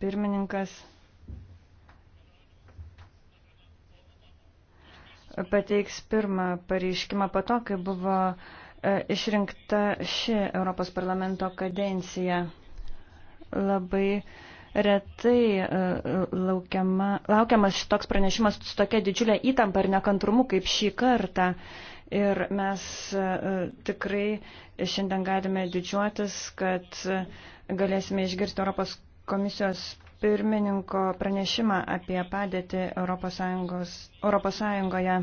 pirmininkas pateiks pirmą pareiškimą po to, kai buvo e, išrinkta ši Europos parlamento kadencija. Labai retai e, e, laukiama, laukiamas šitoks pranešimas su tokia didžiulė įtampa ir nekantrumu kaip šį kartą. Ir mes tikrai šiandien galime didžiuotis, kad galėsime išgirsti Europos komisijos pirmininko pranešimą apie padėtį ES, Europos Sąjungoje.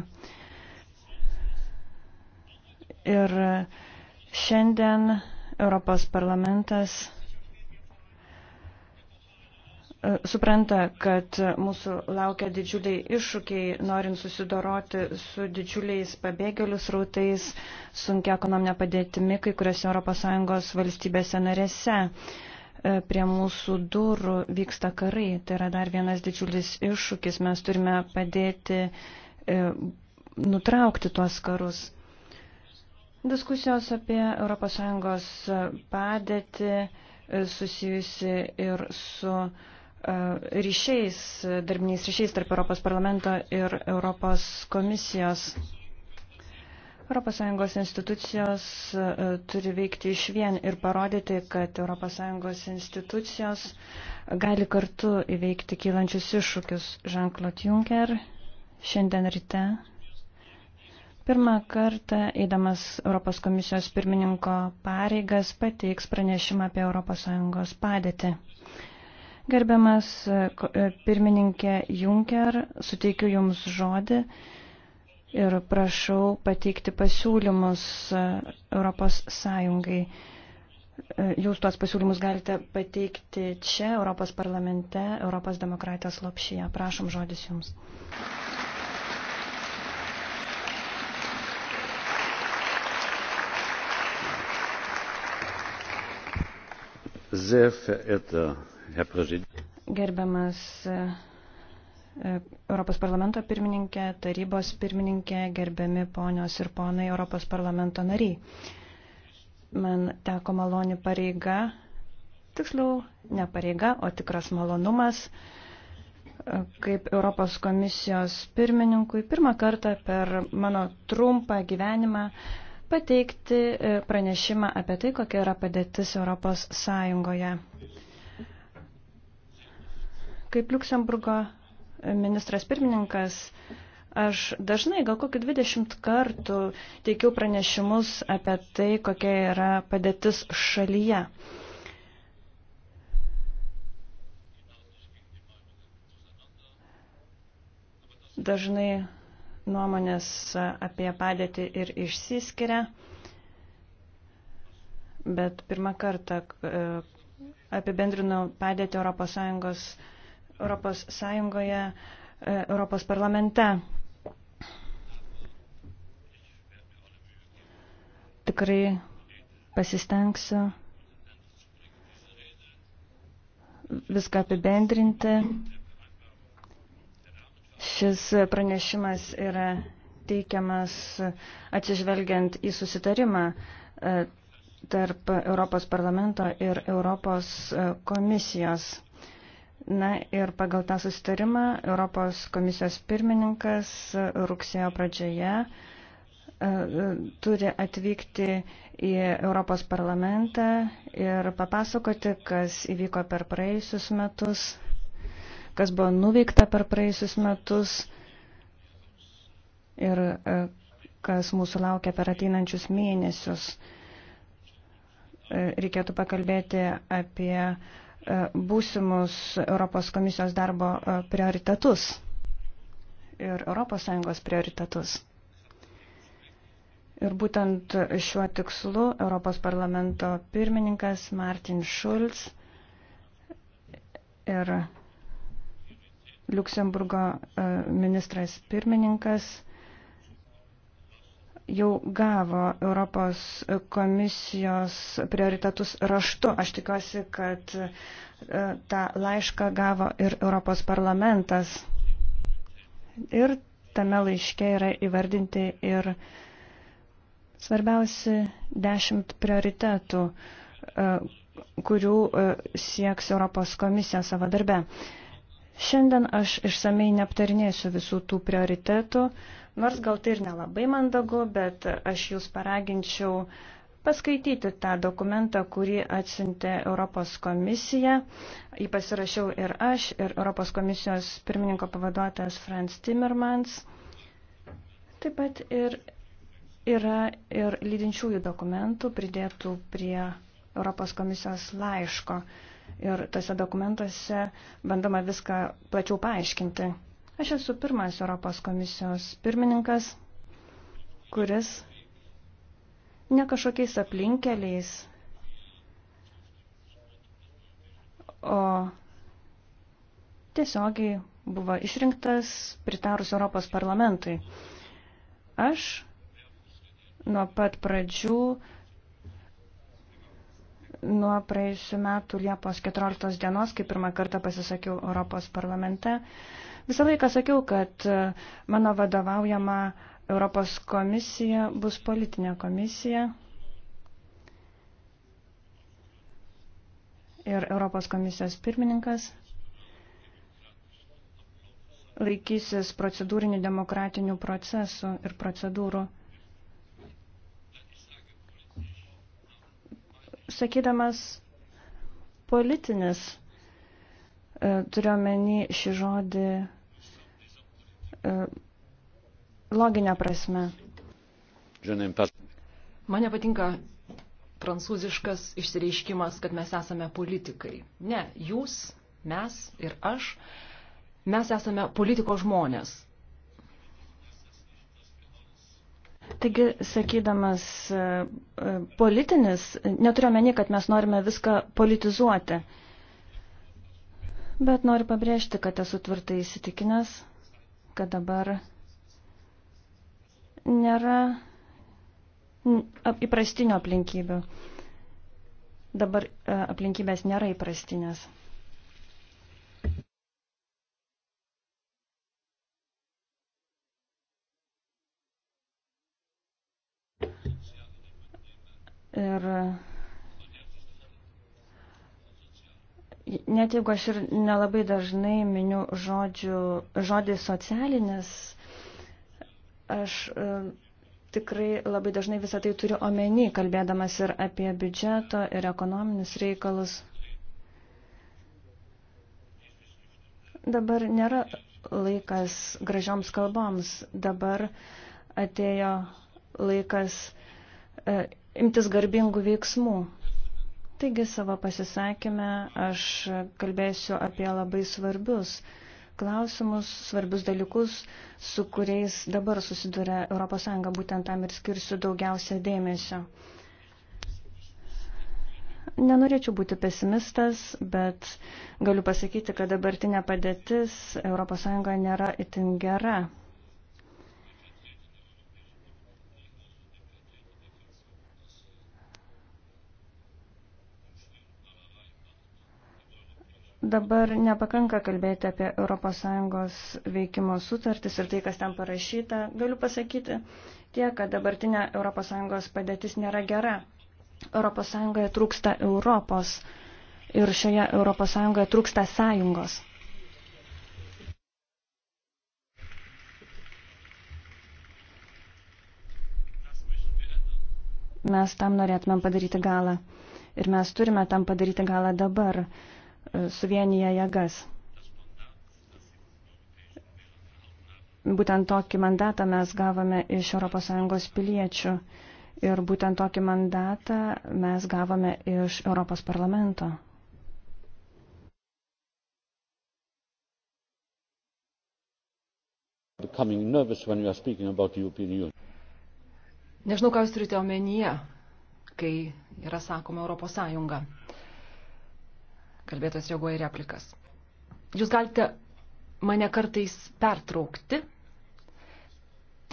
Ir šiandien Europos parlamentas e, supranta, kad mūsų laukia didžiuliai iššūkiai, norint susidoroti su didžiuliais pabėgėlių srautais, sunkia ekonominė padėtimi kai kuriuose ES valstybėse narėse prie mūsų durų vyksta karai. Tai yra dar vienas didžiulis iššūkis. Mes turime padėti e, nutraukti tuos karus. Diskusijos apie ES padėtį e, susijusi ir su e, ryšiais, darbiniais ryšiais tarp Europos parlamento ir Europos komisijos. ES institucijos e, turi veikti iš vien ir parodyti, kad ES institucijos gali kartu įveikti kylančius iššūkius. Jean-Claude Juncker šiandien ryte pirmą kartą, eidamas Europos komisijos pirmininko pareigas, pateiks pranešimą apie ES padėtį. Gerbiamas e, e, pirmininkė Juncker, suteikiu Jums žodį ir prašau pateikti pasiūlymus e, Europos Sąjungai. E, jūs tuos pasiūlymus galite pateikti čia, Europos parlamente, Europos demokratijos lopšyje. Prašom žodis jums. Gerbiamas e, Europos parlamento pirmininkė, tarybos pirmininkė, gerbiami ponios ir ponai Europos parlamento nariai. Man teko maloni pareiga, tiksliau, ne pareiga, o tikras malonumas, kaip Europos komisijos pirmininkui pirmą kartą per mano trumpą gyvenimą pateikti e, pranešimą apie tai, kokia yra padėtis Europos Sąjungoje. Kaip Luksemburgo ministras pirmininkas, aš dažnai, gal kokį 20 kartų teikiau pranešimus apie tai, kokia yra padėtis šalyje. Dažnai nuomonės apie padėtį ir išsiskiria, bet pirmą kartą e, apibendrinau padėtį ES Europos Sąjungoje, e, Europos parlamente. Tikrai pasistengsiu viską apibendrinti. Šis pranešimas yra teikiamas atsižvelgiant į susitarimą e, tarp Europos parlamento ir Europos e, komisijos. Na ir pagal tą susitarimą Europos komisijos pirmininkas rugsėjo pradžioje e, turi atvykti į Europos parlamentą ir papasakoti, kas įvyko per praėjusius metus, kas buvo nuveikta per praėjusius metus ir e, kas mūsų laukia per ateinančius mėnesius. E, reikėtų pakalbėti apie E, būsimus Europos komisijos darbo e, prioritetus ir ES prioritetus. Ir būtent šiuo tikslu Europos parlamento pirmininkas Martin Schulz ir Luksemburgo e, ministras pirmininkas jau gavo Europos komisijos prioritetus raštu. Aš tikiuosi, kad e, tą laišką gavo ir Europos parlamentas. Ir tame laiške yra įvardinti ir svarbiausi dešimt prioritetų, e, kurių e, sieks Europos komisija savo darbe. Šiandien aš išsamei neaptarinėsiu visų tų prioritetų, Nors gal tai ir nelabai mandagu, bet aš jūs paraginčiau paskaityti tą dokumentą, kurį atsintė Europos komisija. Jį pasirašiau ir aš, ir Europos komisijos pirmininko pavaduotojas Franz Timmermans. Taip pat ir yra ir lydinčiųjų dokumentų pridėtų prie Europos komisijos laiško. Ir tose dokumentuose bandoma viską plačiau paaiškinti. Aš esu pirmas Europos komisijos pirmininkas, kuris ne kažkokiais aplinkeliais, o tiesiogiai buvo išrinktas pritarus Europos parlamentui. Aš nuo pat pradžių, nuo praėjusių metų Liepos 14 dienos, kai pirmą kartą pasisakiau Europos parlamente, uh, Visą laiką sakiau, kad e, mano vadovaujama Europos komisija bus politinė komisija. Ir Europos komisijos pirmininkas laikysis procedūrinių demokratinių procesų ir procedūrų. Sakydamas politinis E, turiuomenį šį žodį e, loginę prasme. Man nepatinka prancūziškas išsireiškimas, kad mes esame politikai. Ne, jūs, mes ir aš, mes esame politiko žmonės. Taigi, sakydamas e, politinis, neturiu meni, kad mes norime viską politizuoti bet noriu pabrėžti, kad esu tvirtai įsitikinęs, kad dabar nėra įprastinių aplinkybių. Dabar e, aplinkybės nėra įprastinės. Ir net jeigu aš ir nelabai dažnai miniu žodžių, žodį socialinis, aš e, tikrai labai dažnai visą tai turiu omeny, kalbėdamas ir apie biudžeto ir ekonominius reikalus. Dabar nėra laikas gražioms kalboms, dabar atėjo laikas e, imtis garbingų veiksmų. Taigi savo pasisakymę aš kalbėsiu apie labai svarbius klausimus, svarbius dalykus, su kuriais dabar susiduria ES, būtent tam ir skirsiu daugiausia dėmesio. Nenorėčiau būti pesimistas, bet galiu pasakyti, kad dabartinė padėtis ES nėra itin gera. Dabar nepakanka kalbėti apie ES veikimo sutartis ir tai, kas ten parašyta. Galiu pasakyti tie, kad dabartinė ES padėtis nėra gera. ES trūksta Europos ir šioje ES trūksta sąjungos. Mes tam norėtumėm padaryti galą. Ir mes turime tam padaryti galą dabar suvienyje jėgas. Būtent tokį mandatą mes gavome iš ES piliečių ir būtent tokį mandatą mes gavome iš Europos parlamento. Nežinau, ką jūs turite omenyje, kai yra sakoma Europos Sąjunga. Kalbėtas reaguoja į replikas. Jūs galite mane kartais pertraukti,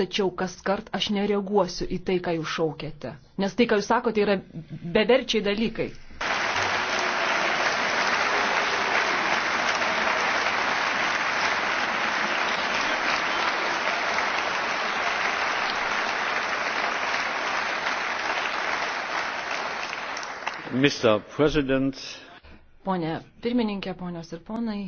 tačiau kas kart aš nereaguosiu į tai, ką jūs šaukėte. Nes tai, ką jūs sakote, yra beverčiai dalykai. mr president Pone pirmininkė, ponios ir ponai,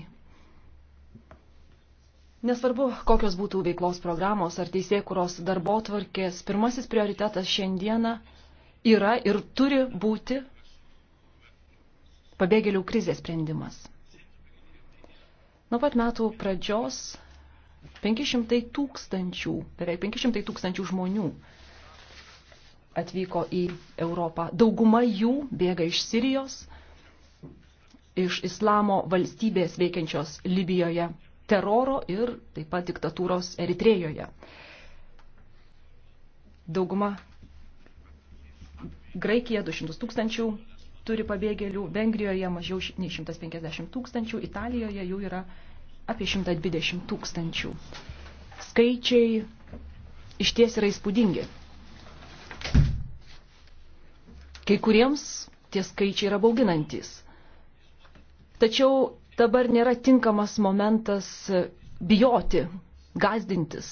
nesvarbu, kokios būtų veiklos programos ar teisėkuros darbo tvarkės, pirmasis prioritetas šiandieną yra ir turi būti pabėgėlių krizės sprendimas. Nuo pat metų pradžios 500 tūkstančių, beveik 500 tūkstančių žmonių atvyko į Europą. Dauguma jų bėga iš Sirijos – iš islamo valstybės veikiančios Libijoje, teroro ir taip pat diktatūros Eritrėjoje. Dauguma Graikija 200 tūkstančių turi pabėgėlių, Vengrijoje mažiau nei 150 tūkstančių, Italijoje jų yra apie 120 tūkstančių. Skaičiai iš ties yra įspūdingi. Kai kuriems tie skaičiai yra bauginantis – Tačiau dabar nėra tinkamas momentas bijoti, gazdintis.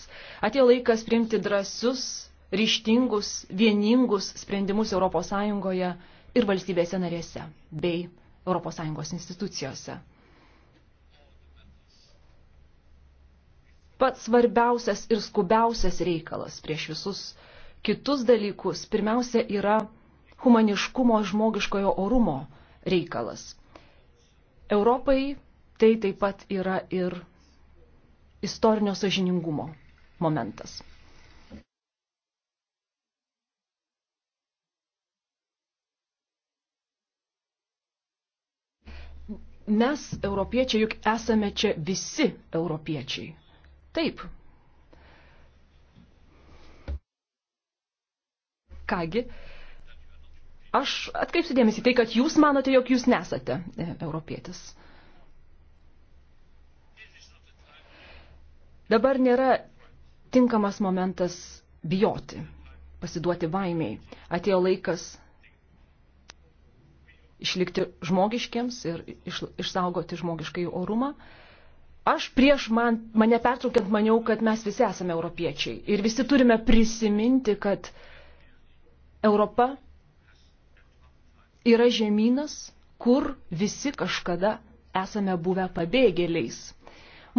Atėjo laikas priimti drąsius, ryštingus, vieningus sprendimus ES ir valstybėse narėse bei ES institucijose. Pats svarbiausias ir skubiausias reikalas prieš visus kitus dalykus pirmiausia yra humaniškumo žmogiškojo orumo reikalas Europai tai taip pat yra ir istorinio sažiningumo momentas. Mes, europiečiai, juk esame čia visi europiečiai. Taip. Kągi, Aš atkreipsiu dėmesį tai, kad jūs manote, jog jūs nesate e, europietis. Dabar nėra tinkamas momentas bijoti, pasiduoti baimiai. Atėjo laikas išlikti žmogiškiems ir iš, išsaugoti žmogiškai orumą. Aš prieš man, mane pertraukiant maniau, kad mes visi esame europiečiai ir visi turime prisiminti, kad Europa yra žemynas, kur visi kažkada esame buvę pabėgėliais.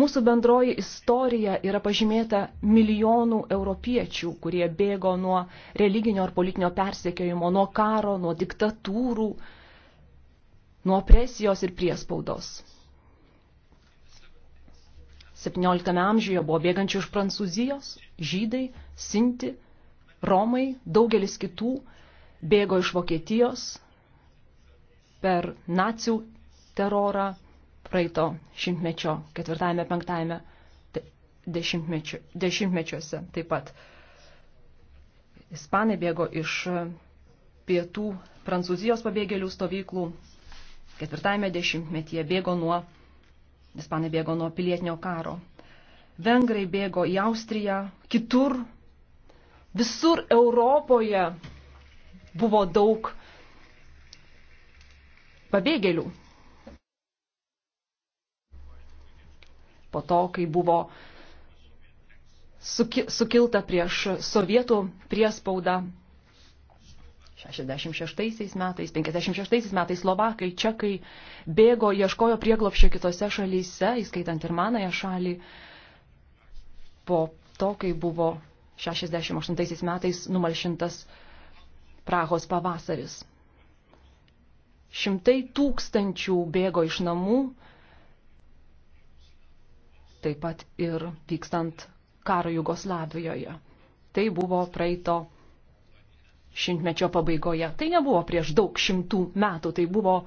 Mūsų bendroji istorija yra pažymėta milijonų europiečių, kurie bėgo nuo religinio ar politinio persekiojimo, nuo karo, nuo diktatūrų, nuo opresijos ir priespaudos. 17 amžiuje buvo bėgančių iš Prancūzijos, žydai, sinti, romai, daugelis kitų bėgo iš Vokietijos, per nacių terorą praeito šimtmečio, ketvirtajame, penktajame dešimtmečio, dešimtmečiuose taip pat. Ispanai bėgo iš pietų Prancūzijos pabėgėlių stovyklų, ketvirtajame dešimtmetyje bėgo nuo, Ispanai bėgo nuo pilietinio karo. Vengrai bėgo į Austriją, kitur, visur Europoje buvo daug pabėgėlių. Po to, kai buvo sukilta prieš sovietų priespaudą 66 metais, 56 metais Slovakai, Čekai bėgo, ieškojo prieglopščio kitose šalyse, įskaitant ir manąją šalį, po to, kai buvo 68 metais numalšintas Prahos pavasaris. Šimtai tūkstančių bėgo iš namų, taip pat ir vykstant karo Jugoslavijoje. Tai buvo praeito šimtmečio pabaigoje. Tai nebuvo prieš daug šimtų metų, tai buvo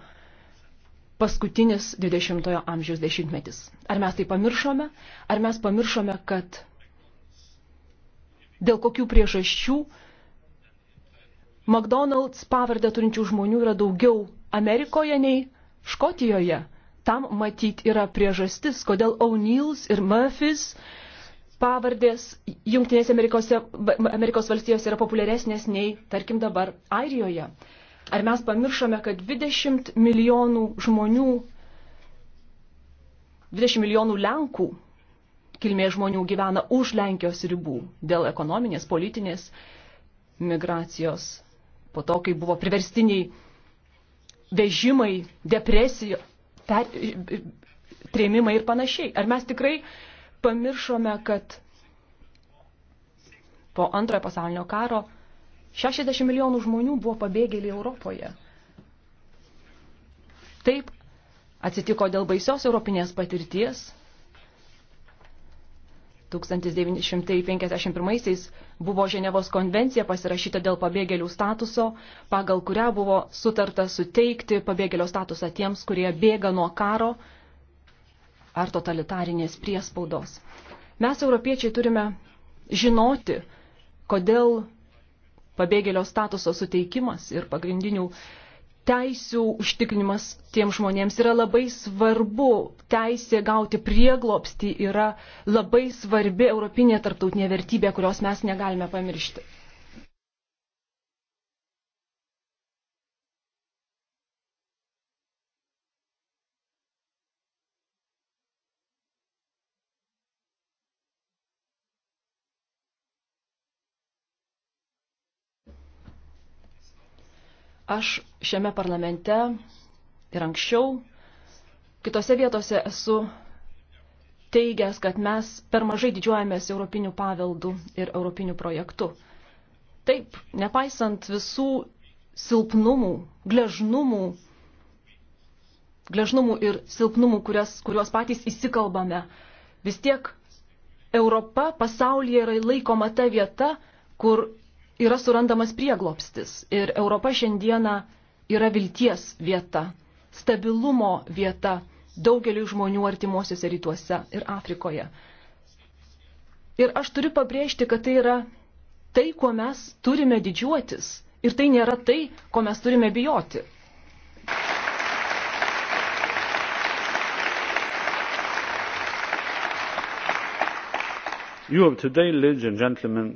paskutinis 20-ojo amžiaus dešimtmetis. Ar mes tai pamiršome? Ar mes pamiršome, kad dėl kokių priežasčių McDonald's pavardę turinčių žmonių yra daugiau Amerikoje nei Škotijoje. Tam matyt yra priežastis, kodėl O'Neill's ir Murphy's pavardės Junktinėse Amerikos, Amerikos valstijose yra populiaresnės nei, tarkim, dabar Airijoje. Ar mes pamiršome, kad 20 milijonų žmonių, 20 milijonų Lenkų kilmės žmonių gyvena už Lenkijos ribų dėl ekonominės, politinės migracijos po to, kai buvo priverstiniai vežimai, depresijos, per, trėmimai ir panašiai. Ar mes tikrai pamiršome, kad po antrojo pasaulinio karo 60 milijonų žmonių buvo pabėgėliai Europoje. Taip atsitiko dėl baisios europinės patirties, 1951 buvo Ženevos konvencija pasirašyta dėl pabėgėlių statuso, pagal kurią buvo sutarta suteikti pabėgėlio statusą tiems, kurie bėga nuo karo ar totalitarinės priespaudos. Mes, europiečiai, turime žinoti, kodėl pabėgėlio statuso suteikimas ir pagrindinių teisių užtikrinimas tiem žmonėms yra labai svarbu. Teisė gauti prieglopstį yra labai svarbi europinė tarptautinė vertybė, kurios mes negalime pamiršti. Aš šiame parlamente ir anksčiau kitose vietose esu teigęs, kad mes per mažai didžiuojamės europinių paveldų ir europinių projektų. Taip, nepaisant visų silpnumų, gležnumų, gležnumų ir silpnumų, kurias, kuriuos patys įsikalbame, vis tiek Europa pasaulyje yra laikoma ta vieta, kur yra surandamas prieglopstis ir Europa šiandieną yra vilties vieta, stabilumo vieta daugeliu žmonių artimuosiuose rytuose ir Afrikoje. Ir aš turiu pabrėžti, kad tai yra tai, kuo mes turime didžiuotis ir tai nėra tai, ko mes turime bijoti. Europe today, ladies and gentlemen,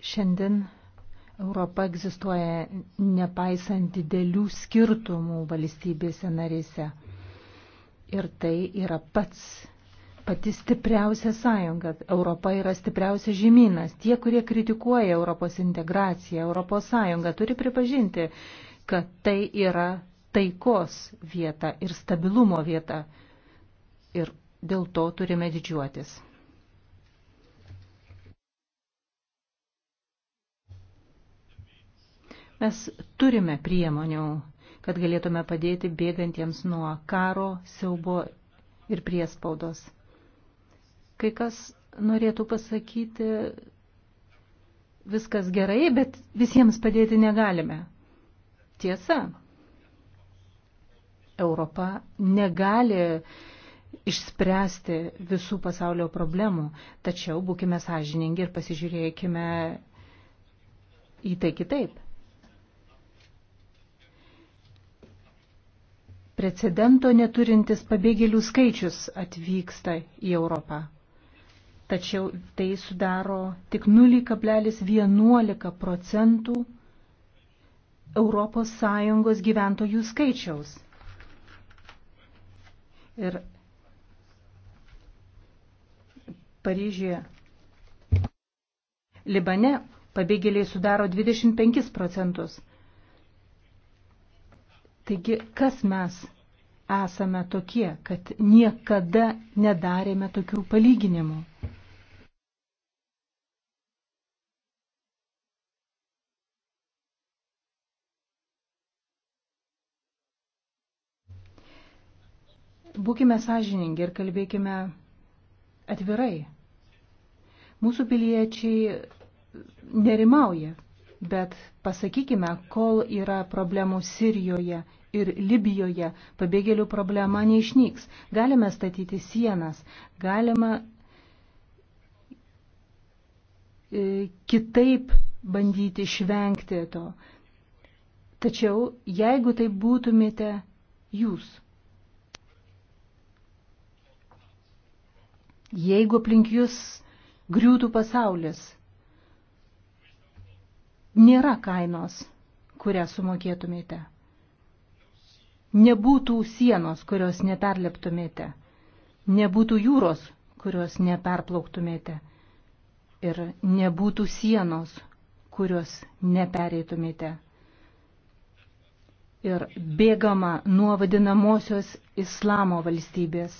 Šiandien Europa egzistuoja nepaisant didelių skirtumų valstybėse narėse. Ir tai yra pats, pati stipriausia sąjunga. Europa yra stipriausia žemynas. Tie, kurie kritikuoja Europos integraciją, Europos sąjungą, turi pripažinti, kad tai yra taikos vieta ir stabilumo vieta. Ir dėl to turime didžiuotis. Mes turime priemonių, kad galėtume padėti bėgantiems nuo karo, siaubo ir priespaudos. Kai kas norėtų pasakyti, viskas gerai, bet visiems padėti negalime. Tiesa, Europa negali išspręsti visų pasaulio problemų, tačiau būkime sąžiningi ir pasižiūrėkime į tai kitaip. Precedento neturintis pabėgėlių skaičius atvyksta į Europą. Tačiau tai sudaro tik 0,11 procentų ES gyventojų skaičiaus. Ir Paryžyje, Libane pabėgėliai sudaro 25 procentus. Taigi, kas mes esame tokie, kad niekada nedarėme tokių palyginimų? Būkime sąžiningi ir kalbėkime atvirai. Mūsų piliečiai nerimauja, bet pasakykime, kol yra problemų Sirijoje, ir Libijoje pabėgėlių problema neišnyks. Galime statyti sienas, galima e, kitaip bandyti išvengti to. Tačiau, jeigu tai būtumėte jūs, jeigu aplink jūs griūtų pasaulis, nėra kainos, kurią sumokėtumėte nebūtų sienos, kurios neperleptumėte, nebūtų jūros, kurios neperplauktumėte ir nebūtų sienos, kurios nepereitumėte. Ir bėgama nuo vadinamosios islamo valstybės.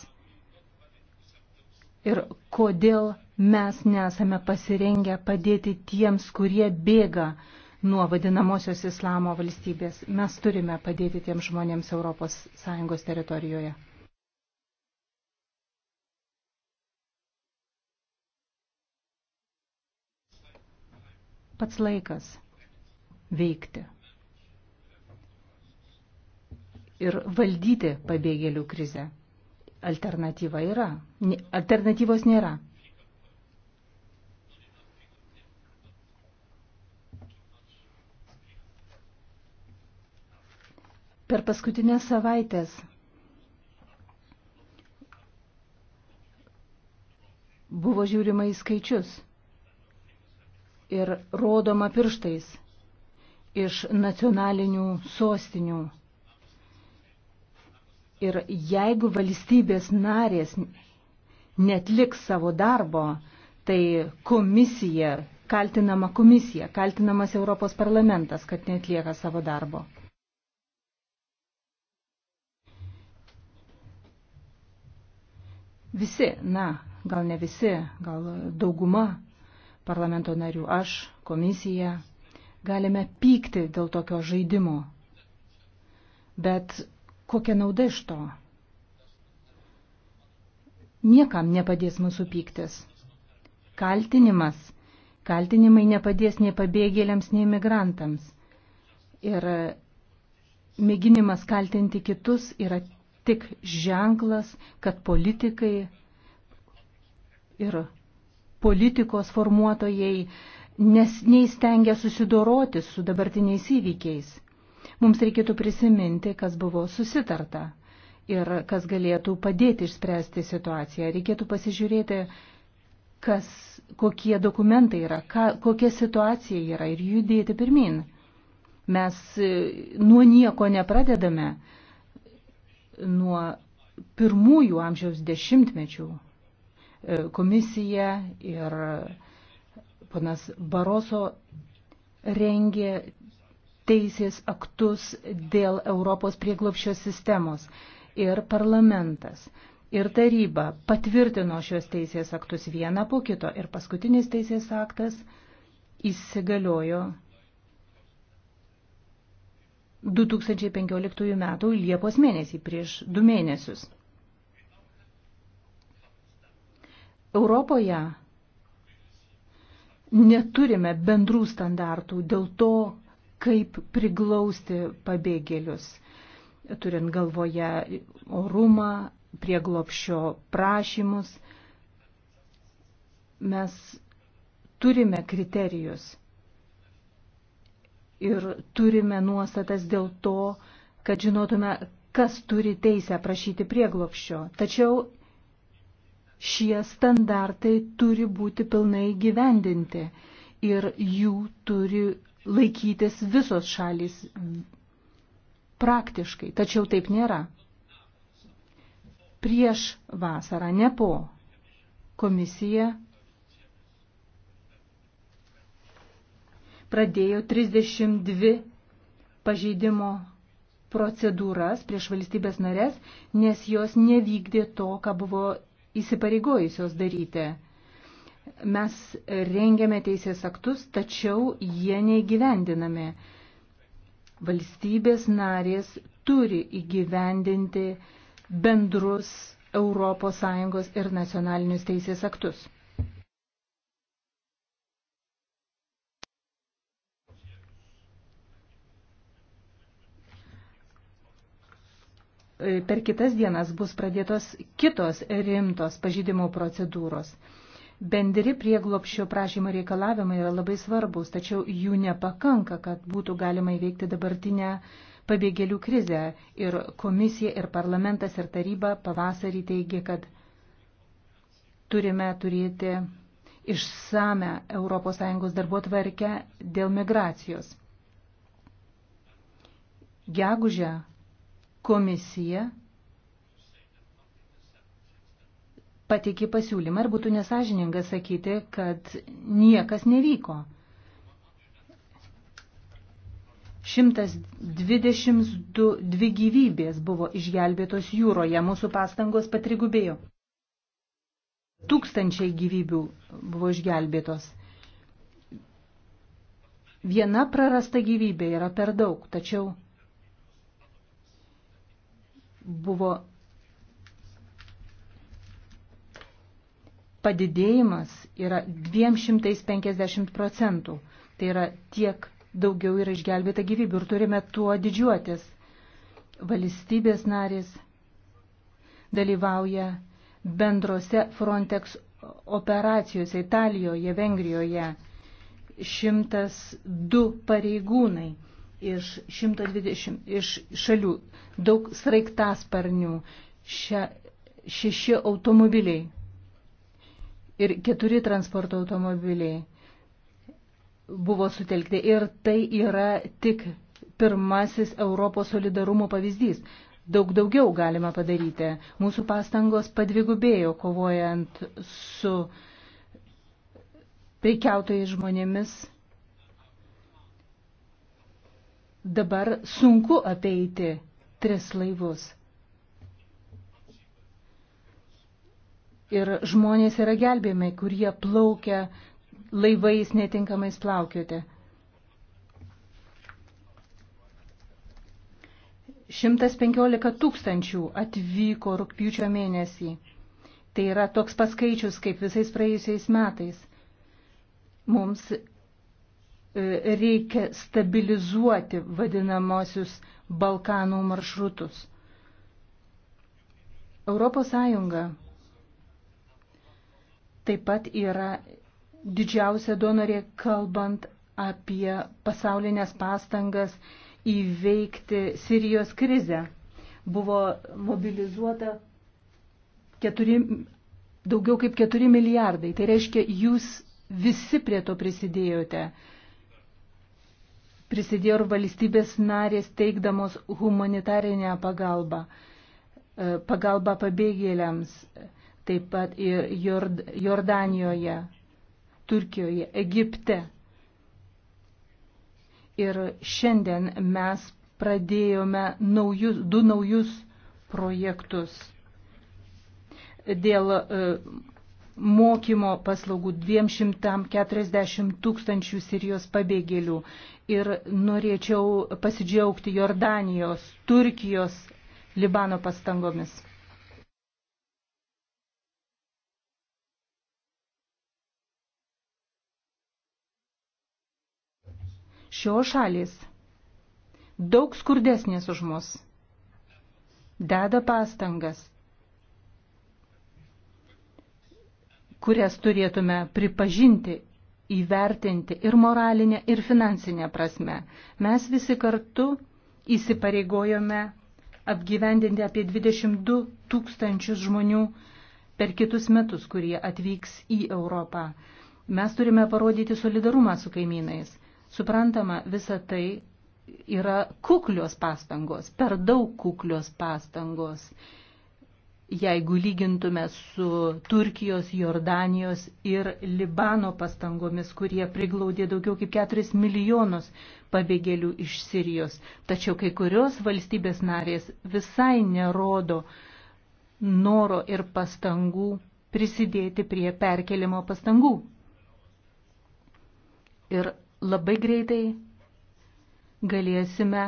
Ir kodėl mes nesame pasirengę padėti tiems, kurie bėga nuo vadinamosios islamo valstybės. Mes turime padėti tiem žmonėms ES teritorijoje. Pats laikas veikti ir valdyti pabėgėlių krizę. Alternatyva yra. Alternatyvos nėra. Per paskutinės savaitės buvo žiūrima į skaičius ir rodoma pirštais iš nacionalinių sostinių. Ir jeigu valstybės narės netliks savo darbo, tai komisija, kaltinama komisija, kaltinamas Europos parlamentas, kad netlieka savo darbo. Visi, na, gal ne visi, gal dauguma parlamento narių, aš, komisija, galime pykti dėl tokio žaidimo. Bet kokia nauda iš to? Niekam nepadės mūsų pyktis. Kaltinimas. Kaltinimai nepadės nei pabėgėliams, nei migrantams. Ir mėginimas kaltinti kitus yra tik ženklas, kad politikai ir politikos formuotojai nes, neįstengia susidoroti su dabartiniais įvykiais. Mums reikėtų prisiminti, kas buvo susitarta ir kas galėtų padėti išspręsti situaciją. Reikėtų pasižiūrėti, kas, kokie dokumentai yra, ka, kokia situacija yra ir judėti pirmin. Mes e, nuo nieko nepradedame, nuo pirmųjų amžiaus dešimtmečių e, komisija ir panas Baroso rengė teisės aktus dėl Europos prieglopščio sistemos ir parlamentas. Ir taryba patvirtino šios teisės aktus vieną po kito ir paskutinis teisės aktas įsigaliojo 2015 metų Liepos mėnesį, prieš du mėnesius. Europoje neturime bendrų standartų dėl to, kaip priglausti pabėgėlius, turint galvoje orumą, prieglopšio prašymus. Mes turime kriterijus ir turime nuostatas dėl to, kad žinotume, kas turi teisę prašyti prieglopščio. Tačiau šie standartai turi būti pilnai gyvendinti ir jų turi laikytis visos šalis praktiškai. Tačiau taip nėra. Prieš vasarą, ne po, komisija pradėjo 32 pažeidimo procedūras prieš valstybės narės, nes jos nevykdė to, ką buvo įsipareigojusios daryti. Mes rengiame teisės aktus, tačiau jie neįgyvendinami. Valstybės narės turi įgyvendinti bendrus ES ir nacionalinius teisės aktus. per kitas dienas bus pradėtos kitos rimtos pažydimo procedūros. Bendri prieglopščio prašymo reikalavimai yra labai svarbus, tačiau jų nepakanka, kad būtų galima įveikti dabartinę pabėgėlių krizę. Ir komisija, ir parlamentas, ir taryba pavasarį teigia, kad turime turėti išsame ES darbo tvarkę dėl migracijos. Gegužę komisija pateikė pasiūlymą ir būtų nesažininga sakyti, kad niekas nevyko. 122 gyvybės buvo išgelbėtos jūroje, mūsų pastangos patrigubėjo. Tūkstančiai gyvybių buvo išgelbėtos. Viena prarasta gyvybė yra per daug, tačiau buvo padidėjimas yra 250 procentų. Tai yra tiek daugiau yra išgelbėta gyvybių ir turime tuo didžiuotis. Valstybės narės dalyvauja bendrose Frontex operacijose Italijoje, Vengrijoje. 102 pareigūnai iš 120 iš šalių, daug sraigtasparnių, še, šeši automobiliai ir keturi transporto automobiliai buvo sutelkti. Ir tai yra tik pirmasis Europos solidarumo pavyzdys. Daug daugiau galima padaryti. Mūsų pastangos padvigubėjo kovojant su preikiautojais žmonėmis dabar sunku apeiti tris laivus. Ir žmonės yra gelbėjami, kurie plaukia laivais netinkamais plaukioti. 115 tūkstančių atvyko rūpjūčio mėnesį. Tai yra toks paskaičius kaip visais praėjusiais metais. Mums E, reikia stabilizuoti vadinamosius Balkanų maršrutus. Europos Sąjunga taip pat yra didžiausia donorė, kalbant apie pasaulinės pastangas įveikti Sirijos krizę. Buvo mobilizuota keturi, daugiau kaip 4 milijardai. Tai reiškia, jūs visi prie to prisidėjote prisidėjo ir valstybės narės teikdamos humanitarinę pagalbą, e, pagalbą pabėgėliams, taip pat ir Jord Jordanijoje, Turkijoje, Egipte. Ir šiandien mes pradėjome naujus, du naujus projektus dėl e, mokymo paslaugų 240 tūkstančių Sirijos pabėgėlių. Ir norėčiau pasidžiaugti Jordanijos, Turkijos, Libano pastangomis. Šio šalis daug skurdesnės už mus deda pastangas kurias turėtume pripažinti, įvertinti ir moralinę, ir finansinę prasme. Mes visi kartu įsipareigojome apgyvendinti apie 22 tūkstančius žmonių per kitus metus, kurie atvyks į Europą. Mes turime parodyti solidarumą su kaimynais. Suprantama, visa tai yra kuklios pastangos, per daug kuklios pastangos jeigu lygintume su Turkijos, Jordanijos ir Libano pastangomis, kurie priglaudė daugiau kaip 4 milijonus pabėgėlių iš Sirijos. Tačiau kai kurios valstybės narės visai nerodo noro ir pastangų prisidėti prie perkelimo pastangų. Ir labai greitai galėsime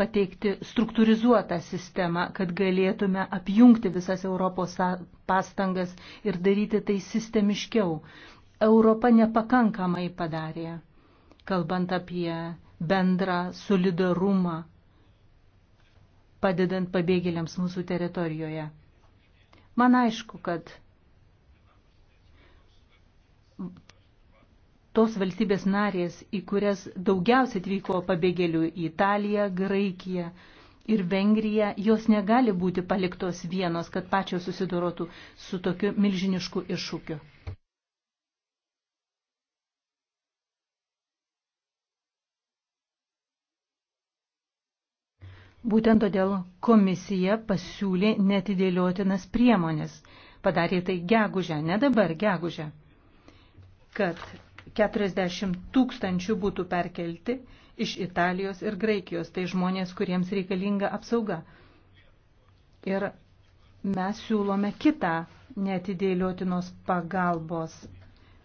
pateikti struktūrizuotą sistemą, kad galėtume apjungti visas Europos pastangas ir daryti tai sistemiškiau. Europa nepakankamai padarė, kalbant apie bendrą solidarumą, padedant pabėgėliams mūsų teritorijoje. Man aišku, kad tos valstybės narės, į kurias daugiausiai atvyko pabėgėlių į Italiją, Graikiją ir Vengriją, jos negali būti paliktos vienos, kad pačios susidorotų su tokiu milžinišku iššūkiu. Būtent todėl komisija pasiūlė netidėliotinas priemonės. Padarė tai gegužę, ne dabar gegužę, kad 40 tūkstančių būtų perkelti iš Italijos ir Graikijos, tai žmonės, kuriems reikalinga apsauga. Ir mes siūlome kitą neatidėliotinos pagalbos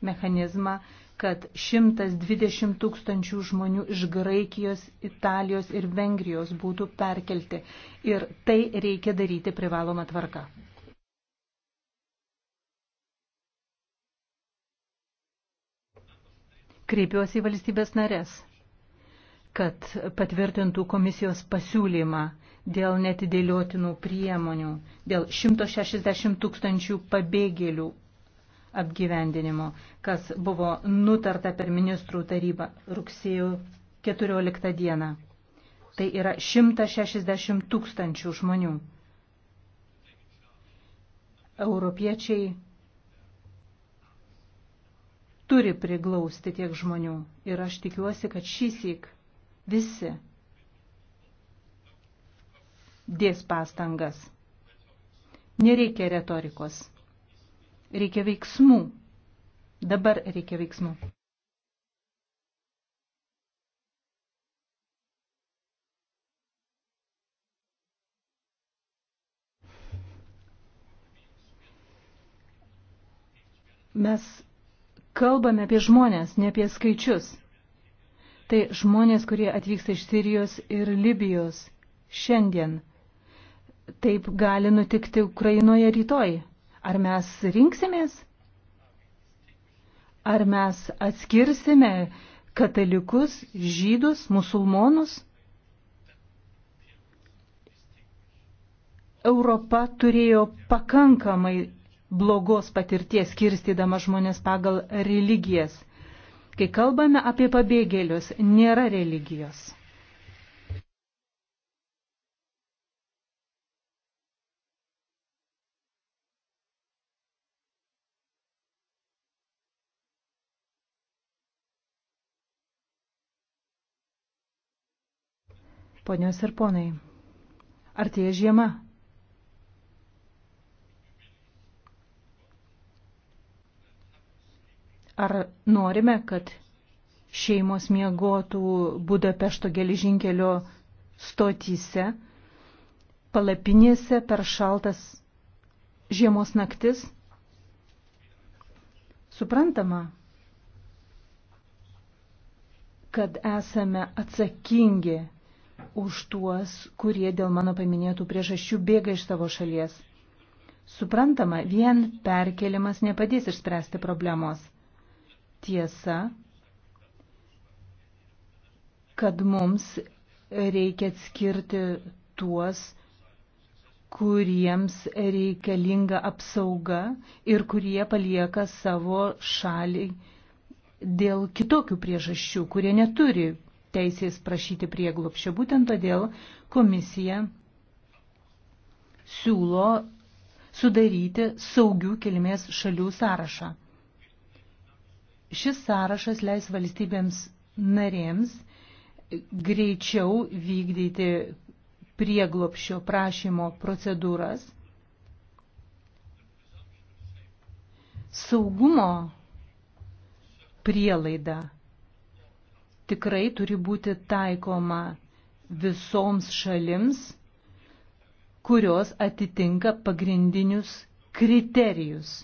mechanizmą, kad 120 tūkstančių žmonių iš Graikijos, Italijos ir Vengrijos būtų perkelti. Ir tai reikia daryti privaloma tvarka. kreipiuosi į valstybės narės, kad patvirtintų komisijos pasiūlymą dėl netidėliotinų priemonių, dėl 160 tūkstančių pabėgėlių apgyvendinimo, kas buvo nutarta per ministrų tarybą rugsėjo 14 dieną. Tai yra 160 tūkstančių žmonių. Europiečiai turi priglausti tiek žmonių. Ir aš tikiuosi, kad šįsik visi dės pastangas. Nereikia retorikos. Reikia veiksmų. Dabar reikia veiksmų. Mes kalbame apie žmonės, ne apie skaičius. Tai žmonės, kurie atvyksta iš Sirijos ir Libijos šiandien. Taip gali nutikti Ukrainoje rytoj. Ar mes rinksimės? Ar mes atskirsime katalikus, žydus, musulmonus? Europa turėjo pakankamai blogos patirties kirstydama žmonės pagal religijas. Kai kalbame apie pabėgėlius, nėra religijos. Ponios ir ponai, artėja žiema. Ar norime, kad šeimos miegotų Budapešto geležinkelio stotyse, palapinėse per šaltas žiemos naktis? Suprantama, kad esame atsakingi už tuos, kurie dėl mano paminėtų priežasčių bėga iš savo šalies. Suprantama, vien perkelimas nepadės išspręsti problemos tiesa, kad mums reikia atskirti tuos, kuriems reikalinga apsauga ir kurie palieka savo šalį dėl kitokių priežasčių, kurie neturi teisės prašyti prieglopščio. Būtent todėl komisija siūlo sudaryti saugių kilmės šalių sąrašą. Šis sąrašas leis valstybėms narėms greičiau vykdyti prieglopšio prašymo procedūras. Saugumo prielaida tikrai turi būti taikoma visoms šalims, kurios atitinka pagrindinius kriterijus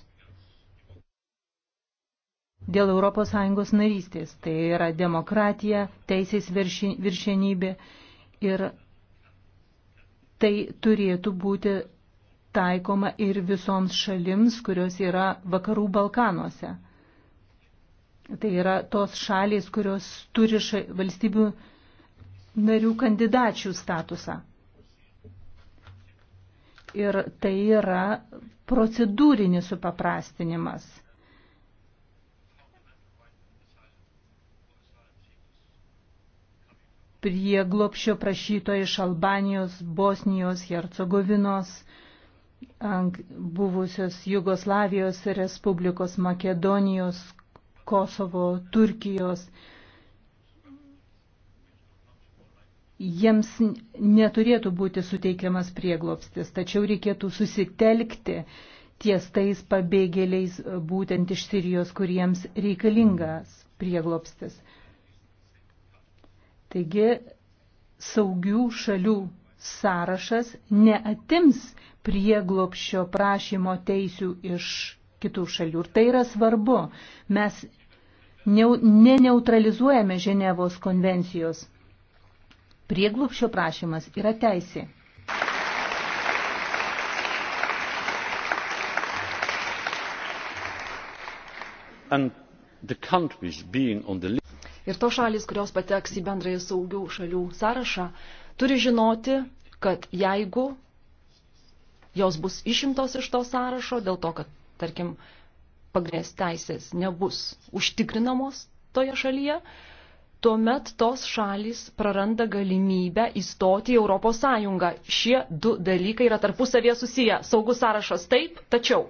dėl ES narystės. Tai yra demokratija, teisės viršenybė ir tai turėtų būti taikoma ir visoms šalims, kurios yra vakarų Balkanuose. Tai yra tos šalys, kurios turi ša valstybių narių kandidačių statusą. Ir tai yra procedūrinis supaprastinimas – prieglopšio prašytojai iš Albanijos, Bosnijos, Hercegovinos, buvusios Jugoslavijos Respublikos, Makedonijos, Kosovo, Turkijos. Jiems neturėtų būti suteikiamas prieglopstis, tačiau reikėtų susitelkti ties tais pabėgėliais būtent iš Sirijos, kuriems reikalingas prieglopstis. Taigi saugių šalių sąrašas neatims prieglopščio prašymo teisių iš kitų šalių. Ir tai yra svarbu. Mes neneutralizuojame Ženevos konvencijos. Prieglopščio prašymas yra teisė. And the countries being on the Ir to šalis, kurios pateks į bendrąją saugių šalių sąrašą, turi žinoti, kad jeigu jos bus išimtos iš to sąrašo dėl to, kad, tarkim, pagrės teisės nebus užtikrinamos toje šalyje, tuomet tos šalys praranda galimybę įstoti į Europos Sąjungą. Šie du dalykai yra tarpusavėje susiję. Saugus sąrašas taip, tačiau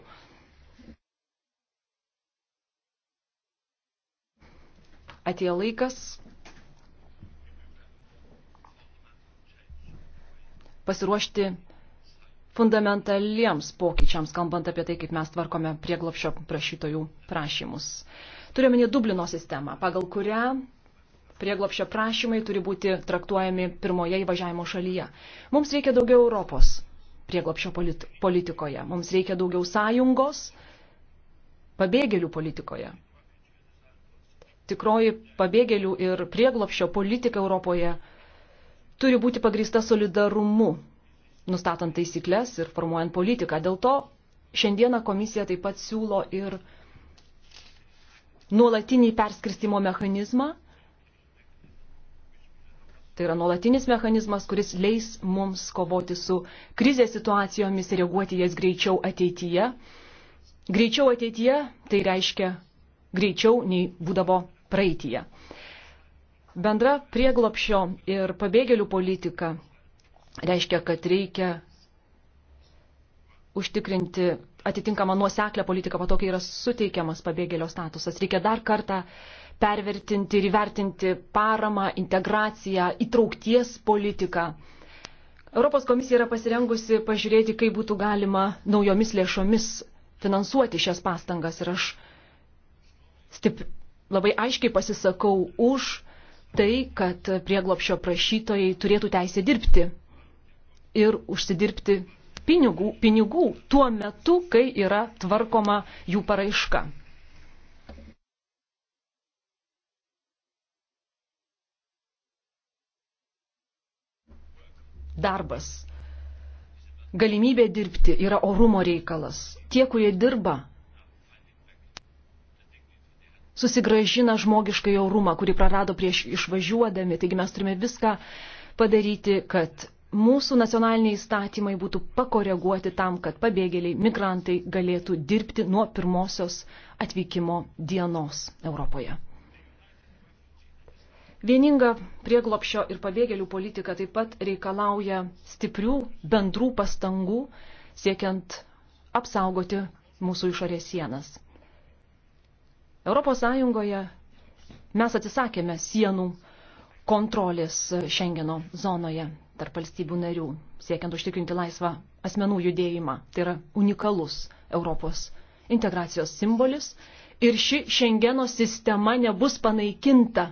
atėjo laikas pasiruošti fundamentaliems pokyčiams, kalbant apie tai, kaip mes tvarkome prieglopšio prašytojų prašymus. Turime į Dublino sistemą, pagal kurią prieglopšio prašymai turi būti traktuojami pirmoje įvažiavimo šalyje. Mums reikia daugiau Europos prieglopšio politikoje, mums reikia daugiau sąjungos pabėgėlių politikoje tikroji pabėgėlių ir prieglopščio politika Europoje turi būti pagrįsta solidarumu, nustatant taisyklės ir formuojant politiką. Dėl to šiandieną komisija taip pat siūlo ir nuolatinį perskirstimo mechanizmą. Tai yra nuolatinis mechanizmas, kuris leis mums kovoti su krizės situacijomis ir reaguoti jas greičiau ateityje. Greičiau ateityje tai reiškia greičiau nei būdavo praeitie. Bendra prieglopšio ir pabėgėlių politika reiškia, kad reikia užtikrinti atitinkamą nuoseklę politiką, po tokia yra suteikiamas pabėgėlio statusas. Reikia dar kartą pervertinti ir įvertinti paramą, integraciją, įtraukties politiką. Europos komisija yra pasirengusi pažiūrėti, kaip būtų galima naujomis lėšomis finansuoti šias pastangas ir aš stip, labai aiškiai pasisakau už tai, kad prieglopšio prašytojai turėtų teisę dirbti ir užsidirbti pinigų, pinigų tuo metu, kai yra tvarkoma jų paraiška. Darbas. Galimybė dirbti yra orumo reikalas. Tie, kurie dirba, susigražina žmogišką jaurumą, kurį prarado prieš išvažiuodami. Taigi mes turime viską padaryti, kad mūsų nacionaliniai įstatymai būtų pakoreguoti tam, kad pabėgėliai, migrantai galėtų dirbti nuo pirmosios atvykimo dienos Europoje. Vieninga prieglopšio ir pabėgėlių politika taip pat reikalauja stiprių bendrų pastangų siekiant apsaugoti mūsų išorės sienas. Europos Sąjungoje mes atsisakėme sienų kontrolės Šengeno zonoje tarp valstybių narių, siekiant užtikrinti laisvą asmenų judėjimą. Tai yra unikalus Europos integracijos simbolis ir ši Šengeno sistema nebus panaikinta,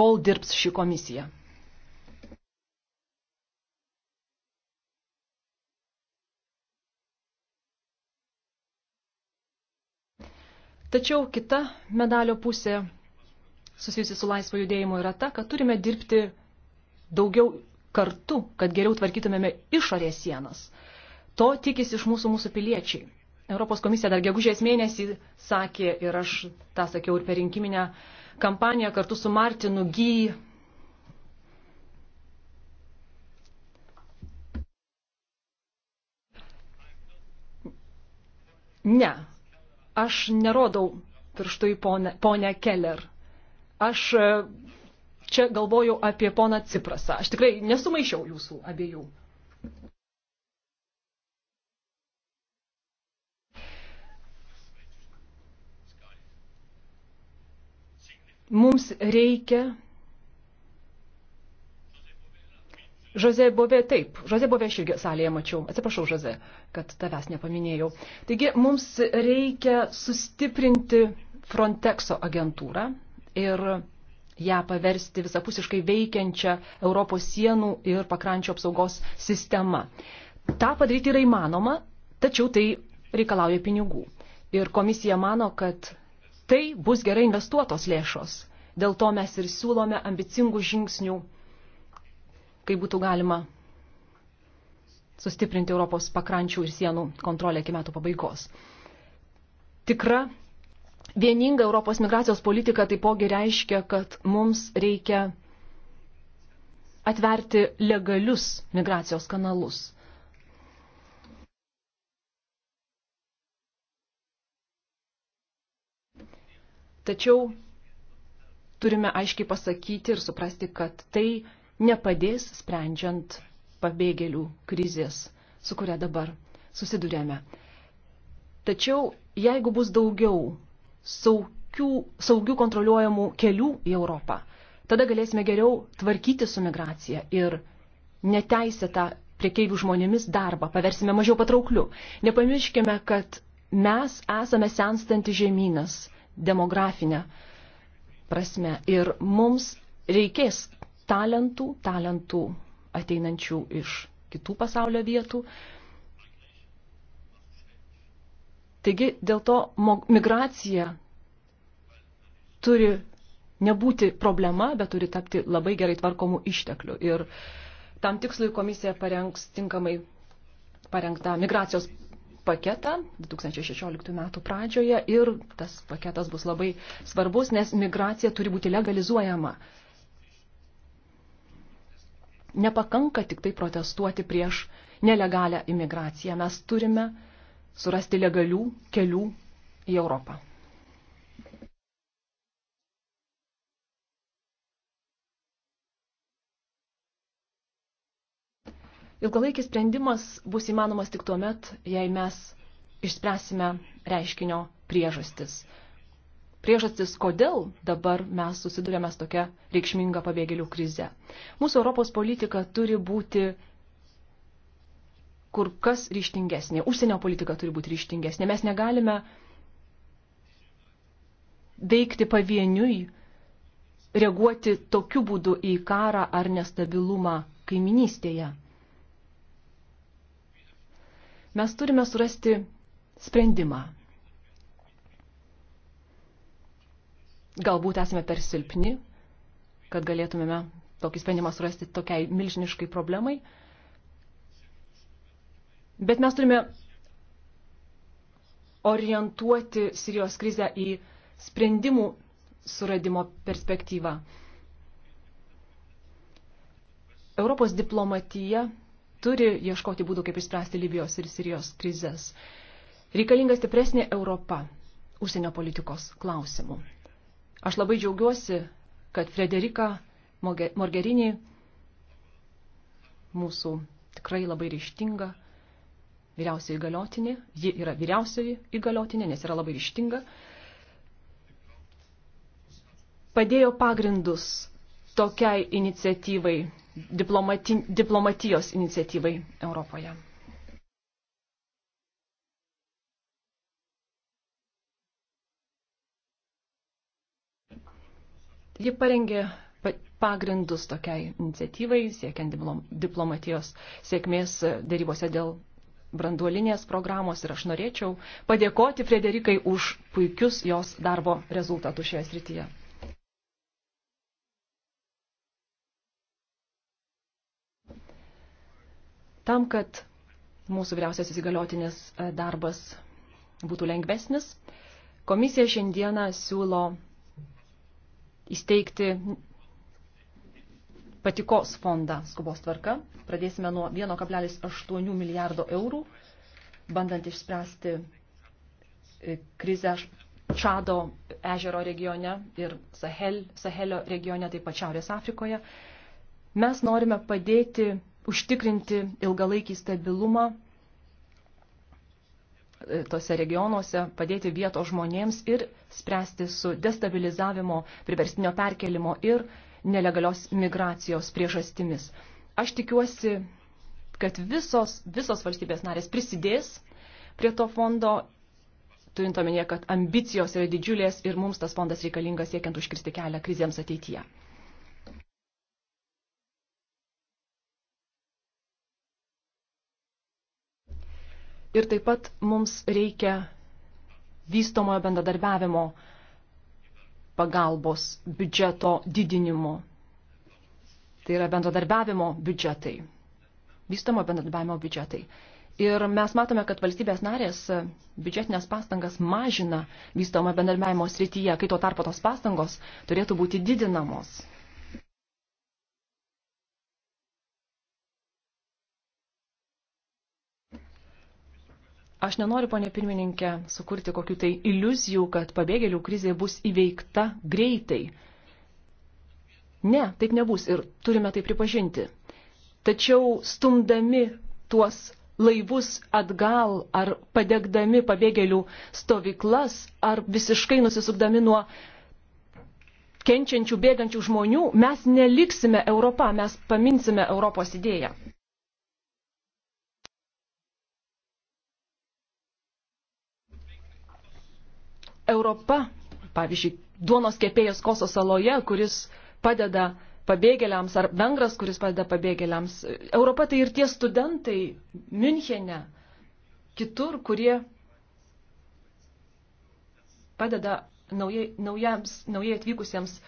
kol dirbs ši komisija. Tačiau kita medalio pusė susijusi su laisvo judėjimu yra ta, kad turime dirbti daugiau kartu, kad geriau tvarkytumėme išorės sienas. To tikisi iš mūsų mūsų piliečiai. Europos komisija dar gegužės mėnesį sakė, ir aš tą sakiau ir per rinkiminę kampaniją kartu su Martinu Gy. Ne, Aš nerodau pirštų į ponę, ponę Keller. Aš e, čia galvoju apie poną Ciprasą. Aš tikrai nesumaišiau jūsų abiejų. Mums reikia Žoze buvė taip, Žoze buvė aš irgi salėje mačiau, atsiprašau Žoze, kad tavęs nepaminėjau. Taigi mums reikia sustiprinti Frontexo agentūrą ir ją paversti visapusiškai veikiančią Europos sienų ir pakrančio apsaugos sistemą. Ta padaryti yra įmanoma, tačiau tai reikalauja pinigų. Ir komisija mano, kad tai bus gerai investuotos lėšos. Dėl to mes ir siūlome ambicingų žingsnių kai būtų galima sustiprinti Europos pakrančių ir sienų kontrolę iki metų pabaigos. Tikra vieninga Europos migracijos politika taipogi reiškia, kad mums reikia atverti legalius migracijos kanalus. Tačiau turime aiškiai pasakyti ir suprasti, kad tai nepadės sprendžiant pabėgėlių krizės, su kuria dabar susidurėme. Tačiau jeigu bus daugiau saugių, saugių kontroliuojamų kelių į Europą, tada galėsime geriau tvarkyti su migracija ir neteisėtą priekeivių žmonėmis darbą paversime mažiau patraukliu. Nepamirškime, kad mes esame senstanti žemynas demografinę prasme ir mums reikės talentų, talentų ateinančių iš kitų pasaulio vietų. Taigi dėl to migracija turi nebūti problema, bet turi tapti labai gerai tvarkomų išteklių. Ir tam tikslui komisija parengs tinkamai parengtą migracijos paketą 2016 metų pradžioje ir tas paketas bus labai svarbus, nes migracija turi būti legalizuojama nepakanka tik tai protestuoti prieš nelegalią imigraciją. Mes turime surasti legalių kelių į Europą. Ilgalaikis sprendimas bus įmanomas tik tuo met, jei mes išspręsime reiškinio priežastis priežastis, kodėl dabar mes susidurėme su tokia reikšminga pabėgėlių krize. Mūsų Europos politika turi būti kur kas ryštingesnė, užsienio politika turi būti ryštingesnė. Mes negalime veikti pavieniui, reaguoti tokiu būdu į karą ar nestabilumą kaiminystėje. Mes turime surasti sprendimą galbūt esame per silpni, kad galėtumėme tokį sprendimą surasti tokiai milžiniškai problemai. Bet mes turime orientuoti Sirijos krizę į sprendimų suradimo perspektyvą. Europos diplomatija turi ieškoti būdų, kaip išspręsti Libijos ir Sirijos krizės. Reikalinga stipresnė Europa užsienio politikos klausimų. Aš labai džiaugiuosi, kad Frederika Morgerini, mūsų tikrai labai ryštinga vyriausioji įgaliotinė, ji yra vyriausioji įgaliotinė, nes yra labai ryštinga, padėjo pagrindus tokiai iniciatyvai, diplomatijos iniciatyvai Europoje. Ji parengė pagrindus tokiai iniciatyvai, siekiant diplomatijos sėkmės e, dėrybose dėl branduolinės programos ir aš norėčiau padėkoti Frederikai už puikius jos darbo rezultatus šioje srityje. Tam, kad mūsų vyriausiasis įgaliotinės e, darbas būtų lengvesnis, komisija šiandieną siūlo įsteigti patikos fondą skubos tvarka. Pradėsime nuo 1,8 milijardo eurų, bandant išspręsti e, krizę Čado ežero regione ir Sahel, Sahelio regione, taip pat Šiaurės Afrikoje. Mes norime padėti užtikrinti ilgalaikį stabilumą tose regionuose, padėti vietos žmonėms ir spręsti su destabilizavimo, priverstinio perkelimo ir nelegalios migracijos priežastimis. Aš tikiuosi, kad visos, visos valstybės narės prisidės prie to fondo, turint omenyje, kad ambicijos yra didžiulės ir mums tas fondas reikalingas siekiant užkirsti kelią krizėms ateityje. ir taip pat mums reikia vystomojo bendradarbiavimo pagalbos biudžeto didinimu. Tai yra bendradarbiavimo biudžetai. Vystomo bendradarbiavimo biudžetai. Ir mes matome, kad valstybės narės biudžetinės pastangas mažina vystomą bendarbiavimo srityje, kai tuo tarpu tos pastangos turėtų būti didinamos. Aš nenoriu, ponė pirmininkė, sukurti kokių tai iliuzijų, kad pabėgėlių krizė bus įveikta greitai. Ne, taip nebus ir turime tai pripažinti. Tačiau stumdami tuos laivus atgal ar padegdami pabėgėlių stovyklas ar visiškai nusisukdami nuo kenčiančių bėgančių žmonių, mes neliksime Europą, mes paminsime Europos idėją. Europa, pavyzdžiui, duonos kepėjas Koso saloje, kuris padeda pabėgėliams, ar bengras, kuris padeda pabėgėliams. Europa tai ir tie studentai Münchene, kitur, kurie padeda naujai, naujams, naujai atvykusiems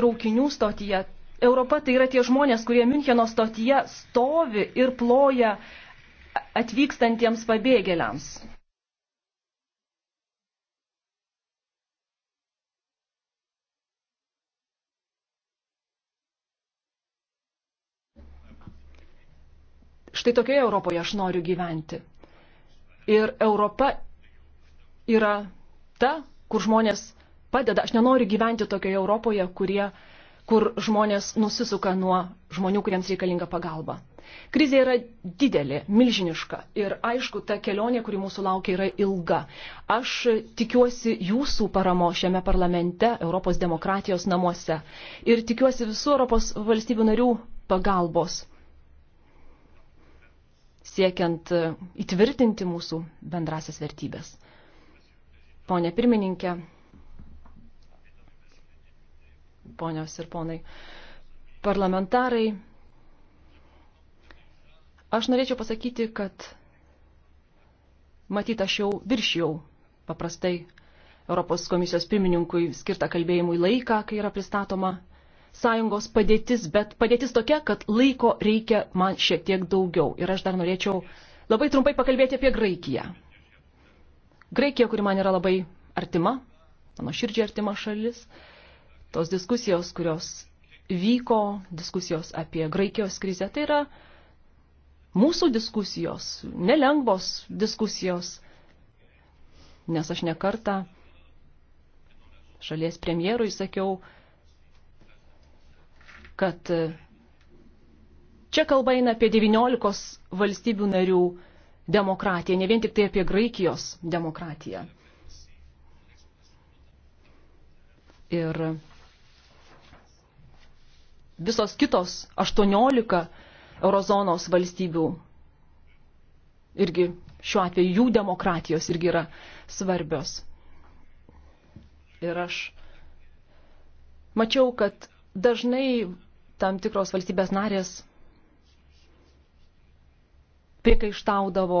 traukinių stotyje. Europa tai yra tie žmonės, kurie Müncheno stotyje stovi ir ploja atvykstantiems pabėgėliams. Štai tokioje Europoje aš noriu gyventi. Ir Europa yra ta, kur žmonės padeda. Aš nenoriu gyventi tokioje Europoje, kurie, kur žmonės nusisuka nuo žmonių, kuriems reikalinga pagalba. Krizė yra didelė, milžiniška ir aišku, ta kelionė, kuri mūsų laukia, yra ilga. Aš tikiuosi jūsų paramo šiame parlamente, Europos demokratijos namuose ir tikiuosi visų Europos valstybių narių pagalbos siekiant e, įtvirtinti mūsų bendrasias vertybės. Pone pirmininkė, ponios ir ponai, parlamentarai, aš norėčiau pasakyti, kad matyt, aš jau viršijau paprastai Europos komisijos pirmininkui skirtą kalbėjimui laiką, kai yra pristatoma sąjungos padėtis, bet padėtis tokia, kad laiko reikia man šiek tiek daugiau. Ir aš dar norėčiau labai trumpai pakalbėti apie Graikiją. Graikija, kuri man yra labai artima, mano širdžiai artima šalis, tos diskusijos, kurios vyko, diskusijos apie Graikijos krizę, tai yra mūsų diskusijos, nelengvos diskusijos, nes aš nekartą šalies premjerui sakiau, kad čia kalba eina apie 19 valstybių narių demokratiją, ne vien tik tai apie Graikijos demokratiją. Ir visos kitos 18 eurozonos valstybių irgi šiuo atveju jų demokratijos irgi yra svarbios. Ir aš mačiau, kad dažnai tam tikros valstybės narės priekaištaudavo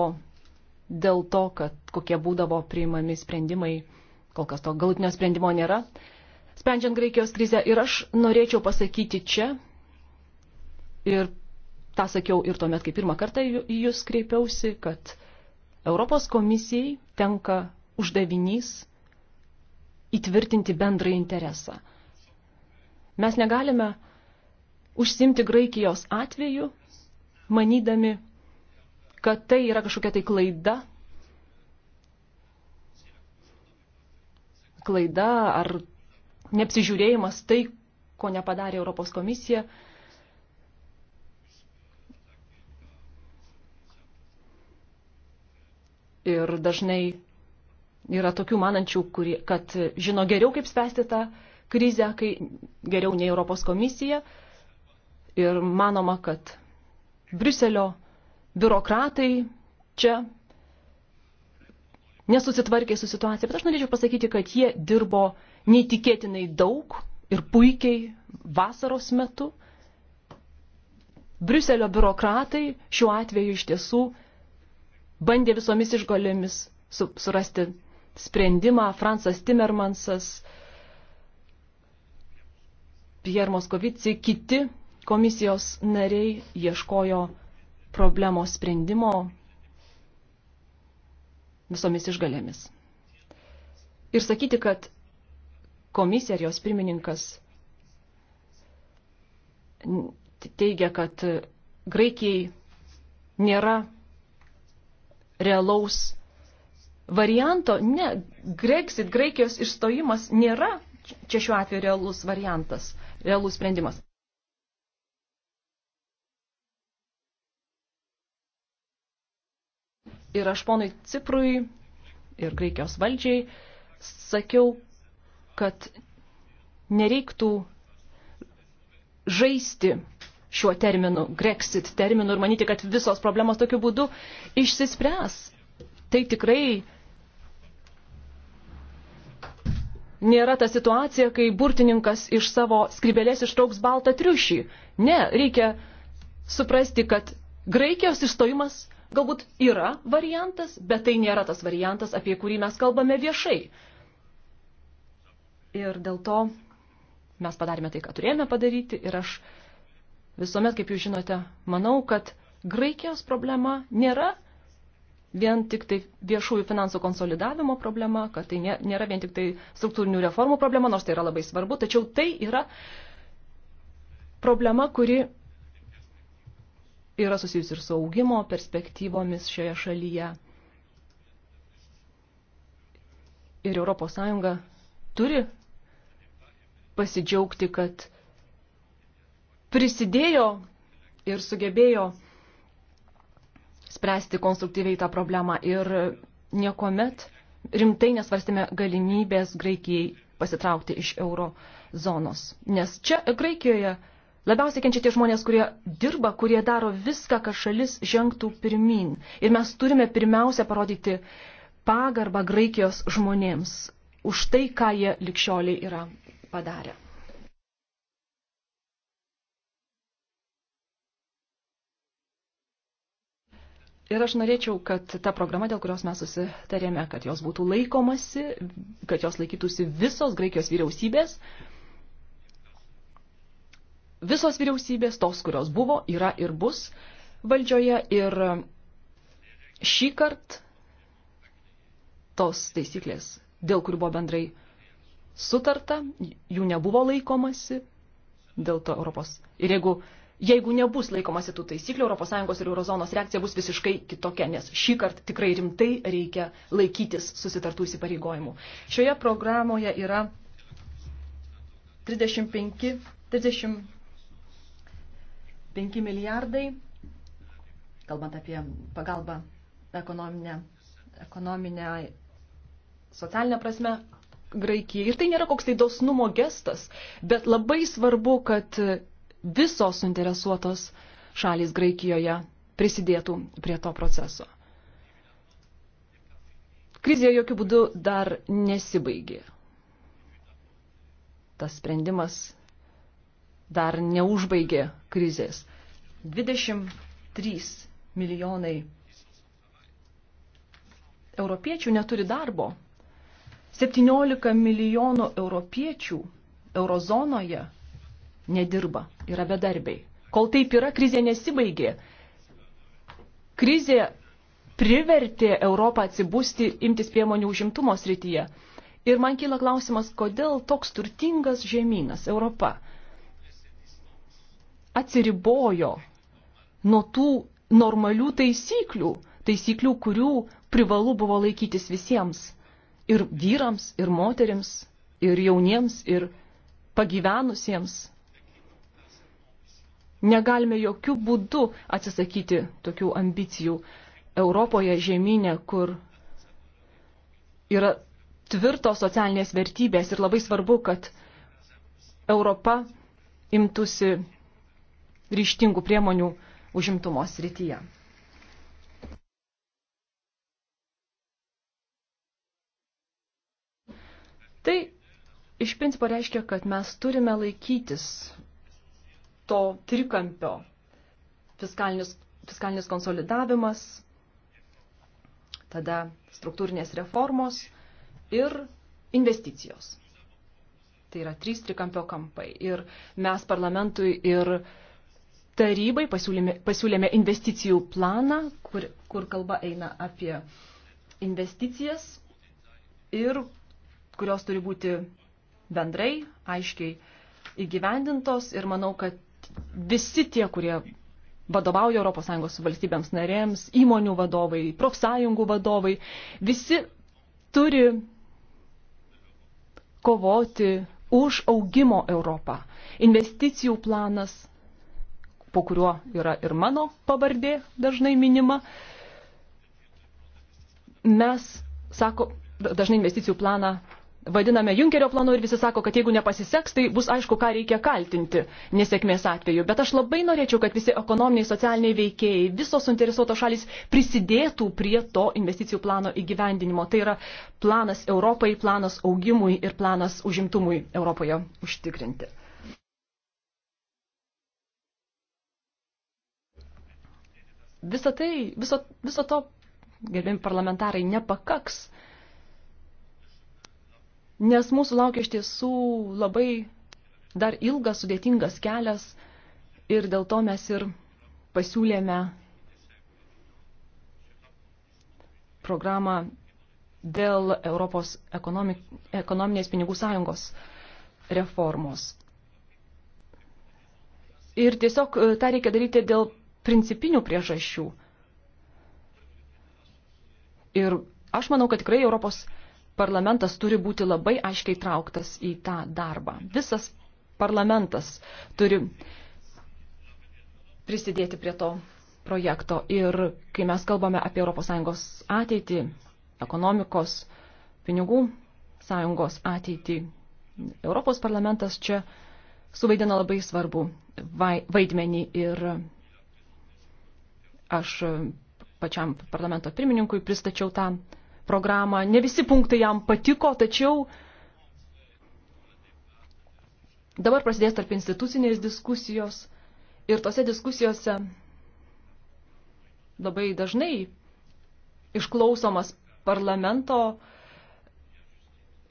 dėl to, kad kokie būdavo priimami sprendimai, kol kas to galutinio sprendimo nėra, sprendžiant Graikijos krizę. Ir aš norėčiau pasakyti čia, ir tą sakiau ir tuomet, kai pirmą kartą į jūs kreipiausi, kad Europos komisijai tenka uždavinys įtvirtinti bendrą interesą. Mes negalime užsimti Graikijos atveju, manydami, kad tai yra kažkokia tai klaida, klaida ar neapsižiūrėjimas tai, ko nepadarė Europos komisija. Ir dažnai yra tokių manančių, kurie, kad žino geriau, kaip spręsti tą krizę, kai geriau nei Europos komisija ir manoma, kad Briuselio biurokratai čia nesusitvarkė su situacija, bet aš norėčiau pasakyti, kad jie dirbo neįtikėtinai daug ir puikiai vasaros metu. Briuselio biurokratai šiuo atveju iš tiesų bandė visomis išgalėmis su, surasti sprendimą. Fransas Timmermansas, Pierre Moskovici, kiti Komisijos nariai ieškojo problemos sprendimo visomis išgalėmis. Ir sakyti, kad komisija ir jos pirmininkas teigia, kad Graikijai nėra realaus varianto. Ne, Grexit, Graikijos išstojimas nėra čia šiuo atveju realus variantas, realus sprendimas. ir aš ponui Ciprui ir Graikijos valdžiai sakiau, kad nereiktų žaisti šiuo terminu, Grexit terminu ir manyti, kad visos problemos tokiu būdu išsispręs. Tai tikrai nėra ta situacija, kai burtininkas iš savo skribelės ištrauks baltą triušį. Ne, reikia suprasti, kad Graikijos išstojimas Galbūt yra variantas, bet tai nėra tas variantas, apie kurį mes kalbame viešai. Ir dėl to mes padarėme tai, ką turėjome padaryti ir aš visuomet, kaip jūs žinote, manau, kad Graikijos problema nėra vien tik tai viešųjų finansų konsolidavimo problema, kad tai nėra vien tik tai struktūrinių reformų problema, nors tai yra labai svarbu, tačiau tai yra problema, kuri yra susijusi ir su augimo perspektyvomis šioje šalyje. Ir ES turi pasidžiaugti, kad prisidėjo ir sugebėjo spręsti konstruktyviai tą problemą ir niekuomet rimtai nesvarstėme galimybės Graikijai pasitraukti iš euro zonos. Nes čia Graikijoje Labiausiai kenčia tie žmonės, kurie dirba, kurie daro viską, kad šalis žengtų pirmin. Ir mes turime pirmiausia parodyti pagarbą Graikijos žmonėms už tai, ką jie likščioliai yra padarę. Ir aš norėčiau, kad ta programa, dėl kurios mes susitarėme, kad jos būtų laikomasi, kad jos laikytųsi visos Graikijos vyriausybės, visos vyriausybės, tos, kurios buvo, yra ir bus valdžioje ir šį kart tos taisyklės, dėl kurių buvo bendrai sutarta, jų nebuvo laikomasi, dėl to Europos. Ir jeigu, jeigu nebus laikomasi tų taisyklių, ES ir Eurozonos reakcija bus visiškai kitokia, nes šį kartą tikrai rimtai reikia laikytis susitartų įsipareigojimų. Šioje programoje yra 35, 30 5 milijardai, kalbant apie pagalbą ekonominę, ekonominę socialinę prasme, Graikijai. Ir tai nėra koks tai dosnumo gestas, bet labai svarbu, kad visos suinteresuotos šalys Graikijoje prisidėtų prie to proceso. Krizė jokių būdų dar nesibaigė. Tas sprendimas dar neužbaigė krizės. 23 milijonai europiečių neturi darbo. 17 milijonų europiečių eurozonoje nedirba, yra bedarbiai. Kol taip yra, krizė nesibaigė. Krizė privertė Europą atsibusti imtis priemonių užimtumo srityje. Ir man kyla klausimas, kodėl toks turtingas žemynas Europa atsiribojo nuo tų normalių taisyklių, taisyklių, kurių privalu buvo laikytis visiems - ir vyrams, ir moteriams, ir jauniems, ir pagyvenusiems. Negalime jokių būdų atsisakyti tokių ambicijų Europoje žemynė, kur yra tvirtos socialinės vertybės ir labai svarbu, kad Europa imtųsi ryštingų priemonių užimtumo srityje. Tai iš principo reiškia, kad mes turime laikytis to trikampio fiskalinis, fiskalinis konsolidavimas, tada struktūrinės reformos ir investicijos. Tai yra trys trikampio kampai. Ir mes parlamentui ir tarybai pasiūlėme, pasiūlėme investicijų planą, kur, kur kalba eina apie investicijas ir kurios turi būti bendrai, aiškiai įgyvendintos ir manau, kad visi tie, kurie vadovauja ES valstybėms narėms, įmonių vadovai, profsąjungų vadovai, visi turi kovoti už augimo Europą. Investicijų planas po kuriuo yra ir mano pavardė dažnai minima, mes, sako, dažnai investicijų planą vadiname Junkerio planu ir visi sako, kad jeigu nepasiseks, tai bus aišku, ką reikia kaltinti nesėkmės atveju. Bet aš labai norėčiau, kad visi ekonominiai, socialiniai veikėjai, visos suinteresuotos šalis prisidėtų prie to investicijų plano įgyvendinimo. Tai yra planas Europai, planas augimui ir planas užimtumui Europoje užtikrinti. Visą tai, viso, viso to, gerbėjim parlamentarai, nepakaks, nes mūsų laukia iš tiesų labai dar ilgas, sudėtingas kelias ir dėl to mes ir pasiūlėme programą dėl Europos ekonomik, ekonominės pinigų sąjungos reformos. Ir tiesiog e, tą reikia daryti dėl principinių priežasčių. Ir aš manau, kad tikrai Europos parlamentas turi būti labai aiškiai trauktas į tą darbą. Visas parlamentas turi prisidėti prie to projekto. Ir kai mes kalbame apie ES ateitį, ekonomikos, pinigų sąjungos ateitį, Europos parlamentas čia suvaidina labai svarbu vaidmenį ir Aš e, pačiam parlamento pirmininkui pristačiau tą programą. Ne visi punktai jam patiko, tačiau dabar prasidės tarp institucinės diskusijos ir tose diskusijose labai dažnai išklausomas parlamento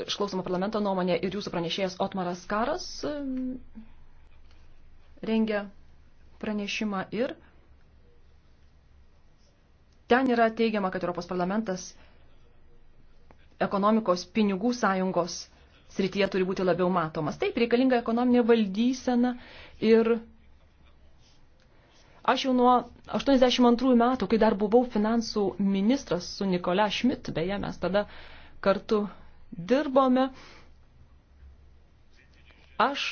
išklausoma parlamento nuomonė ir jūsų pranešėjas Otmaras Karas e, rengia pranešimą ir Ten yra teigiama, kad Europos parlamentas ekonomikos pinigų sąjungos srityje turi būti labiau matomas. Taip, reikalinga ekonominė valdysena ir aš jau nuo 82 metų, kai dar buvau finansų ministras su Nikola Šmit, beje, mes tada kartu dirbome, aš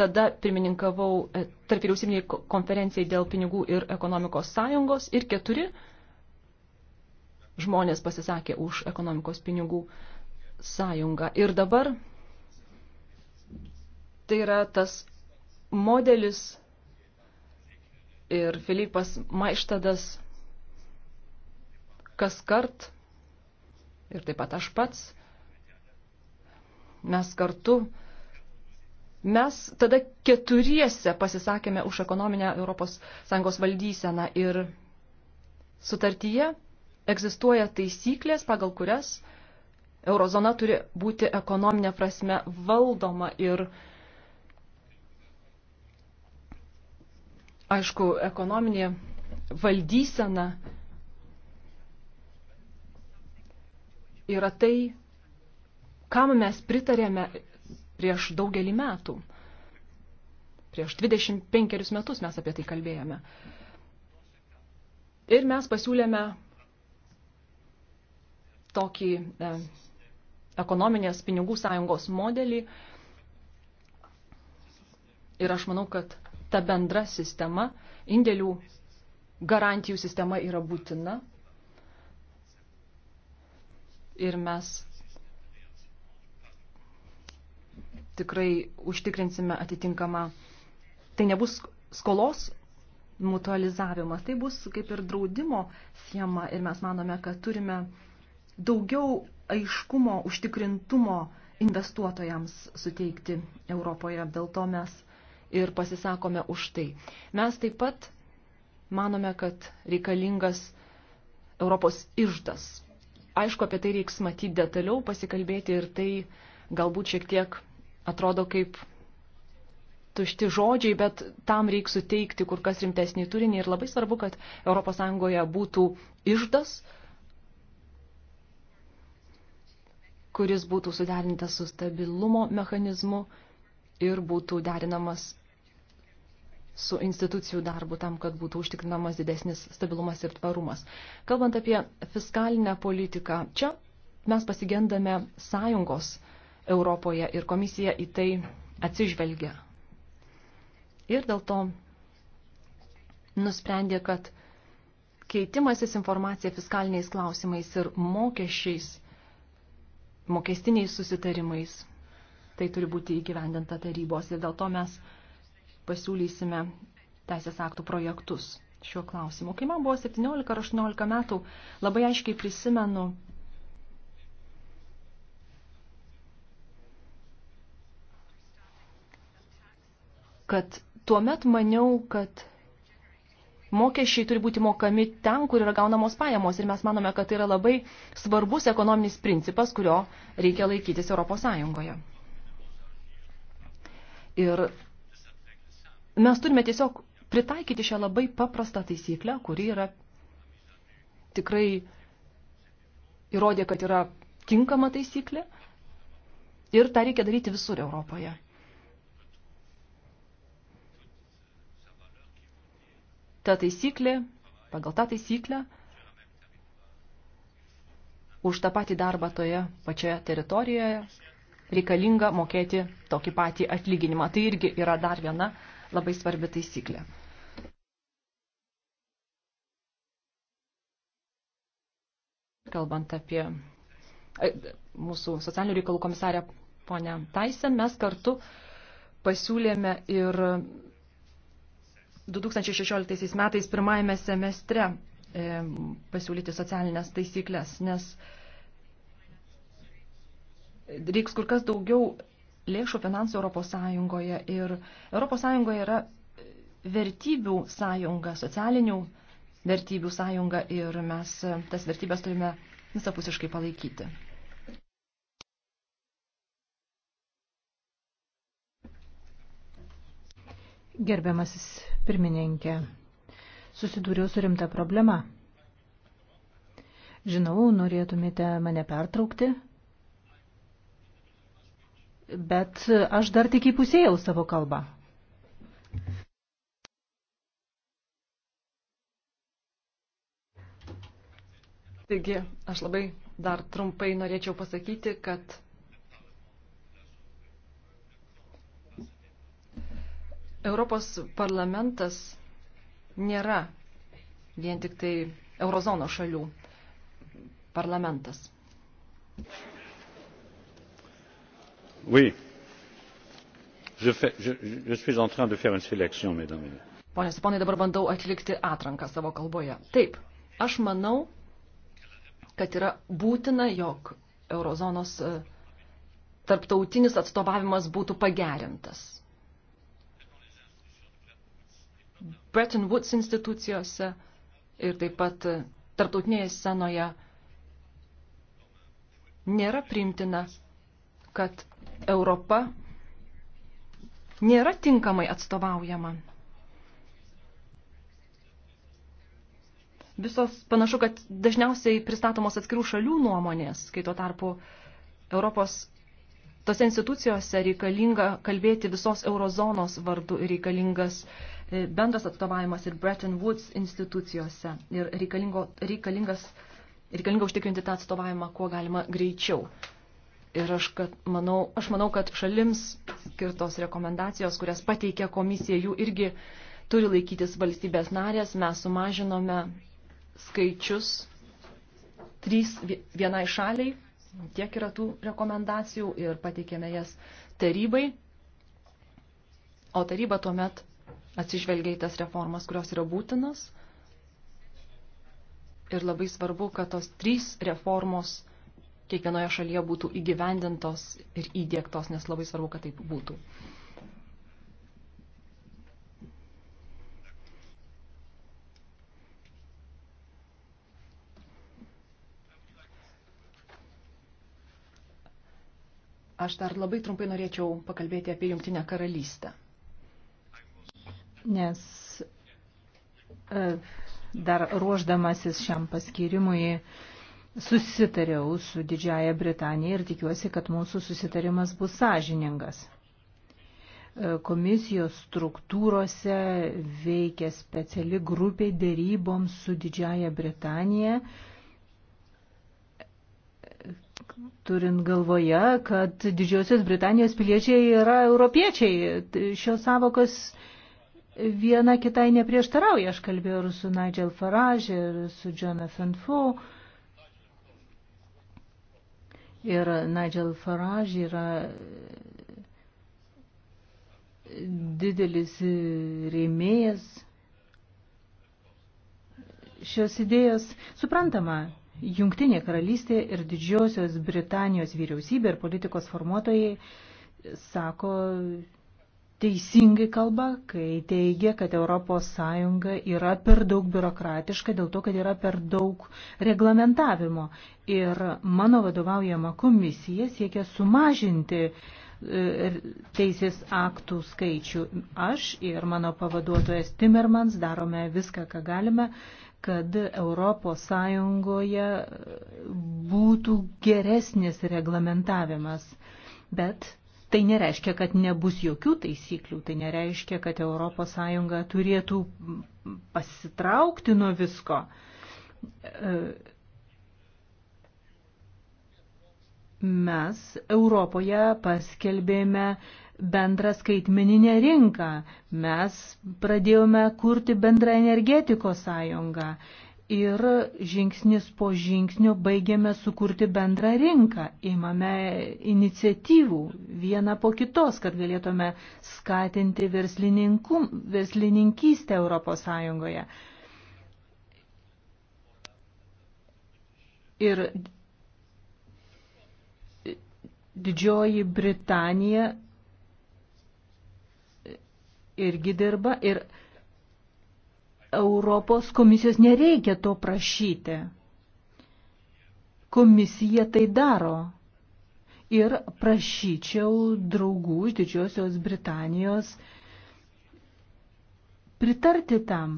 Tada pirmininkavau e, tarp vyriausybiniai konferencijai dėl pinigų ir ekonomikos sąjungos ir keturi žmonės pasisakė už ekonomikos pinigų sąjungą. Ir dabar tai yra tas modelis ir Filipas Maištadas kas kart ir taip pat aš pats mes kartu Mes tada keturiese pasisakėme už ekonominę ES valdyseną ir sutartyje egzistuoja taisyklės, pagal kurias eurozona turi būti ekonominė prasme valdoma ir aišku, ekonominė valdysena yra tai, kam mes pritarėme prieš daugelį metų. Prieš 25 metus mes apie tai kalbėjome. Ir mes pasiūlėme tokį e, ekonominės pinigų sąjungos modelį. Ir aš manau, kad ta bendra sistema, indėlių garantijų sistema yra būtina. Ir mes tikrai užtikrinsime atitinkamą. Tai nebus skolos mutualizavimas, tai bus kaip ir draudimo schema ir mes manome, kad turime daugiau aiškumo, užtikrintumo investuotojams suteikti Europoje. Dėl to mes ir pasisakome už tai. Mes taip pat manome, kad reikalingas Europos išdas. Aišku, apie tai reiks matyti detaliau, pasikalbėti ir tai galbūt šiek tiek atrodo kaip tušti žodžiai, bet tam reikia suteikti kur kas rimtesnį turinį ir labai svarbu, kad ES būtų išdas, kuris būtų suderintas su stabilumo mechanizmu ir būtų derinamas su institucijų darbu tam, kad būtų užtikrinamas didesnis stabilumas ir tvarumas. Kalbant apie fiskalinę politiką, čia mes pasigendame sąjungos Europoje ir komisija į tai atsižvelgia. Ir dėl to nusprendė, kad keitimasis informacija fiskaliniais klausimais ir mokesčiais, mokestiniais susitarimais, tai turi būti įgyvendinta tarybos ir dėl to mes pasiūlysime teisės aktų projektus šiuo klausimu. Kai man buvo 17 ar 18 metų, labai aiškiai prisimenu kad tuo met maniau, kad mokesčiai turi būti mokami ten, kur yra gaunamos pajamos. Ir mes manome, kad tai yra labai svarbus ekonominis principas, kurio reikia laikytis Europos Sąjungoje. Ir mes turime tiesiog pritaikyti šią labai paprastą taisyklę, kuri yra tikrai įrodė, kad yra tinkama taisyklė. Ir tą reikia daryti visur Europoje. ta taisyklė, pagal tą taisyklę, už tą patį darbą toje pačioje teritorijoje reikalinga mokėti tokį patį atlyginimą. Tai irgi yra dar viena labai svarbi taisyklė. Kalbant apie mūsų socialinių reikalų komisarę ponę Taisen, mes kartu pasiūlėme ir 2016 metais pirmajame semestre e, pasiūlyti socialinės taisyklės, nes reiks kur kas daugiau lėšų finansų Europos Sąjungoje ir Europos Sąjungoje yra vertybių sąjunga, socialinių vertybių sąjunga ir mes tas vertybės turime visapusiškai palaikyti. Gerbiamasis pirmininkė, susidūriau su rimta problema. Žinau, norėtumėte mane pertraukti, bet aš dar tik įpusėjau savo kalbą. Taigi, aš labai dar trumpai norėčiau pasakyti, kad Europos parlamentas nėra vien tik tai eurozono šalių parlamentas. Oui. Je, fais, je, je suis en train de faire une sélection, mesdames et messieurs. Pone Siponai, dabar bandau atlikti atranką savo kalboje. Taip, aš manau, kad yra būtina, jog eurozonos e, tarptautinis atstovavimas būtų pagerintas. Bretton Woods institucijose ir taip pat e, tarptautinėje scenoje nėra priimtina, kad Europa nėra tinkamai atstovaujama. Visos panašu, kad dažniausiai pristatomos atskirų šalių nuomonės, kai tuo tarpu Europos tose institucijose reikalinga kalbėti visos eurozonos vardu ir reikalingas uh, bendras atstovavimas ir Bretton Woods institucijose ir reikalingas, reikalinga užtikrinti tą atstovavimą kuo galima greičiau. Ir aš, kad, manau, aš manau, kad šalims skirtos rekomendacijos, kurias pateikė komisija, jų irgi turi laikytis valstybės narės. Mes sumažinome skaičius trys vienai šaliai, tiek yra tų rekomendacijų ir pateikėme jas tarybai. O taryba tuomet atsižvelgia į tas reformas, kurios yra būtinas. Ir labai svarbu, kad tos trys reformos kiekvienoje šalyje būtų įgyvendintos ir įdėktos, nes labai svarbu, kad taip būtų. Aš dar labai trumpai norėčiau pakalbėti apie Jungtinę karalystę nes e, dar ruoždamasis šiam paskirimui susitariau su Didžiaja Britanija ir tikiuosi, kad mūsų susitarimas bus sąžiningas. E, komisijos struktūrose veikia speciali grupė dėryboms su Didžiaja Britanija, turint galvoje, kad Didžiosios Britanijos piliečiai yra europiečiai. Šios savokos viena kitai neprieštarauja. Aš kalbėjau ir su Nigel Farage, ir su Jonathan Foe. Ir Nigel Farage yra didelis rėmėjas šios idėjos. Suprantama, Jungtinė karalystė ir didžiosios Britanijos vyriausybė ir politikos formuotojai sako teisingai kalba, kai teigia, kad ES yra per daug biurokratiška dėl to, kad yra per daug reglamentavimo. Ir mano vadovaujama komisija siekia sumažinti e, teisės aktų skaičių. Aš ir mano pavaduotojas Timmermans darome viską, ką galime, kad ES e, būtų geresnis reglamentavimas. Bet Tai nereiškia, kad nebus jokių taisyklių, tai nereiškia, kad ES turėtų pasitraukti nuo visko. Mes Europoje paskelbėme bendrą skaitmeninę rinką, mes pradėjome kurti bendrą energetikos sąjungą ir žingsnis po žingsnio baigiame sukurti bendrą rinką, imame iniciatyvų vieną po kitos, kad galėtume skatinti verslininkystę Europos Sąjungoje. Ir Didžioji Britanija irgi dirba ir Europos komisijos nereikia to prašyti. Komisija tai daro. Ir prašyčiau draugų iš Didžiosios Britanijos pritarti tam.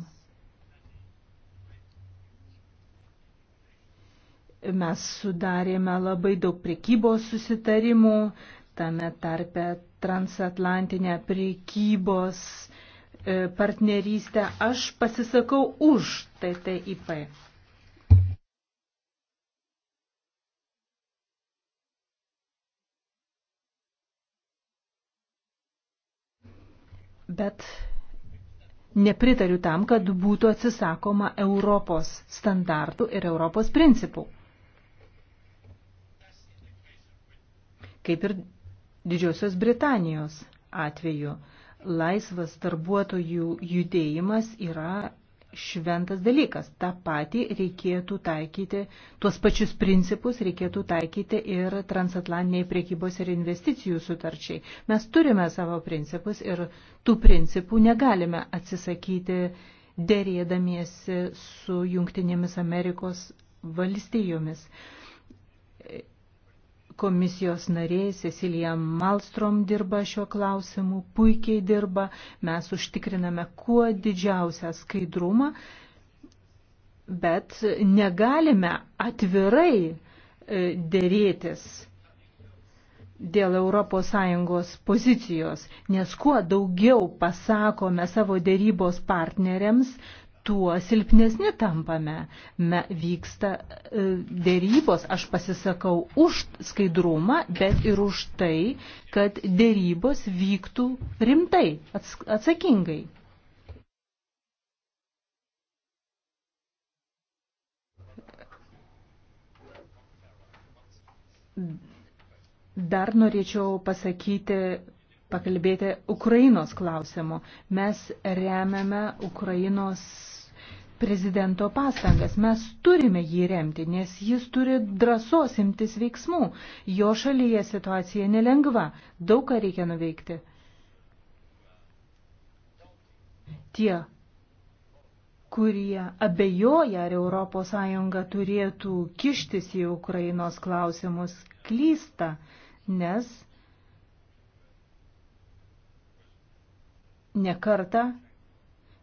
Mes sudarėme labai daug prekybos susitarimų, tame tarpe transatlantinę prekybos uh, E, partnerystę. Aš pasisakau už TTIP. Bet nepritariu tam, kad būtų atsisakoma Europos standartų ir Europos principų. Kaip ir Didžiosios Britanijos atveju laisvas darbuotojų judėjimas yra šventas dalykas. Ta pati reikėtų taikyti, tuos pačius principus reikėtų taikyti ir transatlantiniai priekybos ir investicijų sutarčiai. Mes turime savo principus ir tų principų negalime atsisakyti dėrėdamiesi su Junktinėmis Amerikos valstijomis komisijos nariai Cecilija Malstrom dirba šiuo klausimu, puikiai dirba, mes užtikriname kuo didžiausią skaidrumą, bet negalime atvirai e, dėrėtis dėl ES pozicijos, nes kuo daugiau pasakome savo dėrybos partneriams, tuo silpnesni tampame. Me, vyksta e, dėrybos, aš pasisakau už skaidrumą, bet ir už tai, kad dėrybos vyktų rimtai, ats, atsakingai. Dar norėčiau pasakyti pakalbėti Ukrainos klausimu. Mes remiame Ukrainos prezidento pastangas. Mes turime jį remti, nes jis turi drąsos imtis veiksmų. Jo šalyje situacija nelengva, daug ką reikia nuveikti. Tie, kurie abejoja, ar ES turėtų kištis į Ukrainos klausimus, klysta, nes nekarta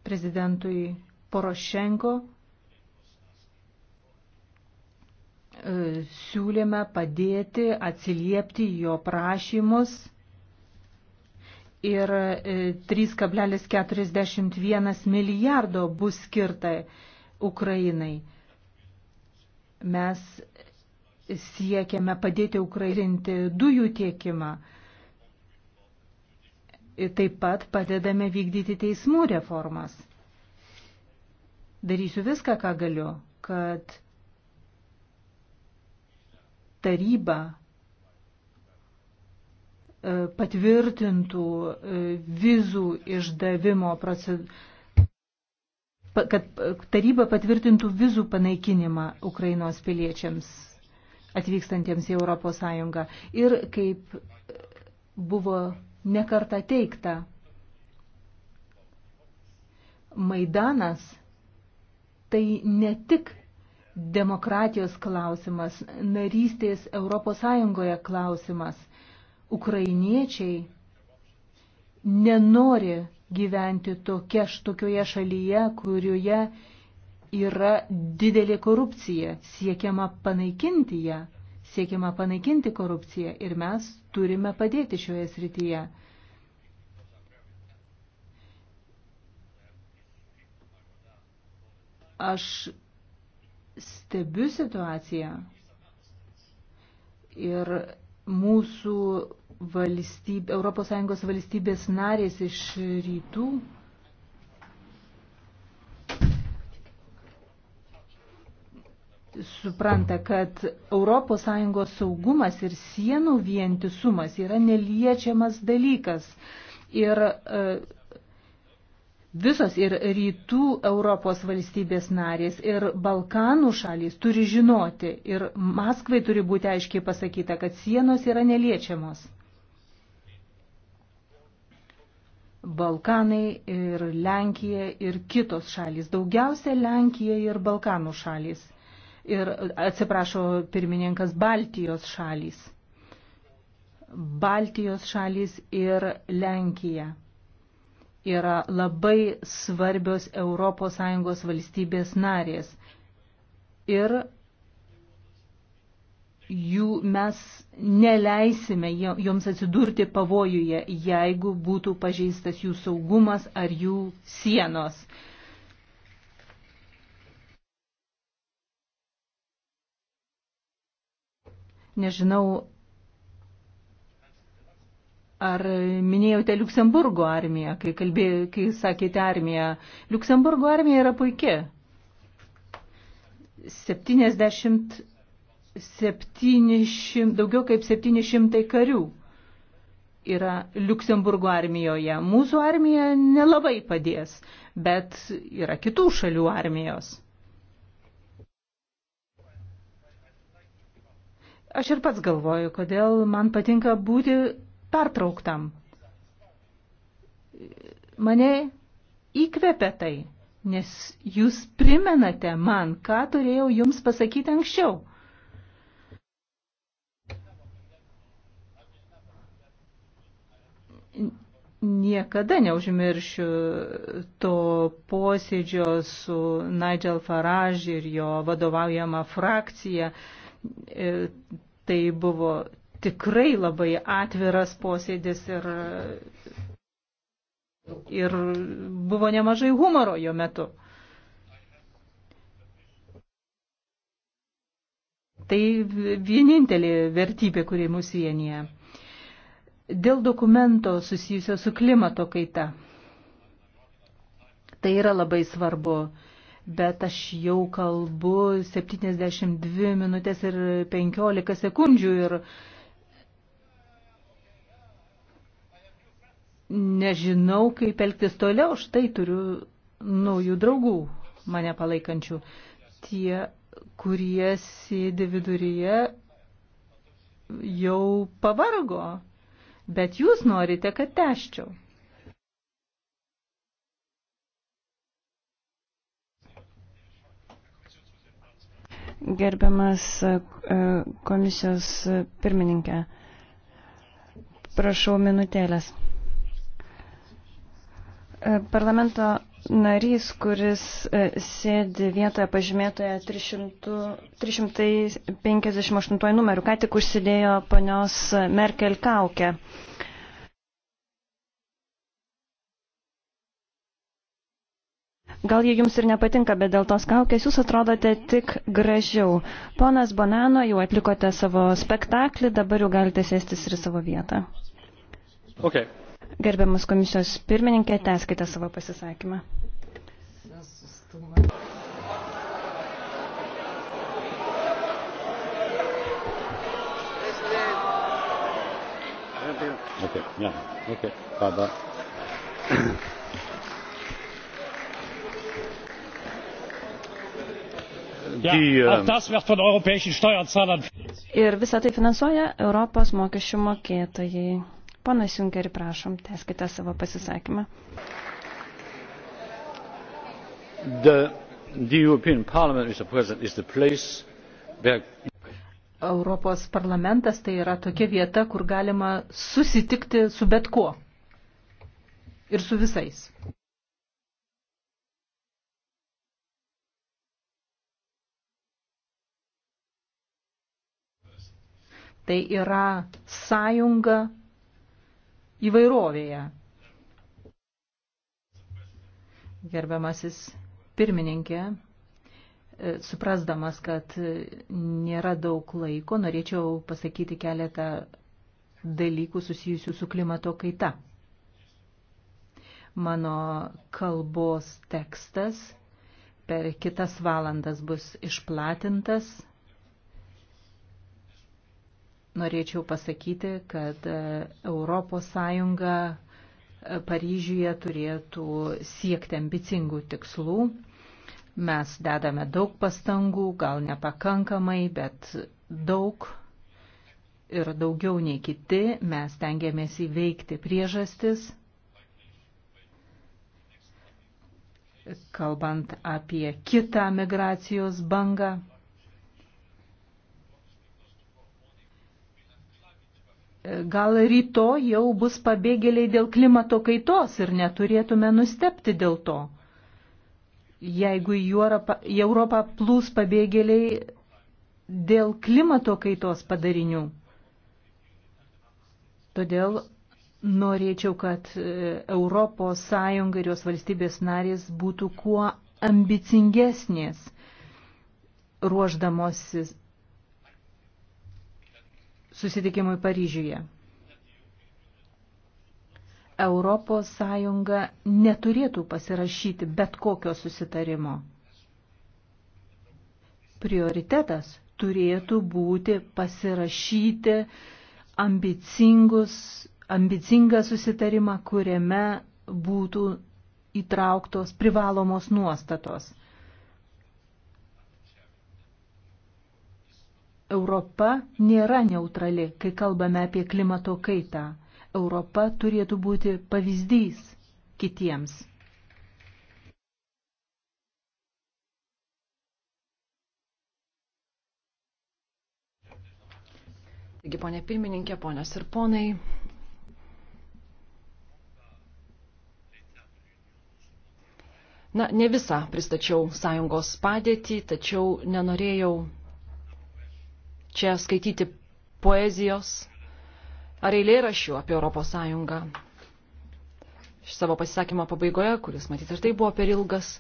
prezidentui Porošenko e, siūlėme padėti atsiliepti jo prašymus ir 3,41 e, milijardo bus skirta Ukrainai. Mes siekiame padėti Ukrainai dujų tiekimą taip pat padedame vykdyti teismų reformas. Darysiu viską, ką galiu, kad taryba e, patvirtintų e, vizų išdavimo procedūrą kad e, taryba patvirtintų vizų panaikinimą Ukrainos piliečiams atvykstantiems į Europos Sąjungą. Ir kaip buvo nekarta teikta. Maidanas tai ne tik demokratijos klausimas, narystės Europos Sąjungoje klausimas. Ukrainiečiai nenori gyventi tokia, tokioje šalyje, kurioje yra didelė korupcija, siekiama panaikinti ją siekiama panaikinti korupciją ir mes turime padėti šioje srityje. Aš stebiu situaciją ir mūsų valstybė, ES valstybės narės iš rytų supranta, kad ES saugumas ir sienų vientisumas yra neliečiamas dalykas. Ir e, visos ir rytų Europos valstybės narės ir Balkanų šalys turi žinoti ir Maskvai turi būti aiškiai pasakyta, kad sienos yra neliečiamos. Balkanai ir Lenkija ir kitos šalys, daugiausia Lenkija ir Balkanų šalys ir atsiprašo pirmininkas Baltijos šalys. Baltijos šalys ir Lenkija yra labai svarbios ES valstybės narės. Ir jų mes neleisime joms atsidurti pavojuje, jeigu būtų pažeistas jų saugumas ar jų sienos. Nežinau, ar minėjote Luksemburgo armiją, kai, kalbė, kai sakėte armiją. Luksemburgo armija yra puikia. 70, 700, daugiau kaip 700 karių yra Luksemburgo armijoje. Mūsų armija nelabai padės, bet yra kitų šalių armijos. Aš ir pats galvoju, kodėl man patinka būti pertrauktam. Mane įkvepia tai, nes jūs primenate man, ką turėjau jums pasakyti anksčiau. Niekada neužmiršiu to posėdžio su Nigel Farage ir jo vadovaujama frakcija. Uh, E, tai buvo tikrai labai atviras posėdis ir, ir buvo nemažai humoro jo metu. Tai vienintelė vertybė, kuri mus vienyje. Dėl dokumento susijusio su klimato kaita. Tai yra labai svarbu bet aš jau kalbu 72 minutės ir 15 sekundžių ir nežinau, kaip elgtis toliau, štai turiu naujų draugų mane palaikančių. Tie, kurie sėdi viduryje, jau pavargo, bet jūs norite, kad teščiau. Gerbiamas e, komisijos pirmininkė, prašau minutėlės. E, parlamento narys, kuris e, sėdi vietoje pažymėtoje 300, 358 numeriu, ką tik užsidėjo ponios Merkel kaukę. Gal jie jums ir nepatinka, bet dėl tos kaukės jūs atrodote tik gražiau. Ponas Bonano, jau atlikote savo spektaklį, dabar jau galite sėstis ir savo vietą. Okay. Gerbiamas komisijos pirmininkė, teskite savo pasisakymą. Okay, yeah, okay, bye bye. Äh, ir visą tai finansuoja Europos mokesčių mokėtojai. Ponas Junkeri, prašom, teskite savo pasisakymą. The, the European Parliament, Mr. President, is the place where Europos parlamentas tai yra tokia vieta, kur galima susitikti su bet kuo ir su visais. Tai yra sąjunga įvairovėje. Gerbiamasis pirmininkė, e, suprasdamas, kad nėra daug laiko, norėčiau pasakyti keletą dalykų susijusių su klimato kaita. Mano kalbos tekstas per kitas valandas bus išplatintas norėčiau pasakyti, kad ES e, Paryžiuje turėtų siekti ambicingų tikslų. Mes dedame daug pastangų, gal nepakankamai, bet daug ir daugiau nei kiti. Mes tengiamės įveikti priežastis, kalbant apie kitą migracijos bangą. Gal rytoj jau bus pabėgėliai dėl klimato kaitos ir neturėtume nustepti dėl to. Jeigu į Europą, į Europą plūs pabėgėliai dėl klimato kaitos padarinių. Todėl norėčiau, kad ES ir jos valstybės narės būtų kuo ambicingesnės ruoždamosis susitikimui Paryžiuje. Europos Sąjunga neturėtų pasirašyti bet kokio susitarimo. Prioritetas turėtų būti pasirašyti ambicingą susitarimą, kuriame būtų įtrauktos privalomos nuostatos. Europa nėra neutrali, kai kalbame apie klimato kaitą. Europa turėtų būti pavyzdys kitiems. Taigi, ponė pirmininkė, ponios ir ponai, Na, ne visą pristačiau sąjungos padėtį, tačiau nenorėjau čia skaityti poezijos ar eilėrašių apie Europos Sąjungą. Iš savo pasisakymo pabaigoje, kuris matyt ir tai buvo per ilgas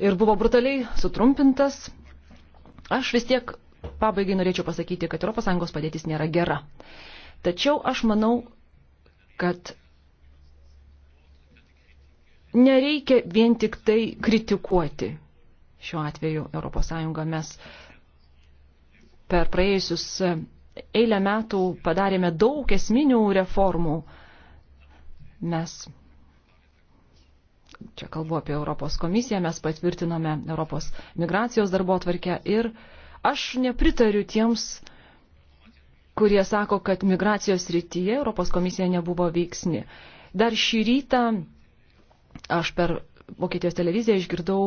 ir buvo brutaliai sutrumpintas, aš vis tiek pabaigai norėčiau pasakyti, kad Europos Sąjungos padėtis nėra gera. Tačiau aš manau, kad nereikia vien tik tai kritikuoti šiuo atveju Europos Sąjungą. Mes per praėjusius e, eilę metų padarėme daug esminių reformų. Mes, čia kalbu apie Europos komisiją, mes patvirtinome Europos migracijos darbo tvarkę ir aš nepritariu tiems, kurie sako, kad migracijos rytyje Europos komisija nebuvo veiksni. Dar šį rytą aš per Vokietijos televiziją išgirdau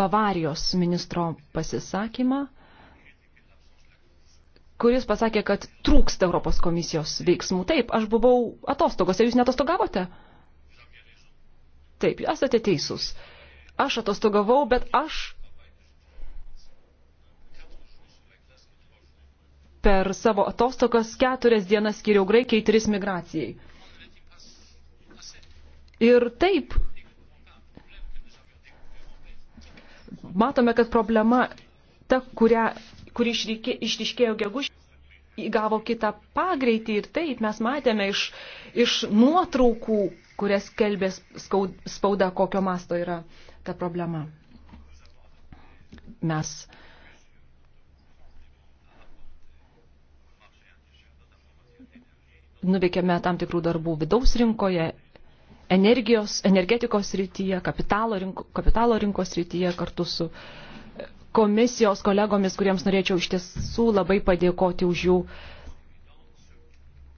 Bavarijos ministro pasisakymą kuris pasakė, kad trūksta Europos komisijos veiksmų. Taip, aš buvau atostogose, jūs netostogavote? Taip, esate teisūs. Aš atostogavau, bet aš per savo atostogas keturias dienas skiriau Graikijai, tris migracijai. Ir taip, matome, kad problema ta, kurią, kuri išriškėjo gegužį, įgavo kitą pagreitį ir taip mes matėme iš, iš nuotraukų, kurias kelbė spauda, kokio masto yra ta problema. Mes nuveikėme tam tikrų darbų vidaus rinkoje, energijos, energetikos rytyje, kapitalo, rinko, kapitalo rinkos rytyje kartu su uh, komisijos kolegomis, kuriems norėčiau iš tiesų labai padėkoti už jų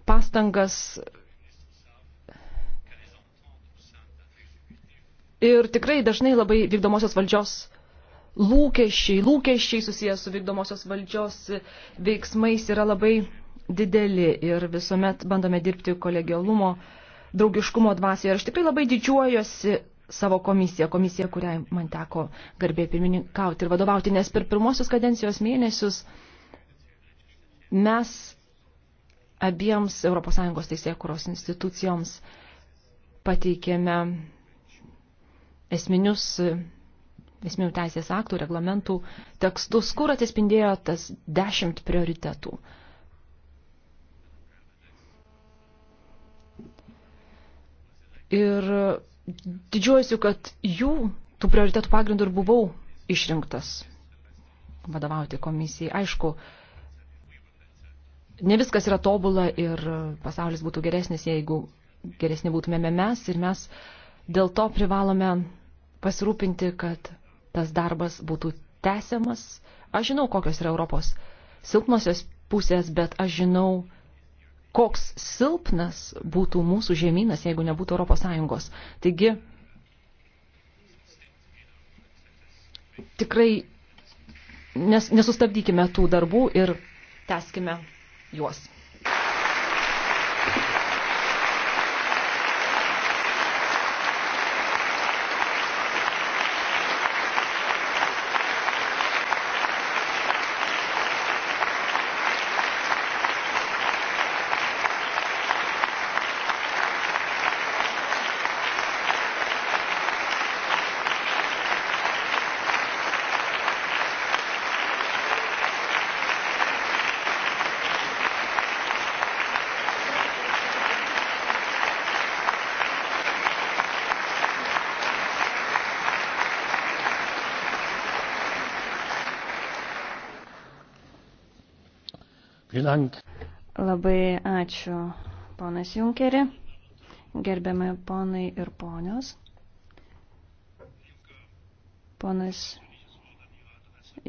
pastangas. Ir tikrai dažnai labai vykdomosios valdžios lūkesčiai, lūkesčiai susijęs su vykdomosios valdžios veiksmais yra labai dideli ir visuomet bandome dirbti kolegialumo, draugiškumo dvasioje. Ir aš tikrai labai didžiuojuosi savo komisiją, komisiją, kuriai man teko garbė pirmininkauti ir vadovauti, nes per pirmosius kadencijos mėnesius mes abiems ES teisėkuros institucijoms pateikėme esminius esminių teisės aktų, reglamentų tekstus, kur atsispindėjo tas dešimt prioritetų. Ir didžiuojuosi, kad jų, tų prioritetų pagrindų ir buvau išrinktas vadovauti komisijai. Aišku, ne viskas yra tobula ir pasaulis būtų geresnis, jeigu geresni būtumėme mes ir mes dėl to privalome pasirūpinti, kad tas darbas būtų tęsiamas. Aš žinau, kokios yra Europos silpnosios pusės, bet aš žinau, koks silpnas būtų mūsų žemynas, jeigu nebūtų Europos Sąjungos. Taigi, tikrai nes, nesustabdykime tų darbų ir teskime juos. Dank. Labai ačiū, ponas Junkeri, gerbiami ponai ir ponios. Ponas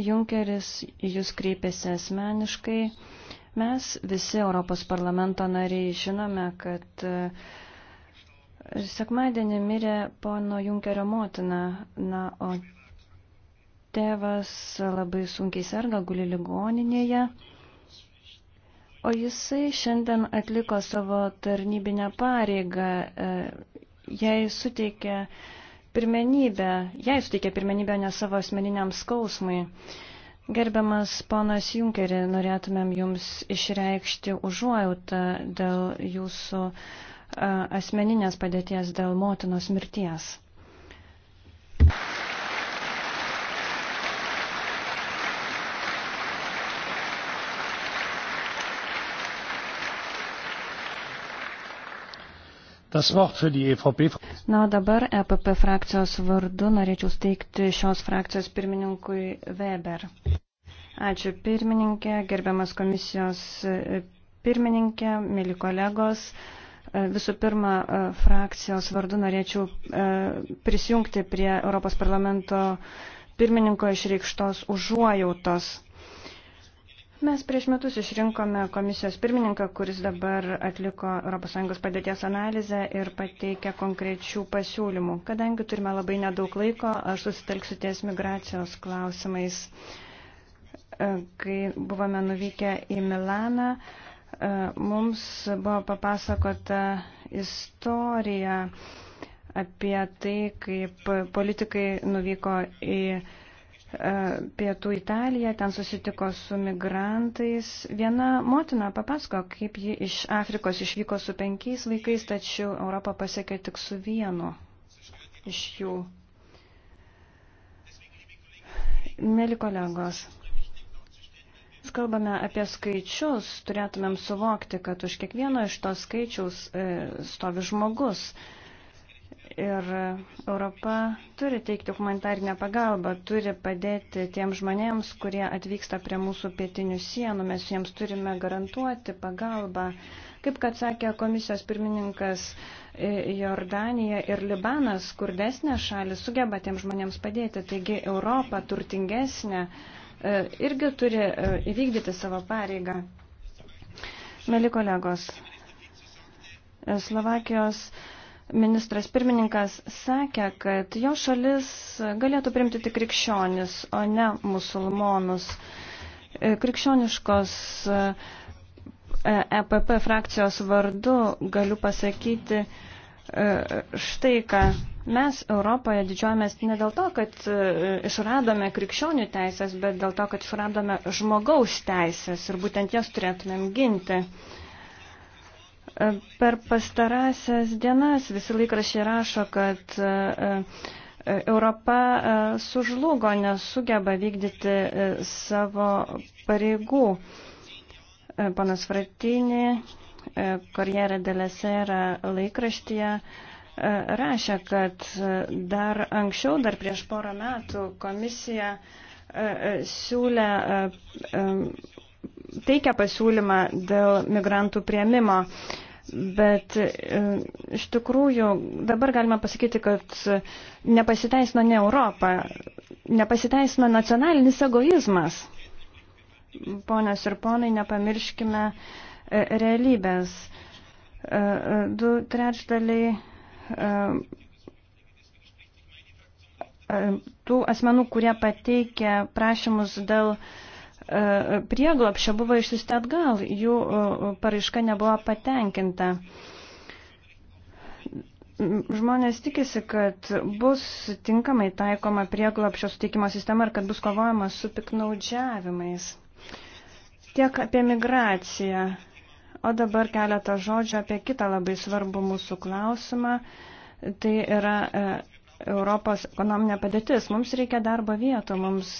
Junkeris, jūs kreipėsi asmeniškai. Mes visi Europos parlamento nariai žinome, kad e, sekmadienį mirė pono Junkerio motina, na, o tėvas labai sunkiai serga, guli ligoninėje. O jisai šiandien atliko savo tarnybinę pareigą, e, jai suteikė pirmenybę, jai suteikė pirmenybę ne savo asmeniniam skausmui. Gerbiamas ponas Junkeri, norėtumėm Jums išreikšti užuojautą dėl Jūsų e, asmeninės padėties, dėl motinos mirties. E Na, dabar EPP frakcijos vardu norėčiau steigti šios frakcijos pirmininkui Weber. Ačiū pirmininkė, gerbiamas komisijos e, pirmininkė, mėly kolegos. E, visų pirma, frakcijos vardu norėčiau prisijungti prie Europos parlamento pirmininko išreikštos užuojautos Mes prieš metus išrinkome komisijos pirmininką, kuris dabar atliko ES padėties analizę ir pateikė konkrečių pasiūlymų. Kadangi turime labai nedaug laiko, aš susitelksiu ties migracijos klausimais. E, kai buvome nuvykę į Milaną, e, mums buvo papasakota istorija apie tai, kaip politikai nuvyko į Milaną E, pietų Italiją, ten susitiko su migrantais. Viena motina papasako, kaip ji iš Afrikos išvyko su penkiais vaikais, tačiau Europą pasiekė tik su vienu iš jų. Mėly kolegos, mes kalbame apie skaičius, turėtumėm suvokti, kad už kiekvieno iš to skaičiaus e, stovi žmogus. E, Ir Europa turi teikti humanitarinę pagalbą, turi padėti tiems žmonėms, kurie atvyksta prie mūsų pietinių sienų. Mes jiems turime garantuoti pagalbą. Kaip kad sakė komisijos pirmininkas, e, Jordanija ir Libanas, skurdesnė šalis, sugeba tiems žmonėms padėti. Taigi Europa turtingesnė e, irgi turi e, įvykdyti savo pareigą. Meli kolegos, Slovakijos ministras pirmininkas sakė, kad jo šalis galėtų primti tik krikščionis, o ne musulmonus. E, krikščioniškos EPP e frakcijos vardu galiu pasakyti e, štai ką. Mes Europoje didžiuojamės ne dėl to, kad išradome krikščionių teisės, bet dėl to, kad išradome žmogaus teisės ir būtent jas turėtumėm ginti. Per pastarąsias dienas visi laikrašiai rašo, kad e, e, Europa e, sužlugo, nesugeba vykdyti savo pareigų. Panas Fratinį, Corriere della Sera laikraštyje rašė, kad dar anksčiau, dar prieš porą metų komisija siūlė, teikia pasiūlymą dėl migrantų prieimimo Bet e, iš tikrųjų dabar galima pasakyti, kad nepasiteisino ne Europa, nepasiteisino nacionalinis egoizmas. Ponios ir ponai, nepamirškime e, realybės. E, du trečdaliai tų asmenų, kurie pateikė prašymus dėl uh, E, prieglopščio buvo išsiusti atgal, jų e, paraiška nebuvo patenkinta. Žmonės tikisi, kad bus tinkamai taikoma prieglopščio suteikimo sistema ir kad bus kovojama su piknaudžiavimais. Tiek apie migraciją. O dabar keletą žodžių apie kitą labai svarbų mūsų klausimą. Tai yra e, Europos ekonominė padėtis. Mums reikia darbo vietų, mums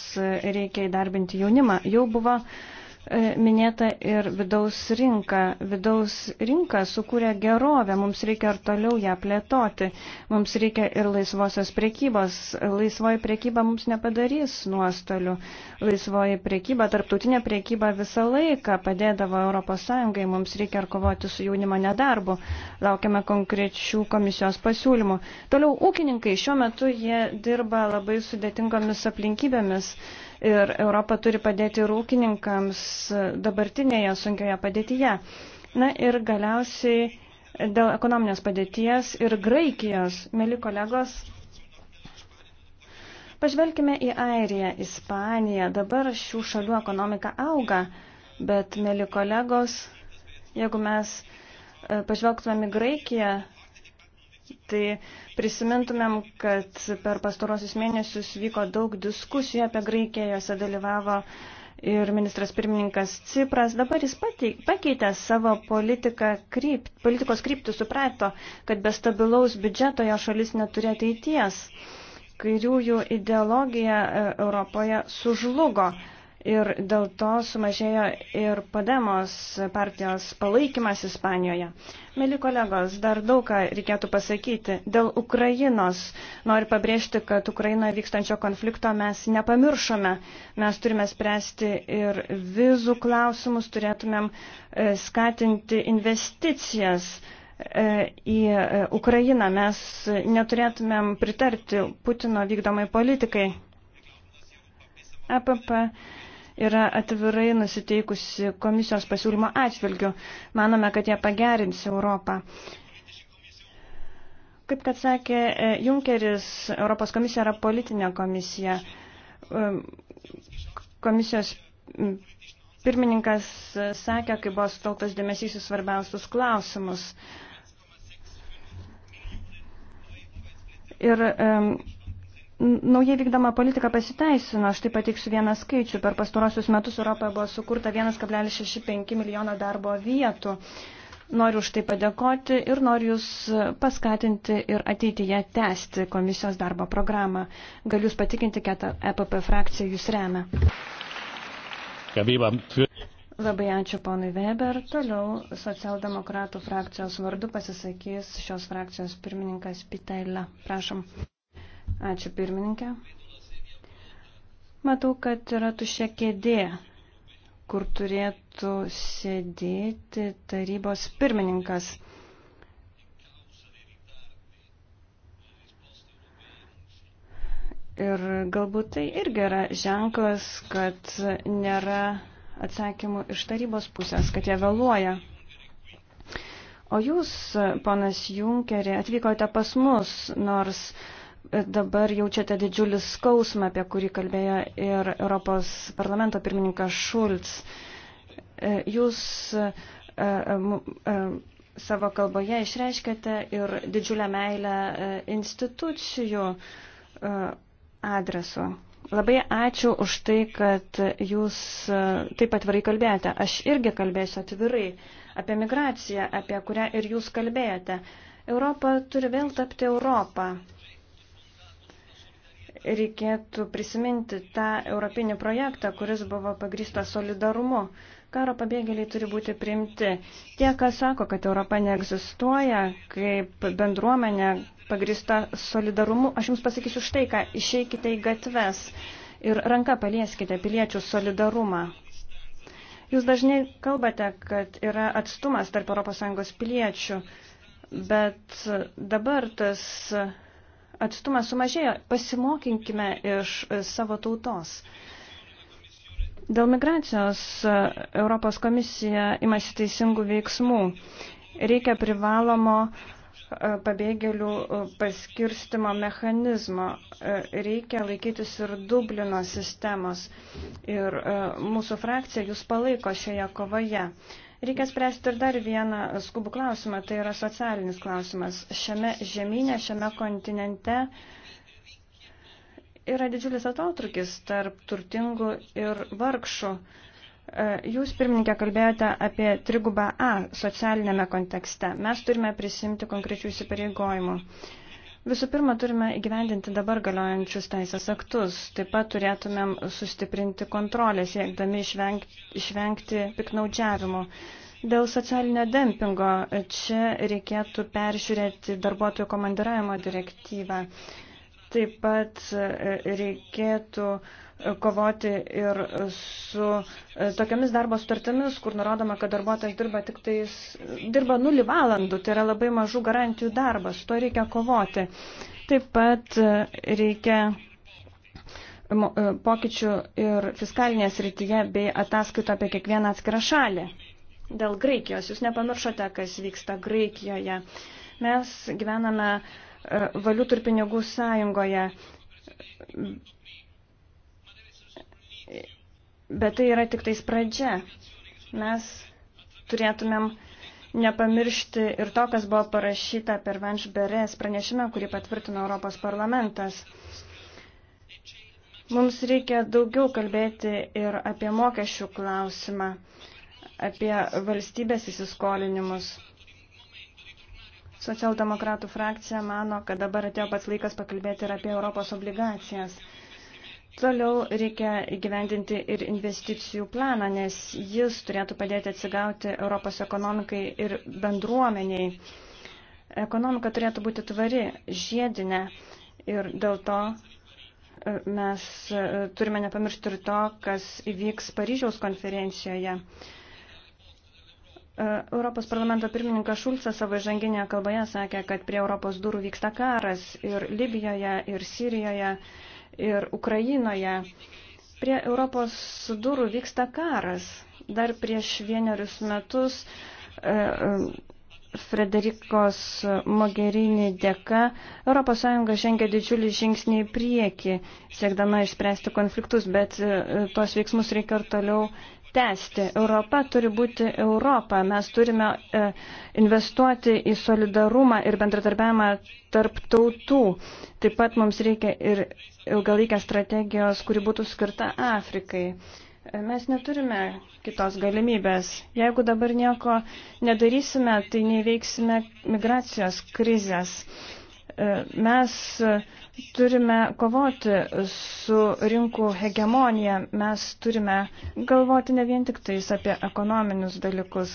reikia įdarbinti jaunimą. Jau buvo uh, E, minėta ir vidaus rinka. Vidaus rinka sukūrė gerovę, mums reikia ir toliau ją plėtoti, mums reikia ir laisvosios priekybos. Laisvoji priekyba mums nepadarys nuostolių. Laisvoji priekyba, tarptautinė priekyba visą laiką padėdavo ES, mums reikia ir kovoti su jaunimo nedarbu. Laukiame konkrečių komisijos pasiūlymų. Toliau ūkininkai šiuo metu jie dirba labai sudėtingomis aplinkybėmis ir Europa turi padėti ir ūkininkams dabartinėje sunkioje padėtyje. Na ir galiausiai dėl ekonominės padėties ir Graikijos, mėly kolegos, pažvelkime į Airiją, Ispaniją. Dabar šių šalių ekonomika auga, bet, mėly kolegos, jeigu mes e, pažvelgtumėm į Graikiją, Tai prisimintumėm, kad per pastarosius mėnesius vyko daug diskusijų apie Graikiją, jose dalyvavo ir ministras pirmininkas Cipras. Dabar jis pateik, pakeitė savo politiką, krypt, politikos kryptį, suprato, kad be stabilaus biudžeto jo šalis neturi ateities. Kairiųjų ideologija e, Europoje sužlugo ir dėl to sumažėjo ir Podemos partijos palaikymas Ispanijoje. Mėly kolegos, dar daug ką reikėtų pasakyti. Dėl Ukrainos noriu pabrėžti, kad Ukrainoje vykstančio konflikto mes nepamiršome. Mes turime spręsti ir vizų klausimus, turėtumėm e, skatinti investicijas e, į e, Ukrainą. Mes neturėtumėm pritarti Putino vykdomai politikai. EPP yra atvirai nusiteikusi komisijos pasiūlymo atžvilgių. Manome, kad jie pagerins Europą. Kaip kad sakė e, Junkeris, Europos komisija yra politinė komisija. E, komisijos pirmininkas sakė, kai buvo sutelktas dėmesys į svarbiausius klausimus. Ir um, Naujai vykdoma politika pasiteisino, aš taip pateiksiu vieną skaičių. Per pastarosius metus Europoje buvo sukurta 1,65 milijono darbo vietų. Noriu už tai padėkoti ir noriu Jūs paskatinti ir ateityje tęsti komisijos darbo programą. Galiu Jūs patikinti, kad EPP frakcija Jūs remia. Labai ačiū ponui Weber. Toliau socialdemokratų frakcijos vardu pasisakys šios frakcijos pirmininkas Pitelė. Prašom. Ačiū pirmininkė. Matau, kad yra tušia kėdė, kur turėtų sėdėti tarybos pirmininkas. Ir galbūt tai irgi yra ženklas, kad nėra atsakymų iš tarybos pusės, kad jie vėluoja. O jūs, ponas Junkerė, atvykote pas mus, nors uh, dabar jaučiate didžiulį skausmą, apie kurį kalbėjo ir Europos parlamento pirmininkas Šulc. E, jūs e, e, savo kalboje išreiškėte ir didžiulę meilę institucijų adresu. Labai ačiū už tai, kad jūs taip atvirai kalbėjote. Aš irgi kalbėsiu atvirai apie migraciją, apie kurią ir jūs kalbėjote. Europa turi vėl tapti Europą reikėtų prisiminti tą europinį projektą, kuris buvo pagrįstas solidarumu. Karo pabėgėliai turi būti priimti. Tie, kas sako, kad Europa neegzistuoja kaip bendruomenė pagrįsta solidarumu, aš jums pasakysiu štai ką, išeikite į gatves ir ranka palieskite piliečių solidarumą. Jūs dažnai kalbate, kad yra atstumas tarp ES piliečių, bet dabar tas atstumas sumažėjo. Pasimokinkime iš e, savo tautos. Dėl migracijos e, Europos komisija imasi teisingų veiksmų. Reikia privalomo e, pabėgėlių paskirstimo mechanizmo. Reikia laikytis ir Dublino sistemos. Ir mūsų frakcija jūs palaiko šioje kovoje. Reikia spręsti ir dar vieną skubų klausimą, tai yra socialinis klausimas. Šiame žemynė, šiame kontinente yra didžiulis atotrukis tarp turtingų ir vargšų. E, jūs, pirmininkė, kalbėjote apie trigubą A socialinėme kontekste. Mes turime prisimti konkrečių įsipareigojimų. Visų pirma, turime įgyvendinti dabar galiojančius teisės aktus. Taip pat turėtumėm sustiprinti kontrolę, siekdami išvengti, išvengti piknaudžiavimo. Dėl socialinio dempingo čia reikėtų peržiūrėti darbuotojų komandiravimo direktyvą. Taip pat e, reikėtų uh, kovoti ir su e, tokiamis darbo sutartimis, kur nurodoma, kad darbuotojas dirba tik tais, dirba nulį valandų, tai yra labai mažų garantijų darbas, su to reikia kovoti. Taip pat e, reikia e, pokyčių ir fiskalinėje srityje bei ataskaito apie kiekvieną atskirą šalį. Dėl Graikijos, jūs nepamiršote, kas vyksta Graikijoje. Mes gyvename valiutų ir pinigų sąjungoje Bet tai yra tik tais pradžia. Mes turėtumėm nepamiršti ir to, kas buvo parašyta per Vanšberės pranešimą, kurį patvirtino Europos parlamentas. Mums reikia daugiau kalbėti ir apie mokesčių klausimą, apie valstybės įsiskolinimus. Socialdemokratų frakcija mano, kad dabar atėjo pats laikas pakalbėti ir apie Europos obligacijas. Toliau reikia įgyvendinti ir investicijų planą, nes jis turėtų padėti atsigauti Europos ekonomikai ir bendruomeniai. Ekonomika turėtų būti tvari, žiedinė ir dėl to e, mes e, turime nepamiršti ir to, kas įvyks Paryžiaus konferencijoje. E, Europos parlamento pirmininkas Šulcas savo žanginėje kalboje sakė, kad prie Europos durų vyksta karas ir Libijoje, ir Sirijoje ir Ukrainoje. Prie Europos durų vyksta karas. Dar prieš vienerius metus e, e, Frederikos Mogherini dėka ES žengia didžiulį žingsnį į priekį, siekdama išspręsti konfliktus, bet e, tos veiksmus reikia ir toliau tęsti. Europa turi būti Europa. Mes turime e, investuoti į solidarumą ir bendradarbiavimą tarp tautų. Taip pat mums reikia ir ilgalaikės strategijos, kuri būtų skirta Afrikai. E, mes neturime kitos galimybės. Jeigu dabar nieko nedarysime, tai neveiksime migracijos krizės. E, mes turime kovoti su rinkų hegemonija, mes turime galvoti ne vien tik tais apie ekonominius dalykus.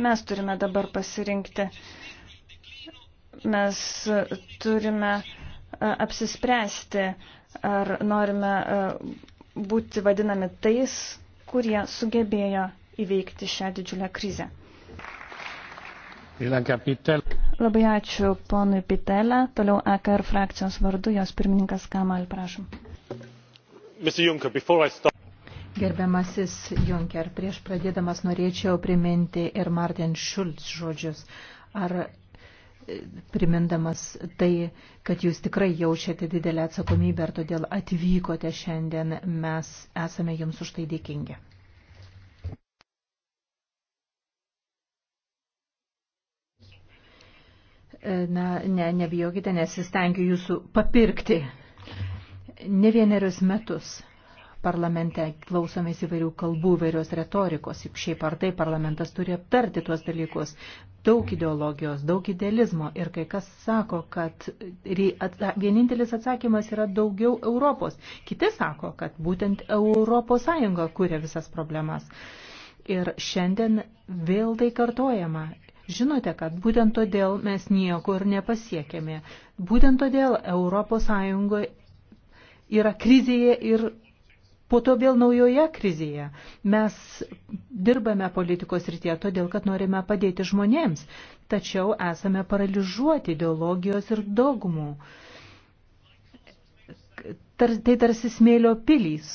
Mes turime dabar pasirinkti. Mes turime e, apsispręsti, ar norime e, būti vadinami tais, kurie sugebėjo įveikti šią didžiulę krizę. Labai ačiū ponui Pitelė. Toliau EKR frakcijos vardu jos pirmininkas Kamal, prašom. Juncker, start... Gerbiamasis Junker, prieš pradėdamas norėčiau priminti ir Martin Schulz žodžius. Ar e, primindamas tai, kad jūs tikrai jaučiate didelę atsakomybę ir todėl atvykote šiandien, mes esame jums už tai dėkingi. Na, ne, nebijokite, nesistengiu jūsų papirkti. Ne vienerius metus parlamente klausomės įvairių kalbų, įvairios retorikos, juk šiaip ar tai parlamentas turi aptarti tuos dalykus. Daug ideologijos, daug idealizmo ir kai kas sako, kad vienintelis atsakymas yra daugiau Europos. Kiti sako, kad būtent Europos Sąjunga kuria visas problemas. Ir šiandien vėl tai kartojama Žinote, kad būtent todėl mes nieko ir nepasiekėme. Būtent todėl ES yra krizėje ir po to vėl naujoje krizėje. Mes dirbame politikos rytie todėl, kad norime padėti žmonėms, tačiau esame paralyžuoti ideologijos ir dogmų. Tar, tai tarsi smėlio pilys,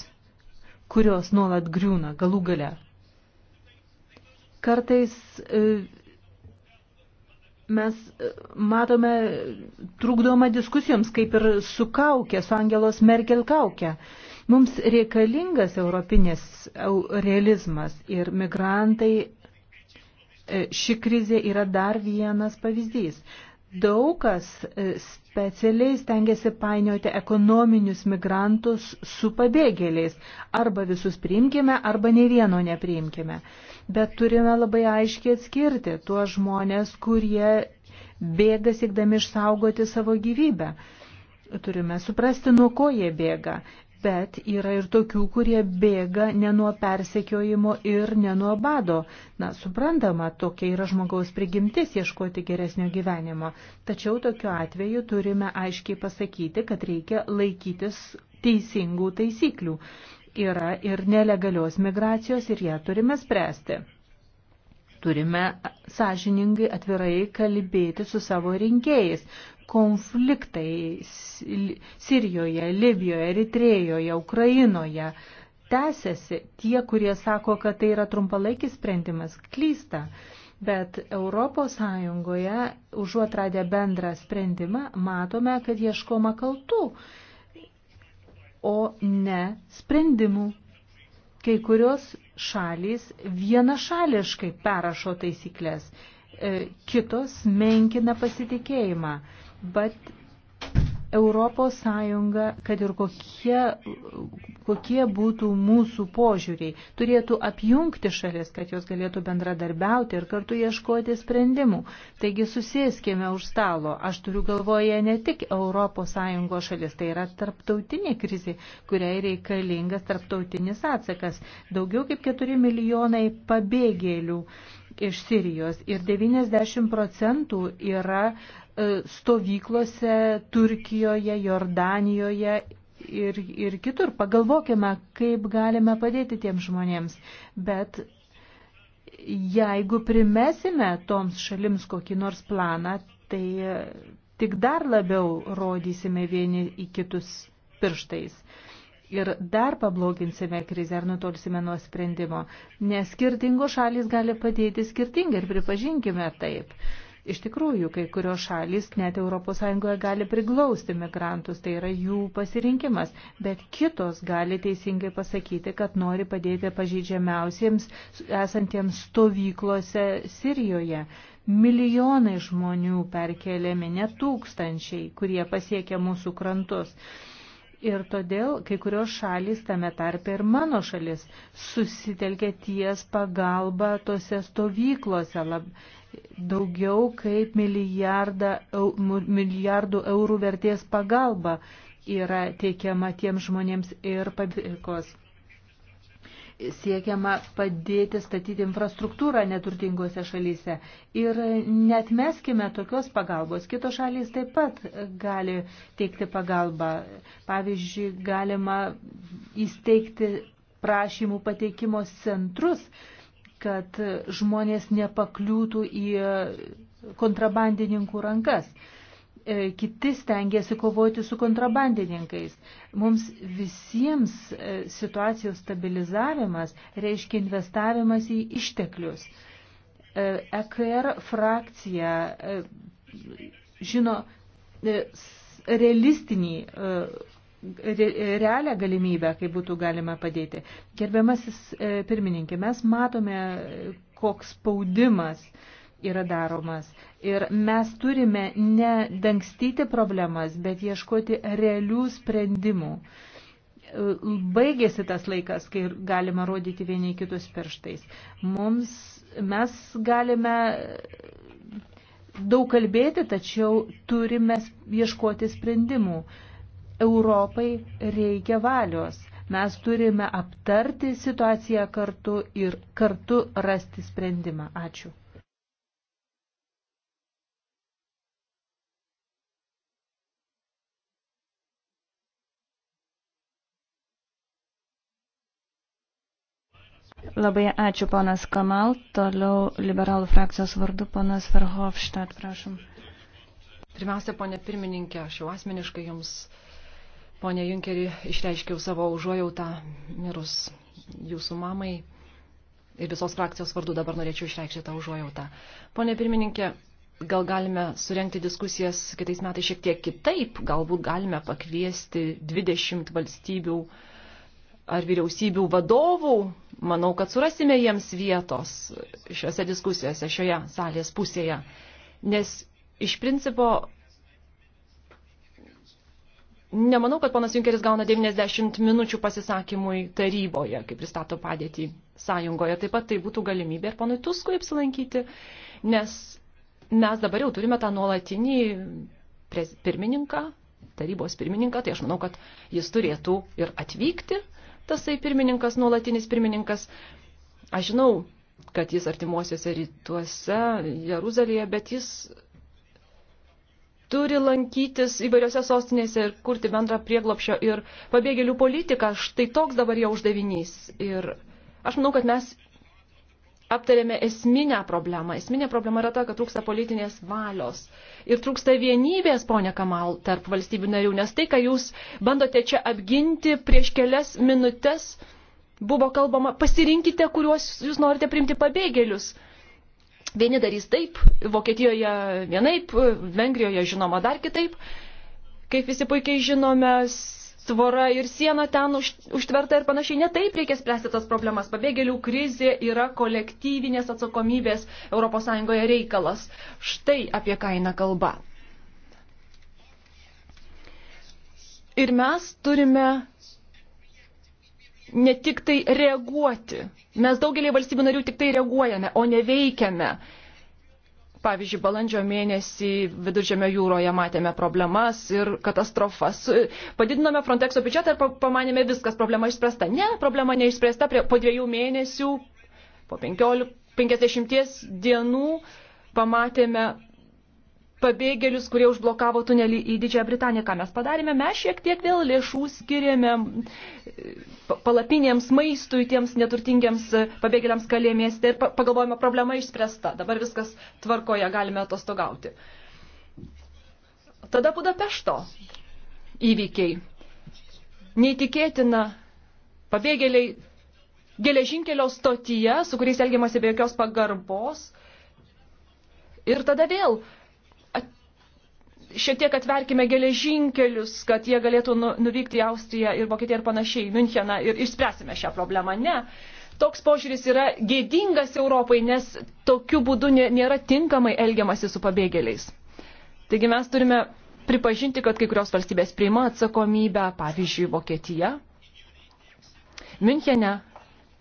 kurios nuolat griūna galų gale. Kartais e, mes e, matome trukdomą diskusijoms, kaip ir su kaukė, su Angelos Merkel kaukė. Mums reikalingas europinės realizmas ir migrantai, e, ši krizė yra dar vienas pavyzdys. Daug kas e, specialiai stengiasi painioti ekonominius migrantus su pabėgėliais. Arba visus priimkime, arba nei vieno nepriimkime bet turime labai aiškiai atskirti tuos žmonės, kurie bėga siekdami išsaugoti savo gyvybę. Turime suprasti, nuo ko jie bėga. Bet yra ir tokių, kurie bėga ne nuo persekiojimo ir ne nuo bado. Na, suprantama, tokia yra žmogaus prigimtis ieškoti geresnio gyvenimo. Tačiau tokiu atveju turime aiškiai pasakyti, kad reikia laikytis teisingų taisyklių yra ir nelegalios migracijos ir ją turime spręsti. Turime sąžiningai atvirai kalbėti su savo rinkėjais. Konfliktai Sirijoje, Libijoje, Eritrėjoje, Ukrainoje tęsiasi. Tie, kurie sako, kad tai yra trumpalaikis sprendimas, klysta. Bet Europos Sąjungoje, užuot radę bendrą sprendimą, matome, kad ieškoma kaltų o ne sprendimų. Kai kurios šalys vienašališkai perrašo taisyklės, e, kitos menkina pasitikėjimą, bet Europos Sąjunga, kad ir kokie, kokie būtų mūsų požiūriai, turėtų apjungti šalis, kad jos galėtų bendradarbiauti ir kartu ieškoti sprendimų. Taigi susėskime už stalo. Aš turiu galvoje ne tik Europos Sąjungos šalis, tai yra tarptautinė krizė, kuriai reikalingas tarptautinis atsakas. Daugiau kaip 4 milijonai pabėgėlių iš Sirijos ir 90 procentų yra uh, E, stovyklose Turkijoje, Jordanijoje ir, ir kitur. Pagalvokime, kaip galime padėti tiems žmonėms. Bet jeigu primesime toms šalims kokį nors planą, tai tik dar labiau rodysime vieni į kitus pirštais. Ir dar pabloginsime krizę ar nutolsime nuo sprendimo, nes skirtingos šalys gali padėti skirtingai ir pripažinkime taip. Uh, Iš tikrųjų, kai kurios šalis net ES gali priglausti migrantus, tai yra jų pasirinkimas, bet kitos gali teisingai pasakyti, kad nori padėti pažydžiamiausiems esantiems stovyklose Sirijoje. Milijonai žmonių perkeliami, ne tūkstančiai, kurie pasiekia mūsų krantus. Ir todėl kai kurios šalis, tame tarpe ir mano šalis, susitelkė ties pagalba tose stovyklose. Lab, daugiau kaip milijardų eurų vertės pagalba yra teikiama tiems žmonėms ir pabirkos. Siekiama padėti statyti infrastruktūrą neturtingose šalyse. Ir net meskime tokios pagalbos. Kitos šalys taip pat gali teikti pagalbą. Pavyzdžiui, galima įsteigti prašymų pateikimo centrus, kad žmonės nepakliūtų į kontrabandininkų rankas. E, kiti stengiasi kovoti su kontrabandininkais. Mums visiems e, situacijos stabilizavimas reiškia investavimas į išteklius. EKR e frakcija žino realistinį realią galimybę, kaip būtų galima padėti. Gerbiamasis e, pirmininkė, mes matome, koks spaudimas yra daromas. Ir mes turime ne dangstyti problemas, bet ieškoti realių sprendimų. Baigėsi tas laikas, kai galima rodyti vieni kitus pirštais. Mums, mes galime daug kalbėti, tačiau turime ieškoti sprendimų. Europai reikia valios. Mes turime aptarti situaciją kartu ir kartu rasti sprendimą. Ačiū. Labai ačiū, ponas Kamal. Toliau liberalų frakcijos vardu, ponas Verhofstadt, prašom. Pirmiausia, ponė pirmininkė, aš jau asmeniškai jums uh, Pone Junkeri, išreiškiau savo užuojautą mirus jūsų mamai ir visos frakcijos vardu dabar norėčiau išreikšti tą užuojautą. Pone pirmininkė, gal galime surenkti diskusijas kitais metais šiek tiek kitaip, galbūt galime pakviesti 20 valstybių ar vyriausybių vadovų. Manau, kad surasime jiems vietos šiuose diskusijose, šioje salės pusėje. Nes iš principo Nemanau, kad ponas Junkeris gauna 90 minučių pasisakymui taryboje, kai pristato padėtį sąjungoje. Taip pat tai būtų galimybė ir ponui Tuskui apsilankyti, nes mes dabar jau turime tą nuolatinį pirmininką, tarybos pirmininką, tai aš manau, kad jis turėtų ir atvykti, tasai pirmininkas, nuolatinis pirmininkas. Aš žinau, kad jis artimuosiuose rytuose, Jeruzalėje, bet jis turi lankytis įvairiose sostinėse ir kurti bendrą prieglopšio ir pabėgėlių politiką. Štai toks dabar jau uždavinys. Ir aš manau, kad mes aptarėme esminę problemą. Esminė problema yra ta, kad trūksta politinės valios ir trūksta vienybės, ponė Kamal, tarp valstybių narių, nes tai, ką jūs bandote čia apginti prieš kelias minutės, buvo kalbama, pasirinkite, kuriuos jūs norite priimti pabėgėlius. Vieni darys taip, Vokietijoje vienaip, Vengrijoje žinoma dar kitaip. Kaip visi puikiai žinome, tvora ir siena ten už, užtverta ir panašiai. Ne taip reikia spręsti tas problemas. Pabėgėlių krizė yra kolektyvinės atsakomybės ES reikalas. Štai apie kainą kalba. Ir mes turime ne tik tai reaguoti. Mes daugelį valstybių narių tik tai reaguojame, o neveikiame. Pavyzdžiui, balandžio mėnesį viduržėme jūroje matėme problemas ir katastrofas. Padidinome Frontexo biudžetą ir pamanėme viskas, problema išspręsta. Ne, problema neišspręsta po dviejų mėnesių, po 15, 50 dienų pamatėme pabėgėlius, kurie užblokavo tunelį į Didžiąją Britaniją. Ką mes padarėme? Mes šiek tiek vėl lėšų skiriame e, palapinėms maistui tiems neturtingiams e, pabėgėliams kalė mieste ir pagalvojame, problema išspręsta. Dabar viskas tvarkoje, galime atostogauti. Tada Budapešto įvykiai. Neįtikėtina, pabėgėliai geležinkelio stotyje, su kuriais elgiamasi be jokios pagarbos. Ir tada vėl šiek tiek atverkime geležinkelius, kad jie galėtų nu, nuvykti į Austriją ir Vokietiją ir panašiai, Müncheną ir išspręsime šią problemą. Ne. Toks požiūris yra gėdingas Europai, nes tokiu būdu nėra tinkamai elgiamasi su pabėgėliais. Taigi mes turime pripažinti, kad kai kurios valstybės priima atsakomybę, pavyzdžiui, Vokietija. Münchene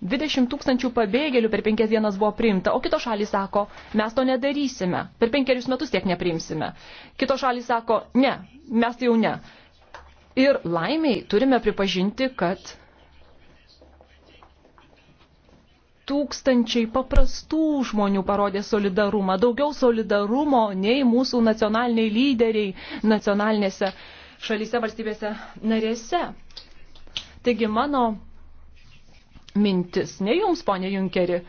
20 tūkstančių pabėgėlių per penkias dienas buvo priimta, o kitos šalys sako, mes to nedarysime, per penkerius metus tiek nepriimsime. Kitos šalys sako, ne, mes tai jau ne. Ir laimiai turime pripažinti, kad tūkstančiai paprastų žmonių parodė solidarumą, daugiau solidarumo nei mūsų nacionaliniai lyderiai nacionalinėse šalyse valstybėse narėse. Taigi mano mintis, ne jums, ponė Junkeri.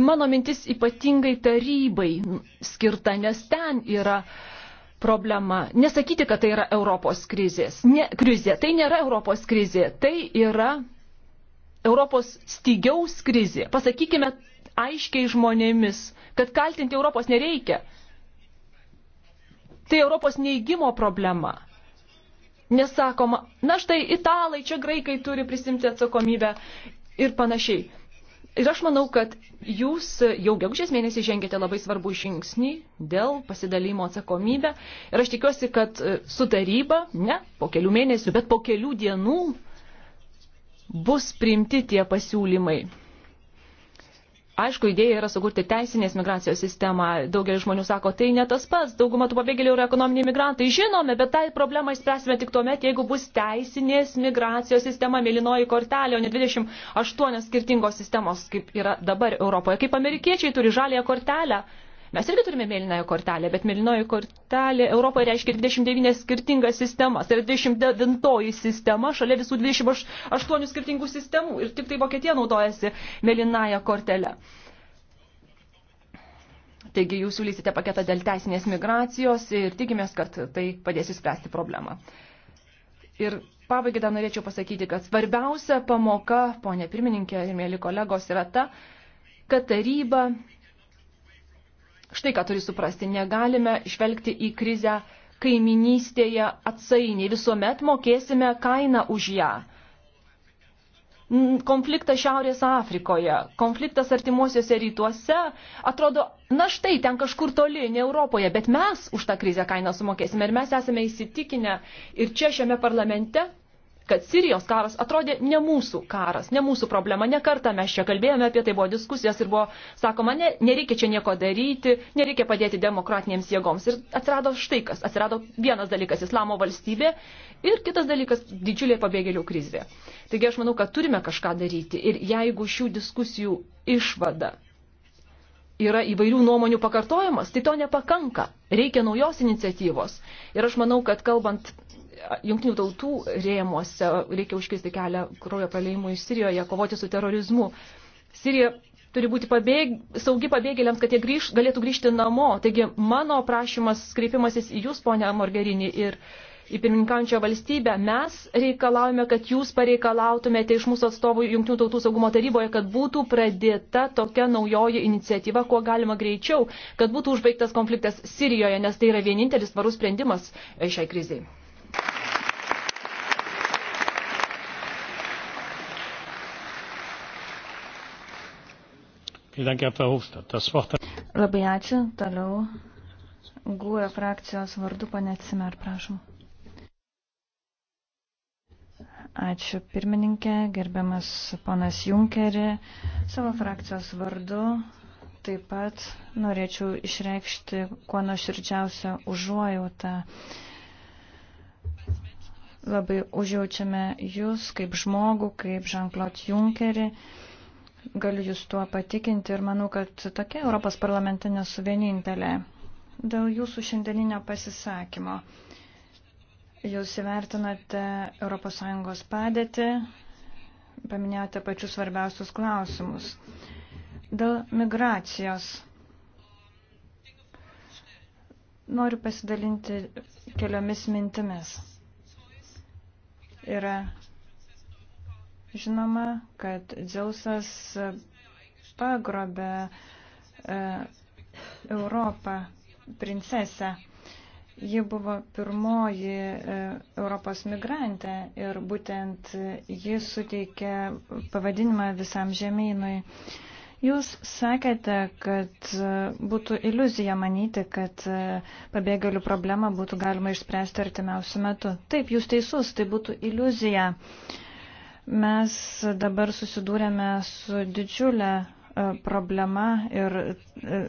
Mano mintis ypatingai tarybai skirta, nes ten yra problema. Nesakyti, kad tai yra Europos krizės. Ne, krizė. Tai nėra Europos krizė. Tai yra Europos stygiaus krizė. Pasakykime aiškiai žmonėmis, kad kaltinti Europos nereikia. Tai Europos neįgymo problema nesakoma, na štai italai, čia graikai turi prisimti atsakomybę ir panašiai. Ir aš manau, kad jūs jau gegužės mėnesį žengėte labai svarbų žingsnį dėl pasidalymo atsakomybę. Ir aš tikiuosi, kad e, su taryba, ne po kelių mėnesių, bet po kelių dienų bus priimti tie pasiūlymai. Aišku, idėja yra sukurti teisinės migracijos sistemą. Daugelis žmonių sako, tai ne tas pats, dauguma tų pabėgėlių yra ekonominiai migrantai. Žinome, bet tai problemą išspręsime tik tuomet, jeigu bus teisinės migracijos sistema, mėlynoji kortelė, o ne 28 skirtingos sistemos, kaip yra dabar Europoje. Kaip amerikiečiai turi žalėją kortelę, Mes irgi turime mėlynąją kortelę, bet mėlynoji kortelė Europoje reiškia 29 skirtingas sistemas. Tai yra 29 sistema šalia visų 28 skirtingų sistemų. Ir tik tai Vokietija naudojasi mėlynąją kortelę. Taigi jūs siūlysite paketą dėl teisinės migracijos ir tikimės, kad tai padės įspręsti problemą. Ir pabaigai dar norėčiau pasakyti, kad svarbiausia pamoka, ponė pirmininkė ir mėly kolegos, yra ta, kad taryba Štai ką turi suprasti, negalime žvelgti į krizę kaiminystėje atsainiai, visuomet mokėsime kainą už ją. Konfliktas Šiaurės Afrikoje, konfliktas artimuosiuose rytuose, atrodo, na štai ten kažkur toli, ne Europoje, bet mes už tą krizę kainą sumokėsime ir mes esame įsitikinę ir čia šiame parlamente kad Sirijos karas atrodė ne mūsų karas, ne mūsų problema. Nekartą mes čia kalbėjome apie tai, buvo diskusijos ir buvo sakoma, ne, nereikia čia nieko daryti, nereikia padėti demokratinėms jėgoms. Ir atsirado štai kas. Atsirado vienas dalykas - islamo valstybė ir kitas dalykas - didžiulė pabėgėlių krizė. Taigi aš manau, kad turime kažką daryti. Ir jeigu šių diskusijų išvada yra įvairių nuomonių pakartojimas, tai to nepakanka. Reikia naujos iniciatyvos. Ir aš manau, kad kalbant jungtinių tautų rėmuose reikia užkisti kelią kraujo praleimui Sirijoje, kovoti su terorizmu. Sirija turi būti pabėg, saugi pabėgėliams, kad jie grįž, galėtų grįžti namo. Taigi mano prašymas, kreipimasis į jūs, ponia Morgerinį, ir į pirmininkančią valstybę, mes reikalaujame, kad jūs pareikalautumėte iš mūsų atstovų Junktinių tautų saugumo taryboje, kad būtų pradėta tokia naujoji iniciatyva, kuo galima greičiau, kad būtų užbaigtas konfliktas Sirijoje, nes tai yra vienintelis tvarus sprendimas šiai kriziai. Labai ačiū. Toliau Guoja frakcijos vardu, pane Cimer, prašom. Ačiū pirmininkė, gerbiamas ponas Junkeri. Savo frakcijos vardu taip pat norėčiau išreikšti kuo nuoširdžiausią užuojautą. Labai užjaučiame jūs kaip žmogų, kaip Jean-Claude Junkerį. Galiu jūs tuo patikinti ir manau, kad tokia Europos parlamente nesu vienintelė. Dėl jūsų šiandieninio pasisakymo. Jūs įvertinate ES padėtį, paminėjote pačius svarbiausius klausimus. Dėl migracijos noriu pasidalinti keliomis mintimis. Yra Žinoma, kad Dzeusas pagrobė e, Europą princesę. Ji buvo pirmoji e, Europos migrantė ir būtent ji suteikė pavadinimą visam žemynui. Jūs sakėte, kad e, būtų iliuzija manyti, kad pabėgėlių problemą būtų galima išspręsti artimiausių metų. Taip, jūs teisus, tai būtų iliuzija. Uh, Mes dabar susidūrėme su didžiulė e, problema ir e,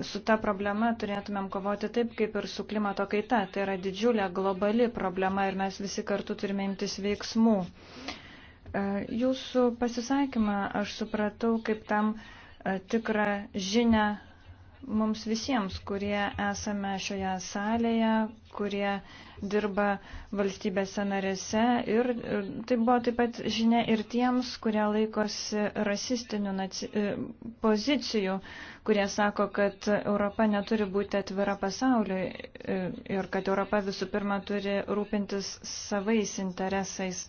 su ta problema turėtumėm kovoti taip, kaip ir su klimato kaita. Tai yra didžiulė globali problema ir mes visi kartu turime imtis veiksmų. E, jūsų pasisakymą aš supratau kaip tam tikrą žinę mums visiems, kurie esame šioje salėje, kurie dirba valstybėse narėse. Ir e, tai buvo taip pat žinia ir tiems, kurie laikosi rasistinių naci... E, pozicijų, kurie sako, kad Europa neturi būti atvira pasauliui e, ir kad Europa visų pirma turi rūpintis savais interesais.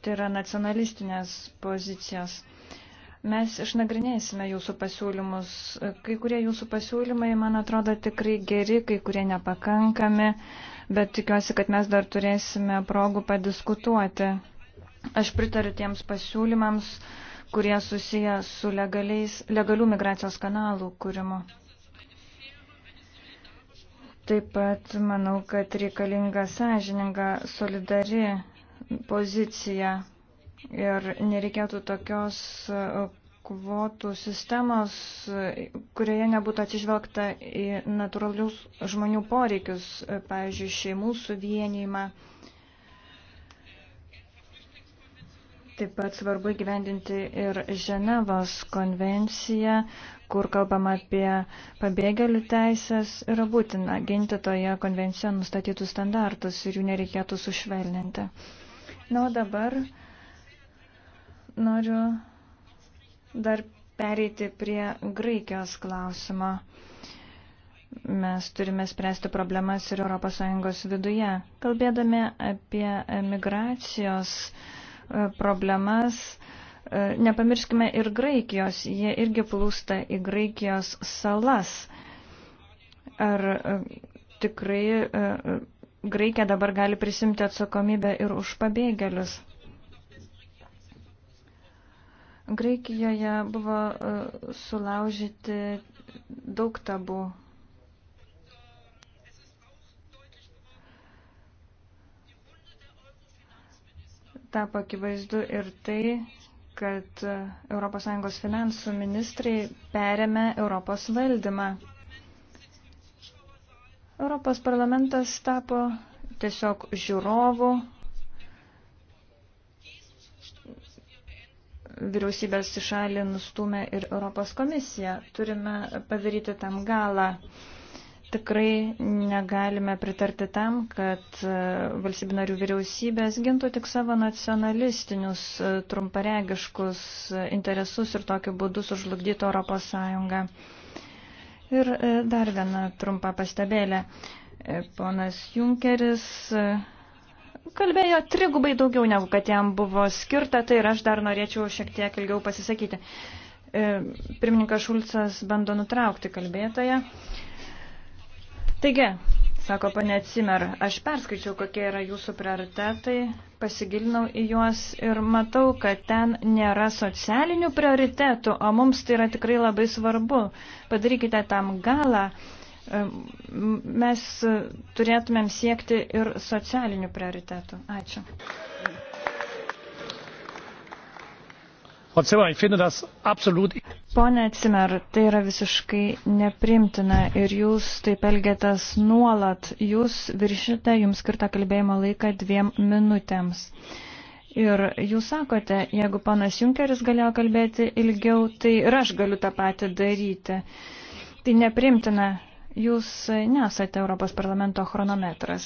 Tai yra nacionalistinės pozicijos. Mes išnagrinėsime jūsų pasiūlymus. Kai kurie jūsų pasiūlymai, man atrodo, tikrai geri, kai kurie nepakankami, bet tikiuosi, kad mes dar turėsime progų padiskutuoti. Aš pritariu tiems pasiūlymams, kurie susiję su legaliais, legalių migracijos kanalų kūrimu. Taip pat manau, kad reikalinga sąžininga, solidari pozicija ir nereikėtų tokios e, kvotų sistemos, kurioje nebūtų atsižvelgta į natūralius žmonių poreikius, e, pavyzdžiui, šeimų suvienijimą. Taip pat svarbu gyvendinti ir Ženevos konvenciją, kur kalbama apie pabėgėlių teisės, yra būtina ginti toje konvencijoje nustatytus standartus ir jų nereikėtų sušvelninti. Na, o dabar Noriu dar pereiti prie Graikijos klausimo. Mes turime spręsti problemas ir ES viduje. Kalbėdami apie migracijos e, problemas, e, nepamirškime ir Graikijos. Jie irgi plūsta į Graikijos salas. Ar e, tikrai Graikija dabar gali prisimti atsakomybę ir už pabėgėlius? Graikijoje buvo e, sulaužyti daug tabų. Tapo akivaizdu ir tai, kad ES finansų ministrai perėmė Europos valdymą. Europos parlamentas tapo tiesiog žiūrovų vyriausybės į šalį nustumė ir Europos komisija. Turime padaryti tam galą. Tikrai negalime pritarti tam, kad e, valstybių narių vyriausybės gintų tik savo nacionalistinius e, trumparegiškus e, interesus ir tokiu būdu sužlugdytų Europos Sąjungą. Ir dar viena trumpa pastebėlė. Ponas Junkeris kalbėjo trigubai daugiau negu kad jam buvo skirta, tai ir aš dar norėčiau šiek tiek ilgiau pasisakyti. E, pirmininkas Šulcas bando nutraukti kalbėtoją. Taigi, sako ponė Cimer, aš perskaičiau, kokie yra jūsų prioritetai, pasigilinau į juos ir matau, kad ten nėra socialinių prioritetų, o mums tai yra tikrai labai svarbu. Padarykite tam galą mes e, turėtumėm siekti ir socialinių prioritetų. Ačiū. Pone Cimer, tai yra visiškai neprimtina ir jūs taip elgėtės nuolat. Jūs viršite jums skirtą kalbėjimo laiką dviem minutėms. Ir jūs sakote, jeigu panas Junkeris galėjo kalbėti ilgiau, tai ir aš galiu tą patį daryti. Tai neprimtina Jūs nesate Europos parlamento chronometras.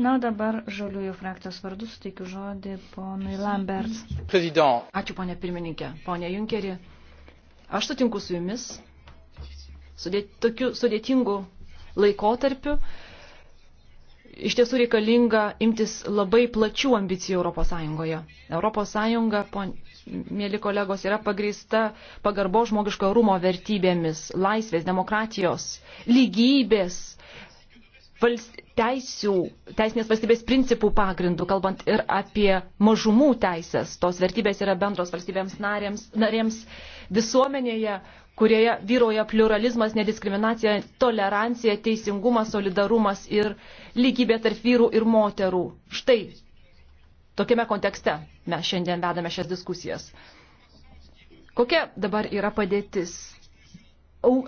Na, dabar žaliųjų frakcijos vardu suteikiu žodį ponui Lamberts. President. Ačiū, ponė pirmininkė. Ponė Junkeri, aš sutinku su jumis sudėt, tokiu sudėtingu laikotarpiu. Iš tiesų reikalinga imtis labai plačių ambicijų Europos Sąjungoje. Europos Sąjunga, pon, mėly kolegos, yra pagrįsta pagarbo žmogiško rūmo vertybėmis, laisvės, demokratijos, lygybės, teisių, teisinės valstybės principų pagrindų, kalbant ir apie mažumų teisės. Tos vertybės yra bendros valstybėms narėms, narėms visuomenėje, kurioje vyroja pluralizmas, nediskriminacija, tolerancija, teisingumas, solidarumas ir lygybė tarp vyrų ir moterų. Štai Tokiame kontekste mes šiandien vedame šias diskusijas. Kokia dabar yra padėtis?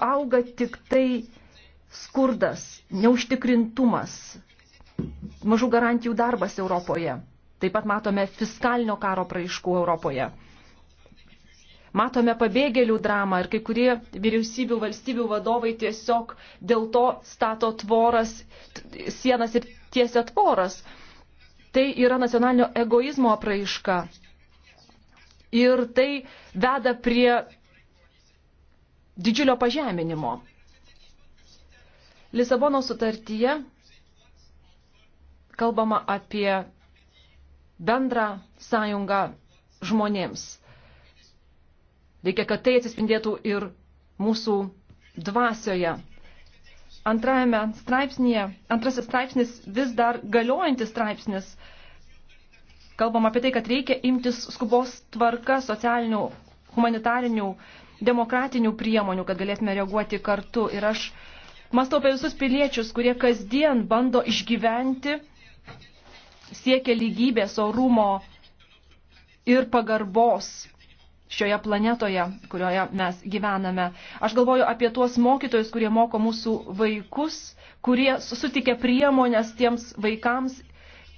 Auga tik tai skurdas, neužtikrintumas, mažų garantijų darbas Europoje. Taip pat matome fiskalinio karo praaiškų Europoje. Matome pabėgėlių dramą ir kai kurie vyriausybių valstybių vadovai tiesiog dėl to stato tvoras, sienas ir tiesia tvoras. Tai yra nacionalinio egoizmo apraiška. Ir tai veda prie didžiulio pažeminimo. Lisabono sutartyje kalbama apie bendrą sąjungą žmonėms. Reikia, kad tai atsispindėtų ir mūsų dvasioje antrajame straipsnėje, antrasis straipsnis vis dar galiojantis straipsnis. Kalbam apie tai, kad reikia imtis skubos tvarka socialinių, humanitarinių, demokratinių priemonių, kad galėtume reaguoti kartu. Ir aš mastau apie visus piliečius, kurie kasdien bando išgyventi, siekia lygybės, orumo ir pagarbos šioje planetoje, kurioje mes gyvename. Aš galvoju apie tuos mokytojus, kurie moko mūsų vaikus, kurie sutikė priemonės tiems vaikams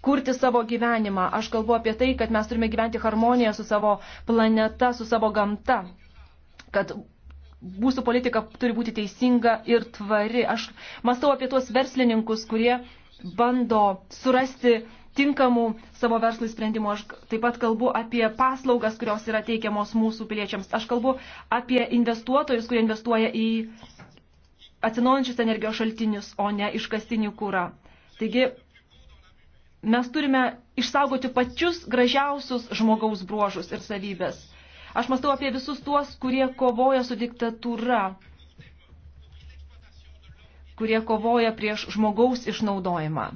kurti savo gyvenimą. Aš kalbu apie tai, kad mes turime gyventi harmoniją su savo planeta, su savo gamta, kad mūsų politika turi būti teisinga ir tvari. Aš mastau apie tuos verslininkus, kurie bando surasti tinkamų savo verslui sprendimų. Aš taip pat kalbu apie paslaugas, kurios yra teikiamos mūsų piliečiams. Aš kalbu apie investuotojus, kurie investuoja į atsinaujančius energijos šaltinius, o ne iškastinį kūrą. Taigi mes turime išsaugoti pačius gražiausius žmogaus bruožus ir savybės. Aš mastau apie visus tuos, kurie kovoja su diktatūra, kurie kovoja prieš žmogaus išnaudojimą.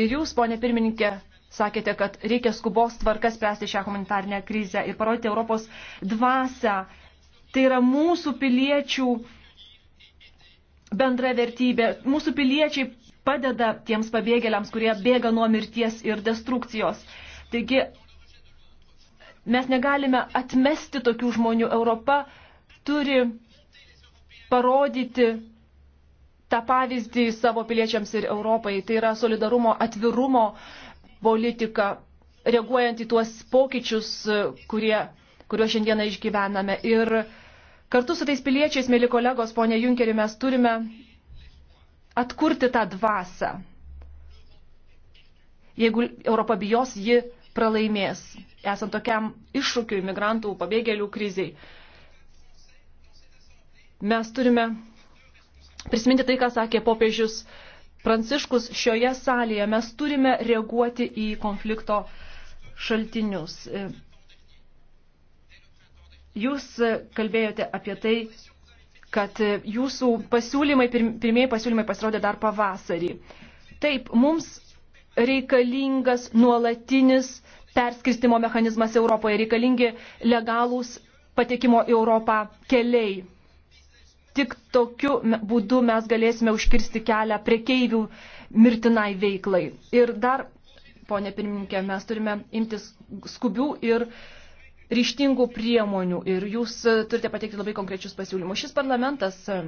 Ir jūs, ponė pirmininkė, sakėte, kad reikia skubos tvarkas spręsti šią humanitarnę krizę ir parodyti Europos dvasę. Tai yra mūsų piliečių bendra vertybė. Mūsų piliečiai padeda tiems pabėgėliams, kurie bėga nuo mirties ir destrukcijos. Taigi mes negalime atmesti tokių žmonių. Europa turi parodyti tą pavyzdį savo piliečiams ir Europai. Tai yra solidarumo, atvirumo politika, reaguojant į tuos pokyčius, kurie, kuriuos šiandieną išgyvename. Ir kartu su tais piliečiais, mėly kolegos, ponė Junkeri, mes turime atkurti tą dvasę. Jeigu Europa bijos, ji pralaimės, esant tokiam iššūkiu imigrantų pabėgėlių kriziai. Mes turime prisiminti tai, ką sakė popiežius Pranciškus šioje salėje. Mes turime reaguoti į konflikto šaltinius. Jūs kalbėjote apie tai, kad jūsų pasiūlymai, pirmieji pasiūlymai pasirodė dar pavasarį. Taip, mums reikalingas nuolatinis perskirstimo mechanizmas Europoje, reikalingi legalūs patekimo į Europą keliai. Tik tokiu būdu mes galėsime užkirsti kelią priekeivių mirtinai veiklai. Ir dar, ponė pirmininkė, mes turime imtis skubių ir ryštingų priemonių ir jūs e, turite pateikti labai konkrečius pasiūlymus. Šis parlamentas e,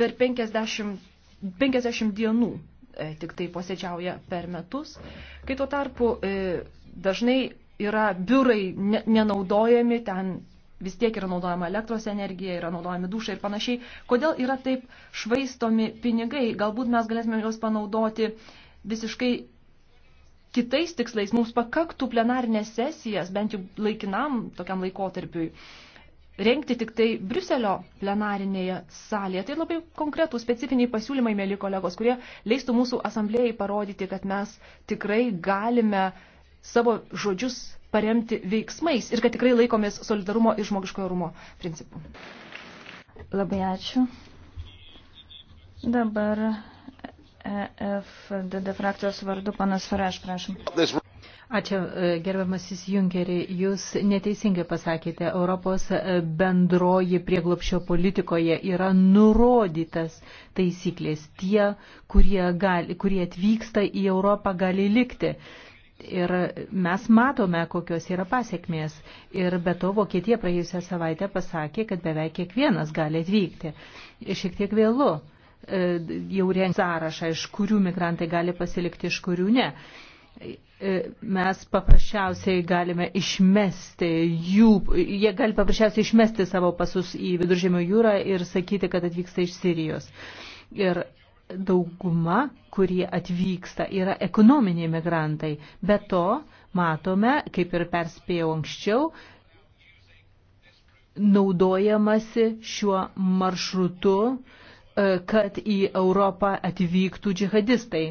per 50, 50 dienų e, tik tai posėdžiauja per metus, kai tuo tarpu dažnai yra biurai nenaudojami, ten vis tiek yra naudojama elektros energija, yra naudojami dušai ir panašiai. Kodėl yra taip švaistomi pinigai? Galbūt mes galėsime juos panaudoti visiškai kitais tikslais. Mums pakaktų plenarinės sesijas, bent jau laikinam tokiam laikotarpiui, rengti tik tai Briuselio plenarinėje salėje. Tai labai konkretų specifiniai pasiūlymai, mėly kolegos, kurie leistų mūsų asamblėjai parodyti, kad mes tikrai galime uh, savo žodžius paremti veiksmais ir kad tikrai laikomės solidarumo ir žmogiškojo rumo principų. Labai ačiū. Dabar EFDD frakcijos vardu panas Faraš, prašom. Ačiū, e, gerbiamasis Junkeri. Jūs neteisingai pasakėte, Europos e, bendroji prieglopšio politikoje yra nurodytas taisyklės. Tie, kurie, gali, kurie atvyksta į Europą, gali likti. Ir mes matome, kokios yra pasiekmės. Ir be to Vokietija praėjusią savaitę pasakė, kad beveik kiekvienas gali atvykti. Šiek tiek vėlu e, jau rengia sąrašą, iš kurių migrantai gali pasilikti, iš kurių ne. E, mes paprasčiausiai galime išmesti jų, jie gali paprasčiausiai išmesti savo pasus į viduržėmio jūrą ir sakyti, kad atvyksta iš Sirijos. Ir dauguma, kurie atvyksta, yra ekonominiai migrantai. Be to, matome, kaip ir perspėjau anksčiau, naudojamasi šiuo maršrutu, e, kad į Europą atvyktų džihadistai.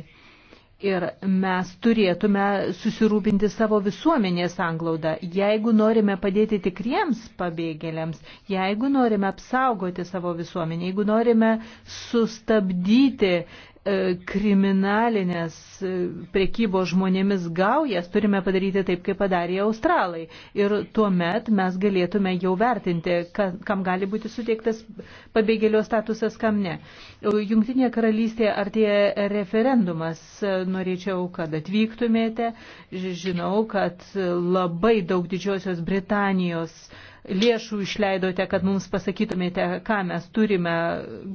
Ir mes turėtume susirūpinti savo visuomenės anglaudą, jeigu norime padėti tikriems pabėgėliams, jeigu norime apsaugoti savo visuomenę, jeigu norime sustabdyti E, kriminalinės e, prekybos žmonėmis gaujas, turime padaryti taip, kaip padarė australai. Ir tuomet mes galėtume jau vertinti, kam gali būti suteiktas pabėgėlio statusas, kam ne. E, Jungtinėje karalystėje artėja referendumas. Norėčiau, kad atvyktumėte. Žinau, kad labai daug Didžiosios Britanijos lėšų išleidote, kad mums pasakytumėte, ką mes turime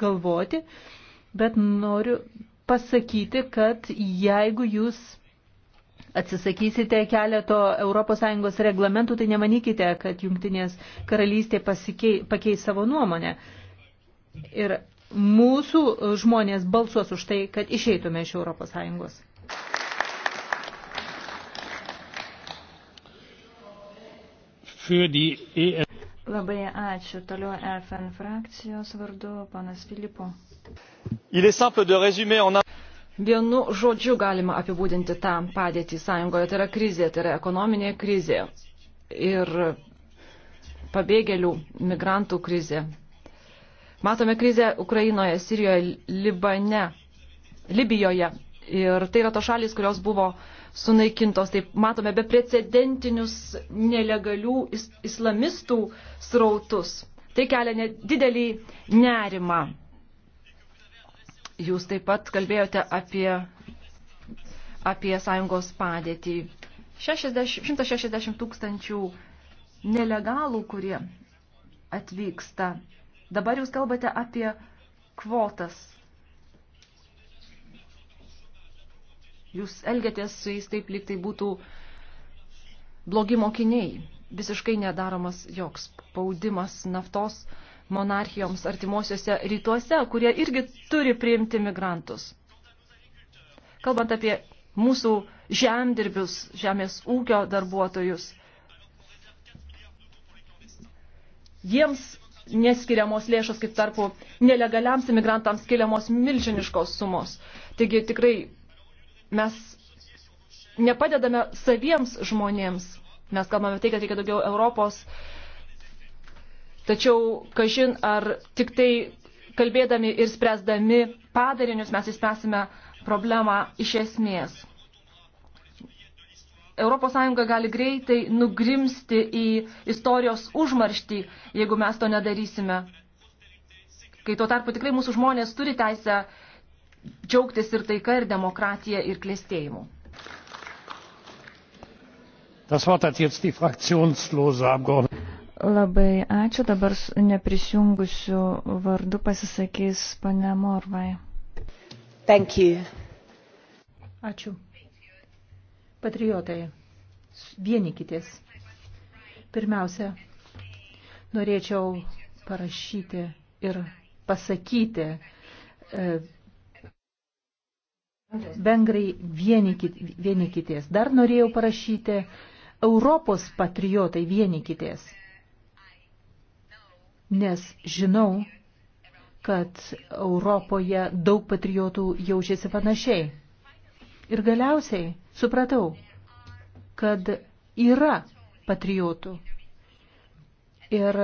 galvoti bet noriu pasakyti, kad jeigu jūs atsisakysite keleto ES reglamentų, tai nemanykite, kad jungtinės karalystė pasikei, pakeis savo nuomonę. Ir mūsų žmonės balsuos už tai, kad išeitume iš ES. E Labai ačiū. Toliau FN frakcijos vardu, panas Filipo. Vienu žodžiu galima apibūdinti tą padėtį sąjungoje. Tai yra krizė, tai yra ekonominė krizė ir pabėgėlių, migrantų krizė. Matome krizę Ukrainoje, Sirijoje, Libane, Libijoje. Ir tai yra to šalis, kurios buvo sunaikintos. Taip matome beprecedentinius nelegalių is islamistų srautus. Tai kelia didelį nerimą Jūs taip pat kalbėjote apie, apie sąjungos padėtį. 60, 160 tūkstančių nelegalų, kurie atvyksta. Dabar jūs kalbate apie kvotas. Jūs elgiatės su jais taip, lyg tai būtų blogi mokiniai. Visiškai nedaromas joks spaudimas naftos monarchijoms artimuosiuose rytuose, kurie irgi turi priimti migrantus. Kalbant apie mūsų žemdirbius, žemės ūkio darbuotojus, jiems neskiriamos lėšos, kaip tarpu nelegaliams imigrantams skiriamos milžiniškos sumos. Taigi tikrai mes nepadedame saviems žmonėms. Mes kalbame tai, kad reikia daugiau Europos uh, Tačiau, kažin, ar tik tai kalbėdami ir spręsdami padarinius mes įspręsime problemą iš esmės. ES gali greitai nugrimsti į istorijos užmarštį, jeigu mes to nedarysime. Kai tuo tarpu tikrai mūsų žmonės turi teisę džiaugtis ir taika, ir demokratija, ir klėstėjimu. Das Wort hat jetzt die fraktionslose Abgeordnete. Labai ačiū. Dabar neprisijungusių vardu pasisakys pane Morvai. Thank you. Ačiū. Patriotai, vienykitės. Pirmiausia, norėčiau parašyti ir pasakyti vengrai e, vienykitės. Dar norėjau parašyti Europos patriotai vienykitės nes žinau, kad Europoje daug patriotų jaučiasi panašiai. Ir galiausiai supratau, kad yra patriotų. Ir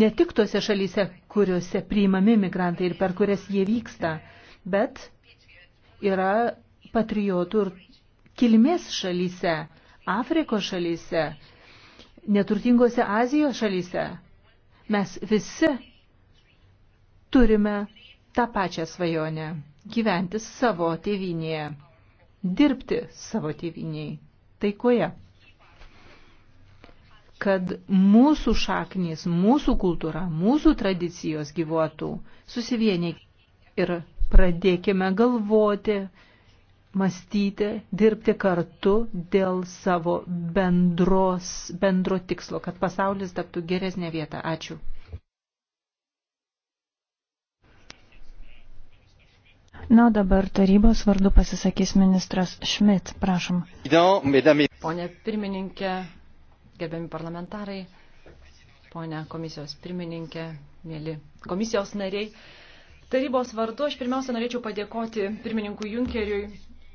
ne tik tose šalyse, kuriuose priimami migrantai ir per kurias jie vyksta, bet yra patriotų ir kilmės šalyse, Afrikos šalyse, neturtingose Azijos šalyse. Mes visi turime tą pačią svajonę – gyventi savo tėvinėje, dirbti savo tėviniai, taikoje. Kad mūsų šaknys, mūsų kultūra, mūsų tradicijos gyvuotų, susivieniai ir pradėkime galvoti, mąstyti, dirbti kartu dėl savo bendros, bendro tikslo, kad pasaulis taptų geresnė vieta. Ačiū. Na, dabar tarybos vardu pasisakys ministras Šmit, prašom. Pone pirmininkė, gerbiami parlamentarai, pone komisijos pirmininkė, mėly komisijos nariai, tarybos vardu aš pirmiausia norėčiau padėkoti pirmininkui Junkeriui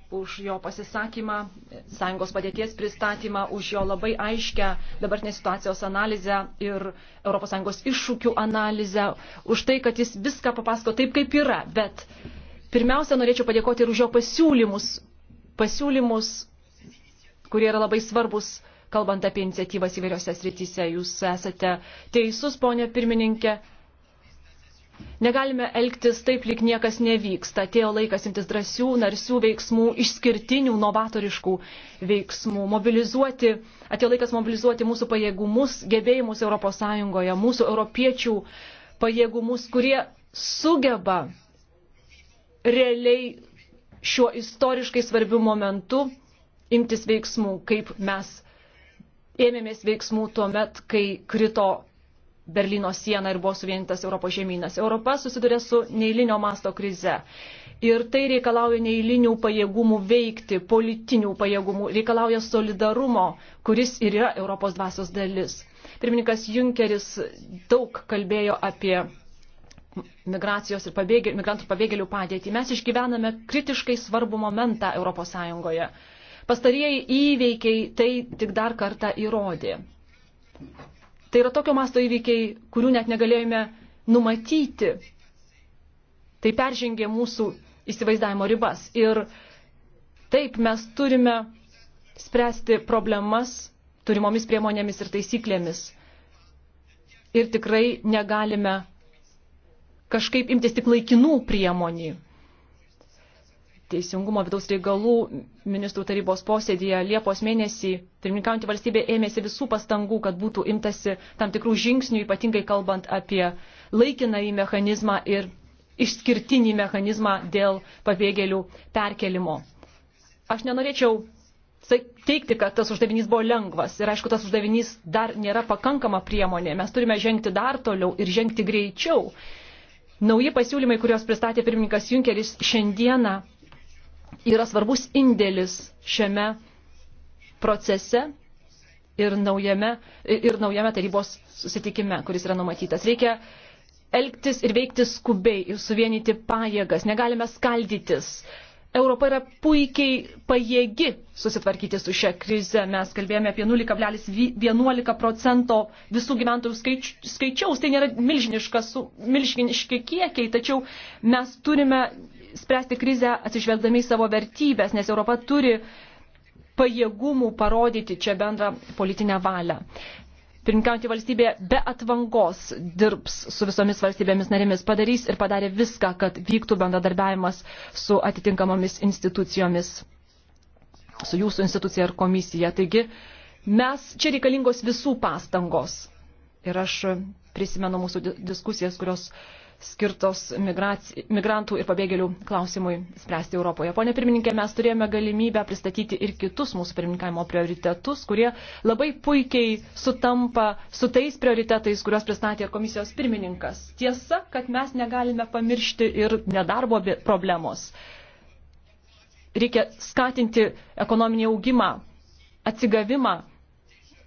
už jo pasisakymą, sąjungos padėties pristatymą, už jo labai aiškę dabartinės situacijos analizę ir ES iššūkių analizę, už tai, kad jis viską papasako taip, kaip yra. Bet pirmiausia, norėčiau padėkoti ir už jo pasiūlymus, pasiūlymus, kurie yra labai svarbus, kalbant apie iniciatyvas įvairiose srityse. Jūs esate teisus, ponė pirmininkė. Negalime elgtis taip, lyg niekas nevyksta. Atėjo laikas imtis drąsių, narsių veiksmų, išskirtinių, novatoriškų veiksmų. Mobilizuoti, atėjo laikas mobilizuoti mūsų pajėgumus, gebėjimus ES, mūsų europiečių pajėgumus, kurie sugeba realiai šiuo istoriškai svarbiu momentu imtis veiksmų, kaip mes ėmėmės veiksmų tuo met, kai krito Berlyno sieną ir buvo suvienintas Europos žemynas. Europa susiduria su neįlinio masto krize. Ir tai reikalauja neįlinių pajėgumų veikti, politinių pajėgumų, reikalauja solidarumo, kuris ir yra Europos dvasios dalis. Pirmininkas Junkeris daug kalbėjo apie migracijos ir pabėgė, migrantų pabėgėlių padėtį. Mes išgyvename kritiškai svarbų momentą Europos Sąjungoje. Pastarieji įveikiai tai tik dar kartą įrodė. Tai yra tokio masto įvykiai, kurių net negalėjome numatyti. Tai peržengė mūsų įsivaizdavimo ribas. Ir taip mes turime spręsti problemas turimomis priemonėmis ir taisyklėmis. Ir tikrai negalime kažkaip imtis tik laikinų priemonių Teisingumo vidaus reikalų ministrų tarybos posėdėje Liepos mėnesį pirmininkaujantį valstybė ėmėsi visų pastangų, kad būtų imtasi tam tikrų žingsnių, ypatingai kalbant apie laikinąjį mechanizmą ir išskirtinį mechanizmą dėl pabėgėlių perkelimo. Aš nenorėčiau teikti, kad tas uždavinys buvo lengvas ir aišku, tas uždavinys dar nėra pakankama priemonė. Mes turime žengti dar toliau ir žengti greičiau. Nauji pasiūlymai, kuriuos pristatė pirmininkas Junkeris šiandieną, yra svarbus indėlis šiame procese ir naujame, ir naujame tarybos susitikime, kuris yra numatytas. Reikia elgtis ir veikti skubiai ir suvienyti pajėgas. Negalime skaldytis. Europa yra puikiai pajėgi susitvarkyti su šia krize. Mes kalbėjome apie 0,11 procento visų gyventojų skaič, skaičiaus. Tai nėra milžiniški kiekiai, tačiau mes turime spręsti krizę atsižvelgdami į savo vertybės, nes Europa turi pajėgumų parodyti čia bendrą politinę valią. Pirmkiauti valstybė be atvangos dirbs su visomis valstybėmis narėmis, padarys ir padarė viską, kad vyktų bendradarbiavimas su atitinkamomis institucijomis, su jūsų institucija ir komisija. Taigi mes čia reikalingos visų pastangos. Ir aš prisimenu mūsų diskusijas, kurios uh, skirtos migraci... migrantų ir pabėgėlių klausimui spręsti Europoje. Pone pirmininkė, mes turėjome galimybę pristatyti ir kitus mūsų pirmininkavimo prioritetus, kurie labai puikiai sutampa su tais prioritetais, kuriuos pristatė komisijos pirmininkas. Tiesa, kad mes negalime pamiršti ir nedarbo problemos. Reikia skatinti ekonominį augimą, atsigavimą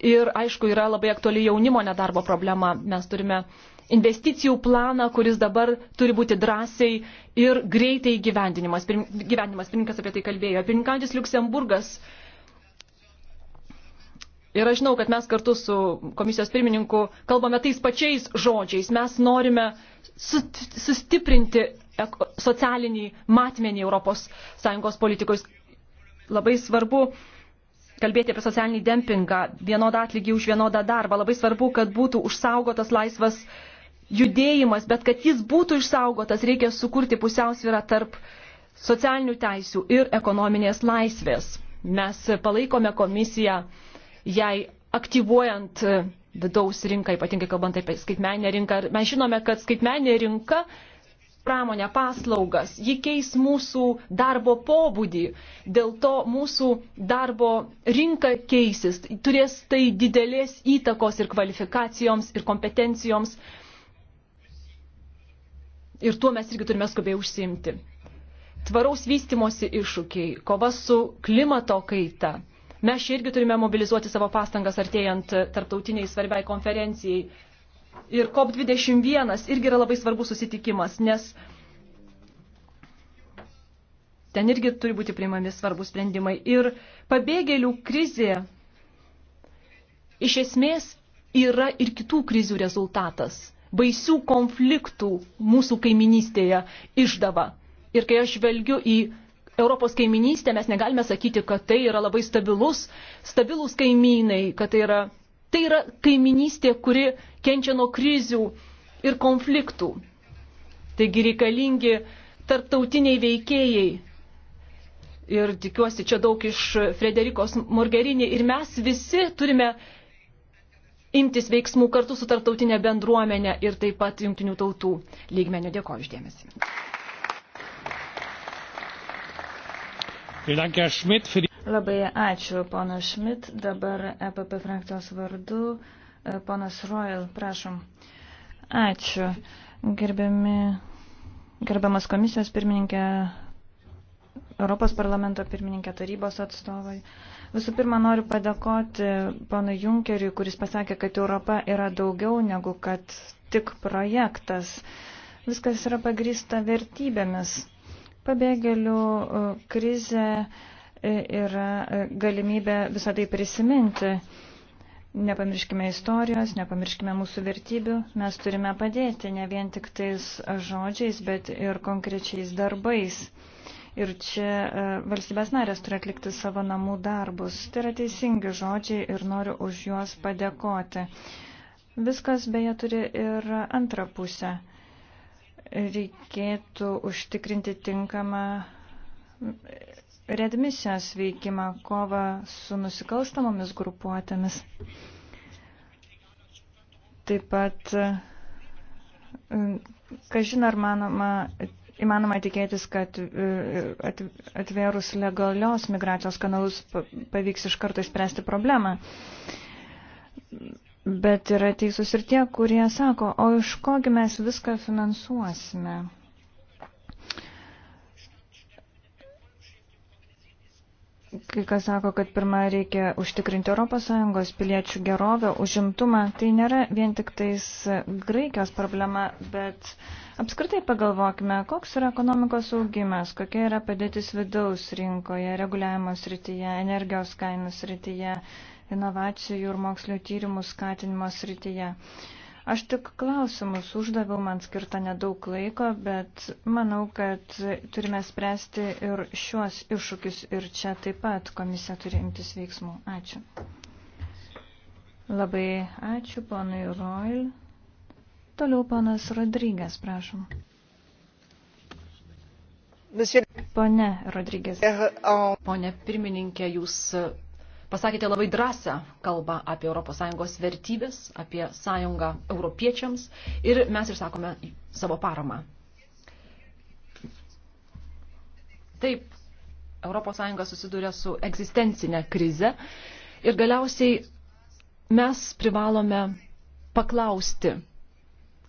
ir, aišku, yra labai aktuali jaunimo nedarbo problema. Mes turime uh, investicijų planą, kuris dabar turi būti drąsiai ir greitai gyvendinimas. Pirm, gyvenimas, pirmininkas apie tai kalbėjo. Pirmininkantis Luksemburgas. Ir aš žinau, kad mes kartu su komisijos pirmininku kalbame tais pačiais žodžiais. Mes norime sustiprinti socialinį matmenį ES politikos. Labai svarbu kalbėti apie socialinį dempingą, vienodą atlygį už vienodą darbą. Labai svarbu, kad būtų užsaugotas laisvas judėjimas, bet kad jis būtų išsaugotas, reikia sukurti pusiausvyrą tarp socialinių teisių ir ekonominės laisvės. Mes palaikome komisiją, jai aktyvuojant vidaus rinką, ypatingai kalbant apie skaitmeninę rinką. Mes žinome, kad skaitmeninė rinka pramonę paslaugas, ji keis mūsų darbo pobūdį, dėl to mūsų darbo rinka keisis, turės tai didelės įtakos ir kvalifikacijoms, ir kompetencijoms, ir tuo mes irgi turime skubiai užsiimti. Tvaraus vystimosi iššūkiai, kova su klimato kaita. Mes čia irgi turime mobilizuoti savo pastangas artėjant tarptautiniai svarbiai konferencijai. Ir COP21 irgi yra labai svarbus susitikimas, nes ten irgi turi būti priimami svarbus sprendimai. Ir pabėgėlių krizė iš esmės yra ir kitų krizių rezultatas baisių konfliktų mūsų kaiminystėje išdava. Ir kai aš žvelgiu į Europos kaiminystę, mes negalime sakyti, kad tai yra labai stabilus, stabilus kaimynai, kad tai yra, tai yra kaiminystė, kuri kenčia nuo krizių ir konfliktų. Taigi reikalingi tarptautiniai veikėjai, ir tikiuosi čia daug iš Frederikos Morgerini. Ir mes visi turime imtis veiksmų kartu su tarptautinė bendruomenė ir taip pat jungtinių tautų lygmenio. Dėkoju išdėmesi. Labai ačiū, pono Šmit. Dabar EPP frakcijos vardu. E, ponas Royal, prašom. Ačiū. Gerbiami, gerbiamas komisijos pirmininkė, Europos parlamento pirmininkė, tarybos atstovai. Visų pirma, noriu padėkoti ponui Junkeriui, kuris pasakė, kad Europa yra daugiau negu kad tik projektas. Viskas yra pagrįsta vertybėmis. Pabėgėlių e, krizė e, yra e, galimybė visą tai prisiminti. Nepamirškime istorijos, nepamirškime mūsų vertybių. Mes turime padėti ne vien tik tais žodžiais, bet ir konkrečiais darbais. Ir čia e, valstybės narės turi atlikti savo namų darbus. Tai yra teisingi žodžiai ir noriu už juos padėkoti. Viskas beje turi ir antrą pusę. Reikėtų užtikrinti tinkamą redmisijos veikimą, kovą su nusikalstamomis grupuotėmis. Taip pat, e, kažin ar manoma, įmanoma tikėtis, kad e, atvėrus legalios migracijos kanalus pavyks iš karto išspręsti problemą. Bet yra teisus ir tie, kurie sako, o iš kogi mes viską finansuosime. Kai kas sako, kad pirmą reikia užtikrinti ES piliečių gerovę, užimtumą, tai nėra vien tik tais Graikijos problema, bet uh, Apskritai pagalvokime, koks yra ekonomikos augimas, kokia yra padėtis vidaus rinkoje, reguliavimo srityje, energijos kainų srityje, inovacijų ir mokslių tyrimų skatinimo srityje. Aš tik klausimus uždaviau, man skirta nedaug laiko, bet manau, kad turime spręsti ir šiuos iššūkius ir čia taip pat komisija turi imtis veiksmų. Ačiū. Labai ačiū, ponui Roil. Toliau panas Rodrygės, prašom. Pone Rodrygės. Eh, Pone pirmininkė, jūs eh, pasakėte labai drąsią kalbą apie ES vertybės, apie sąjungą europiečiams ir mes išsakome savo paramą. Taip, ES susiduria su egzistencinė krize ir galiausiai mes privalome paklausti,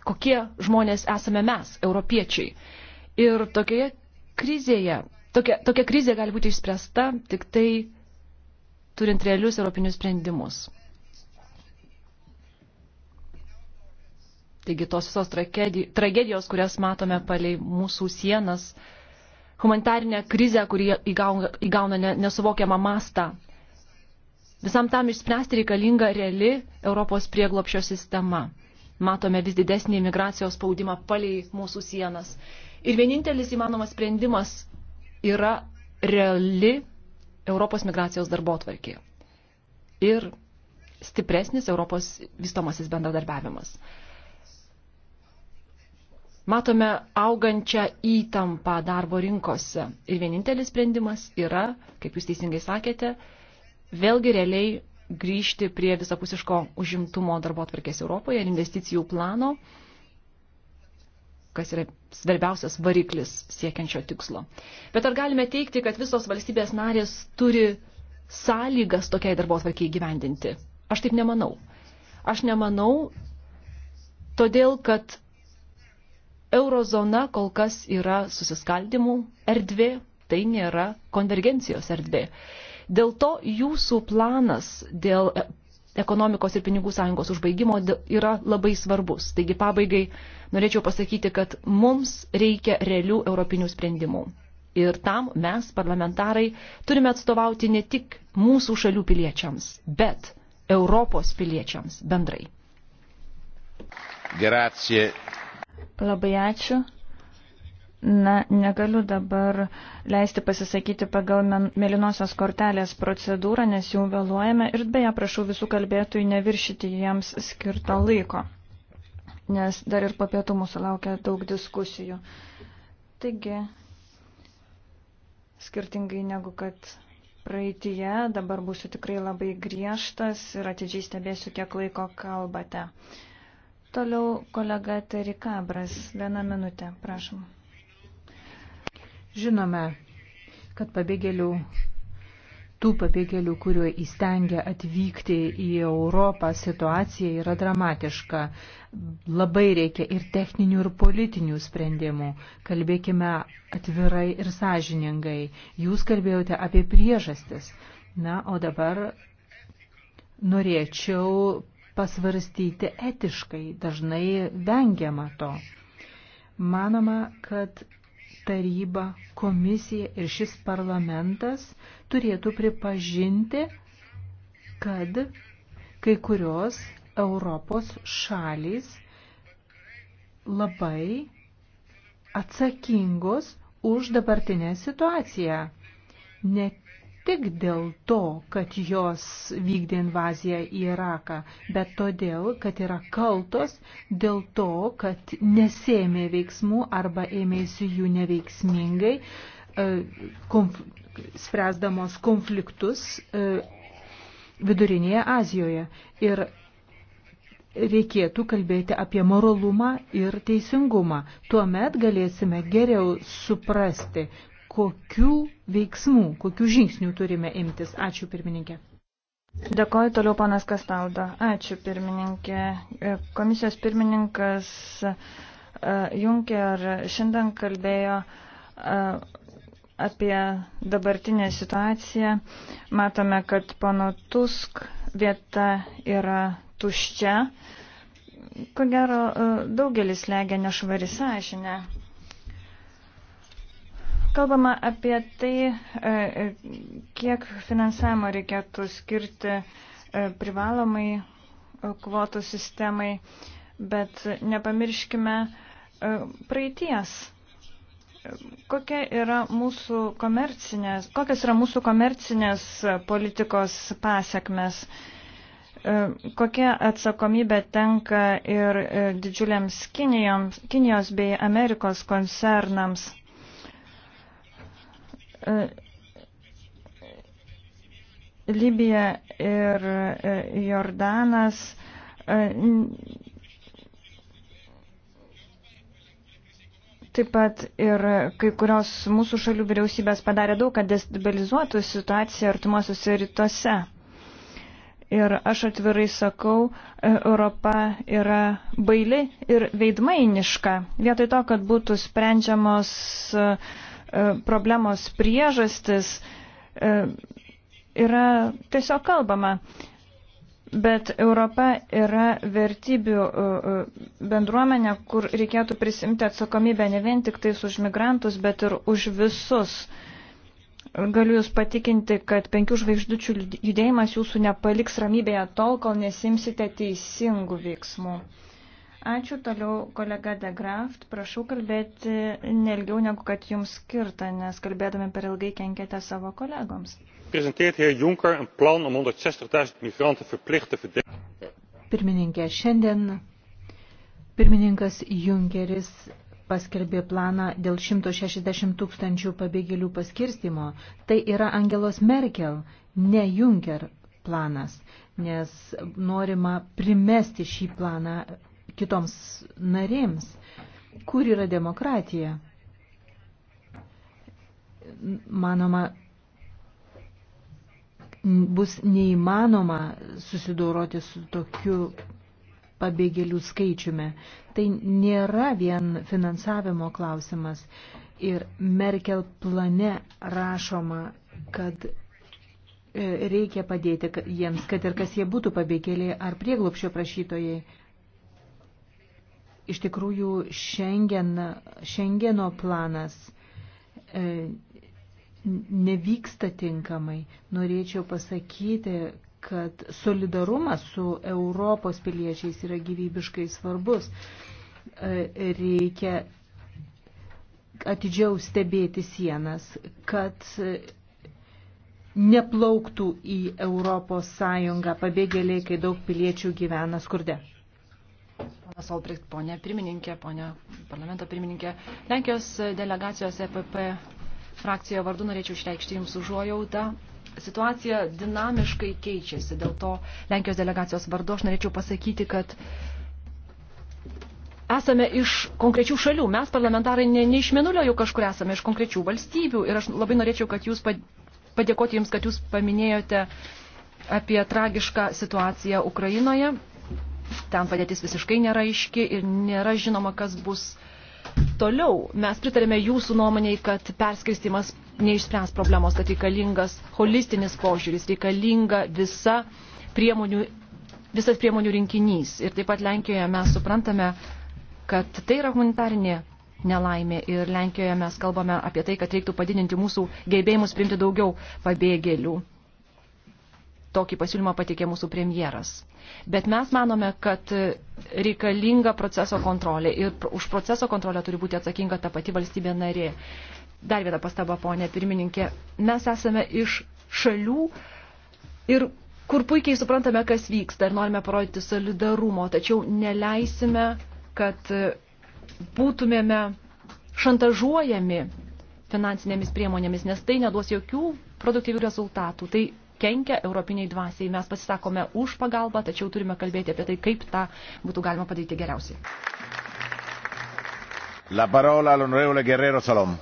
kokie žmonės esame mes, europiečiai. Ir tokioje krizėje, tokia, tokia krizė gali būti išspręsta tik tai turint realius europinius sprendimus. Taigi tos visos tragedijos, kurias matome palei mūsų sienas, humanitarinė krizė, kuri įgauna, įgauna nesuvokiamą mastą. Visam tam išspręsti reikalinga reali Europos prieglopšio sistema matome vis didesnį migracijos spaudimą palei mūsų sienas. Ir vienintelis įmanomas sprendimas yra reali Europos migracijos darbotvarkė ir stipresnis Europos vystomasis bendradarbiavimas. Matome augančią įtampą darbo rinkose ir vienintelis sprendimas yra, kaip jūs teisingai sakėte, vėlgi realiai grįžti prie visapusiško užimtumo darbo atvarkės Europoje ir investicijų plano, kas yra svarbiausias variklis siekiančio tikslo. Bet ar galime teikti, kad visos valstybės narės turi sąlygas tokiai darbo atvarkiai gyvendinti? Aš taip nemanau. Aš nemanau, todėl kad eurozona kol kas yra susiskaldimų erdvė, tai nėra konvergencijos erdvė. Dėl to jūsų planas dėl e, ekonomikos ir pinigų sąjungos užbaigimo yra labai svarbus. Taigi pabaigai norėčiau pasakyti, kad mums reikia realių europinių sprendimų. Ir tam mes, parlamentarai, turime atstovauti ne tik mūsų šalių piliečiams, bet Europos piliečiams bendrai. Grazie. Labai ačiū. Na, negaliu dabar leisti pasisakyti pagal mėlynosios kortelės procedūrą, nes jau vėluojame ir beje prašau visų kalbėtojų neviršyti jiems skirto laiko, nes dar ir po pietų mūsų laukia daug diskusijų. Taigi, skirtingai negu kad praeitie, dabar būsiu tikrai labai griežtas ir atidžiai stebėsiu, kiek laiko kalbate. Toliau kolega Terikabras, vieną minutę, prašom. Žinome, kad pabėgėlių, tų pabėgėlių, kurio įstengia atvykti į Europą, situacija yra dramatiška. Labai reikia ir techninių, ir politinių sprendimų. Kalbėkime atvirai ir sąžiningai. Jūs kalbėjote apie priežastis. Na, o dabar norėčiau pasvarstyti etiškai, dažnai vengiama to. Manoma, kad taryba, komisija ir šis parlamentas turėtų pripažinti, kad kai kurios Europos šalys labai atsakingos už dabartinę situaciją. Ne tik dėl to, kad jos vykdė invaziją į Iraką, bet todėl, kad yra kaltos dėl to, kad nesėmė veiksmų arba ėmėsi jų neveiksmingai, e, konf spręsdamos konfliktus e, vidurinėje Azijoje. Ir reikėtų kalbėti apie moralumą ir teisingumą. Tuomet galėsime geriau suprasti, kokių veiksmų, kokių žingsnių turime imtis. Ačiū pirmininkė. Dėkoju toliau panas Kastaldo. Ačiū pirmininkė. Komisijos pirmininkas e, Junker šiandien kalbėjo e, apie dabartinę situaciją. Matome, kad pono Tusk vieta yra tuščia. Ko gero, e, daugelis legia nešvari sąžinę. Kalbama apie tai, e, e, kiek finansavimo reikėtų skirti e, privalomai kvotų sistemai, bet nepamirškime praeities. Kokia yra mūsų komercinės, kokias yra mūsų komercinės politikos pasiekmes? Kokia atsakomybė tenka ir didžiuliams Kinijos, Kinijos bei Amerikos koncernams? E, Libija ir e, Jordanas e, Taip pat ir kai kurios mūsų šalių vyriausybės padarė daug, kad destabilizuotų situaciją artimuosiuose rytuose. Ir aš atvirai sakau, Europa yra baili ir veidmainiška. Vietoj to, kad būtų sprendžiamos uh, E, problemos priežastis e, yra tiesiog kalbama. Bet Europa yra vertybių e, bendruomenė, kur reikėtų prisimti atsakomybę ne vien tik tais už migrantus, bet ir už visus. Galiu Jūs patikinti, kad penkių žvaigždučių judėjimas Jūsų nepaliks ramybėje tol, kol nesimsite teisingų veiksmų. Ačiū toliau kolega De Graft. Prašau kalbėti nelgiau negu kad jums skirta, nes kalbėdami per ilgai kenkėte savo kolegoms. Pirmininkė, šiandien pirmininkas Junkeris paskelbė planą dėl 160 tūkstančių pabėgėlių paskirstimo. Tai yra Angelos Merkel, ne Junker planas, nes norima primesti šį planą kitoms narėms. Kur yra demokratija? Manoma, bus neįmanoma susidoroti su tokiu pabėgėlių skaičiumi. Tai nėra vien finansavimo klausimas. Ir Merkel plane rašoma, kad e, reikia padėti jiems, kad ir kas jie būtų pabėgėliai ar prieglopšio prašytojai iš tikrųjų šiandien, šiandieno planas e, nevyksta tinkamai. Norėčiau pasakyti, kad solidarumas su Europos piliečiais yra gyvybiškai svarbus. E, reikia atidžiau stebėti sienas, kad neplauktų į Europos Sąjungą pabėgėliai, kai daug piliečių gyvena skurde. Solbricht, ponė pirmininkė, ponė parlamento pirmininkė. Lenkijos delegacijos EPP frakcijoje vardu norėčiau išreikšti Jums užuojautą. Situacija dinamiškai keičiasi, dėl to Lenkijos delegacijos vardu aš norėčiau pasakyti, kad esame iš konkrečių šalių. Mes, parlamentarai, ne, ne iš minulio jau kažkur esame, iš konkrečių valstybių. Ir aš labai norėčiau, kad jūs padėkoti jums, kad jūs paminėjote apie tragišką situaciją Ukrainoje ten padėtis visiškai nėra aiški ir nėra žinoma, kas bus toliau. Mes pritarėme jūsų nuomonėj, kad perskirstimas neišspręs problemos, kad reikalingas holistinis požiūris, reikalinga visa priemonių, visas priemonių rinkinys. Ir taip pat Lenkijoje mes suprantame, kad tai yra humanitarinė nelaimė. Ir Lenkijoje mes kalbame apie tai, kad reiktų padidinti mūsų gebėjimus priimti daugiau pabėgėlių tokį pasiūlymą pateikė mūsų premjeras. Bet mes manome, kad reikalinga proceso kontrolė ir už proceso kontrolę turi būti atsakinga ta pati valstybė narė. Dar viena pastaba, ponė pirmininkė. Mes esame iš šalių ir kur puikiai suprantame, kas vyksta ir norime parodyti solidarumo, tačiau neleisime, kad būtumėme šantažuojami finansinėmis priemonėmis, nes tai neduos jokių produktyvių rezultatų. Tai kenkia europiniai dvasiai. Mes pasisakome už pagalbą, tačiau turime kalbėti apie tai, kaip tą būtų galima padaryti geriausiai. La parola all'onorevole Guerrero Salom.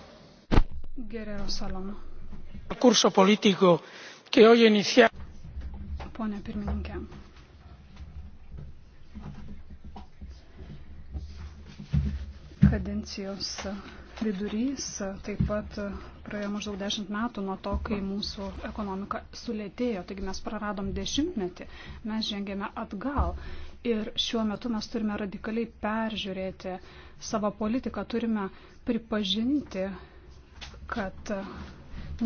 Guerrero Salom. Curso politico che hoy inicia... Pone pirmininkė. Kadencijos vidurys. E, taip pat e, praėjo maždaug 10 metų nuo to, kai mūsų ekonomika sulėtėjo, taigi mes praradom dešimtmetį, mes žengėme atgal. Ir šiuo metu mes turime radikaliai peržiūrėti savo politiką, turime pripažinti, kad e,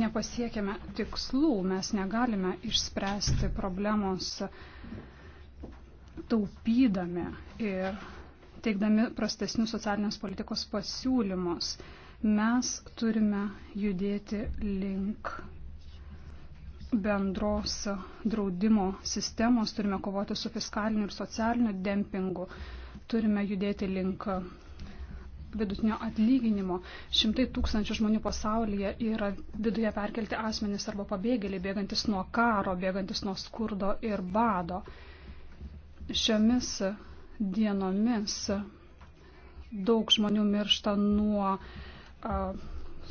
nepasiekėme tikslų, mes negalime išspręsti problemos taupydami ir teikdami prastesnius socialinės politikos pasiūlymus. Mes turime judėti link bendros draudimo sistemos, turime kovoti su fiskaliniu ir socialiniu dempingu, turime judėti link vidutinio atlyginimo. Šimtai tūkstančių žmonių pasaulyje yra viduje perkelti asmenys arba pabėgėliai, bėgantis nuo karo, bėgantis nuo skurdo ir bado. Šiomis dienomis daug žmonių miršta nuo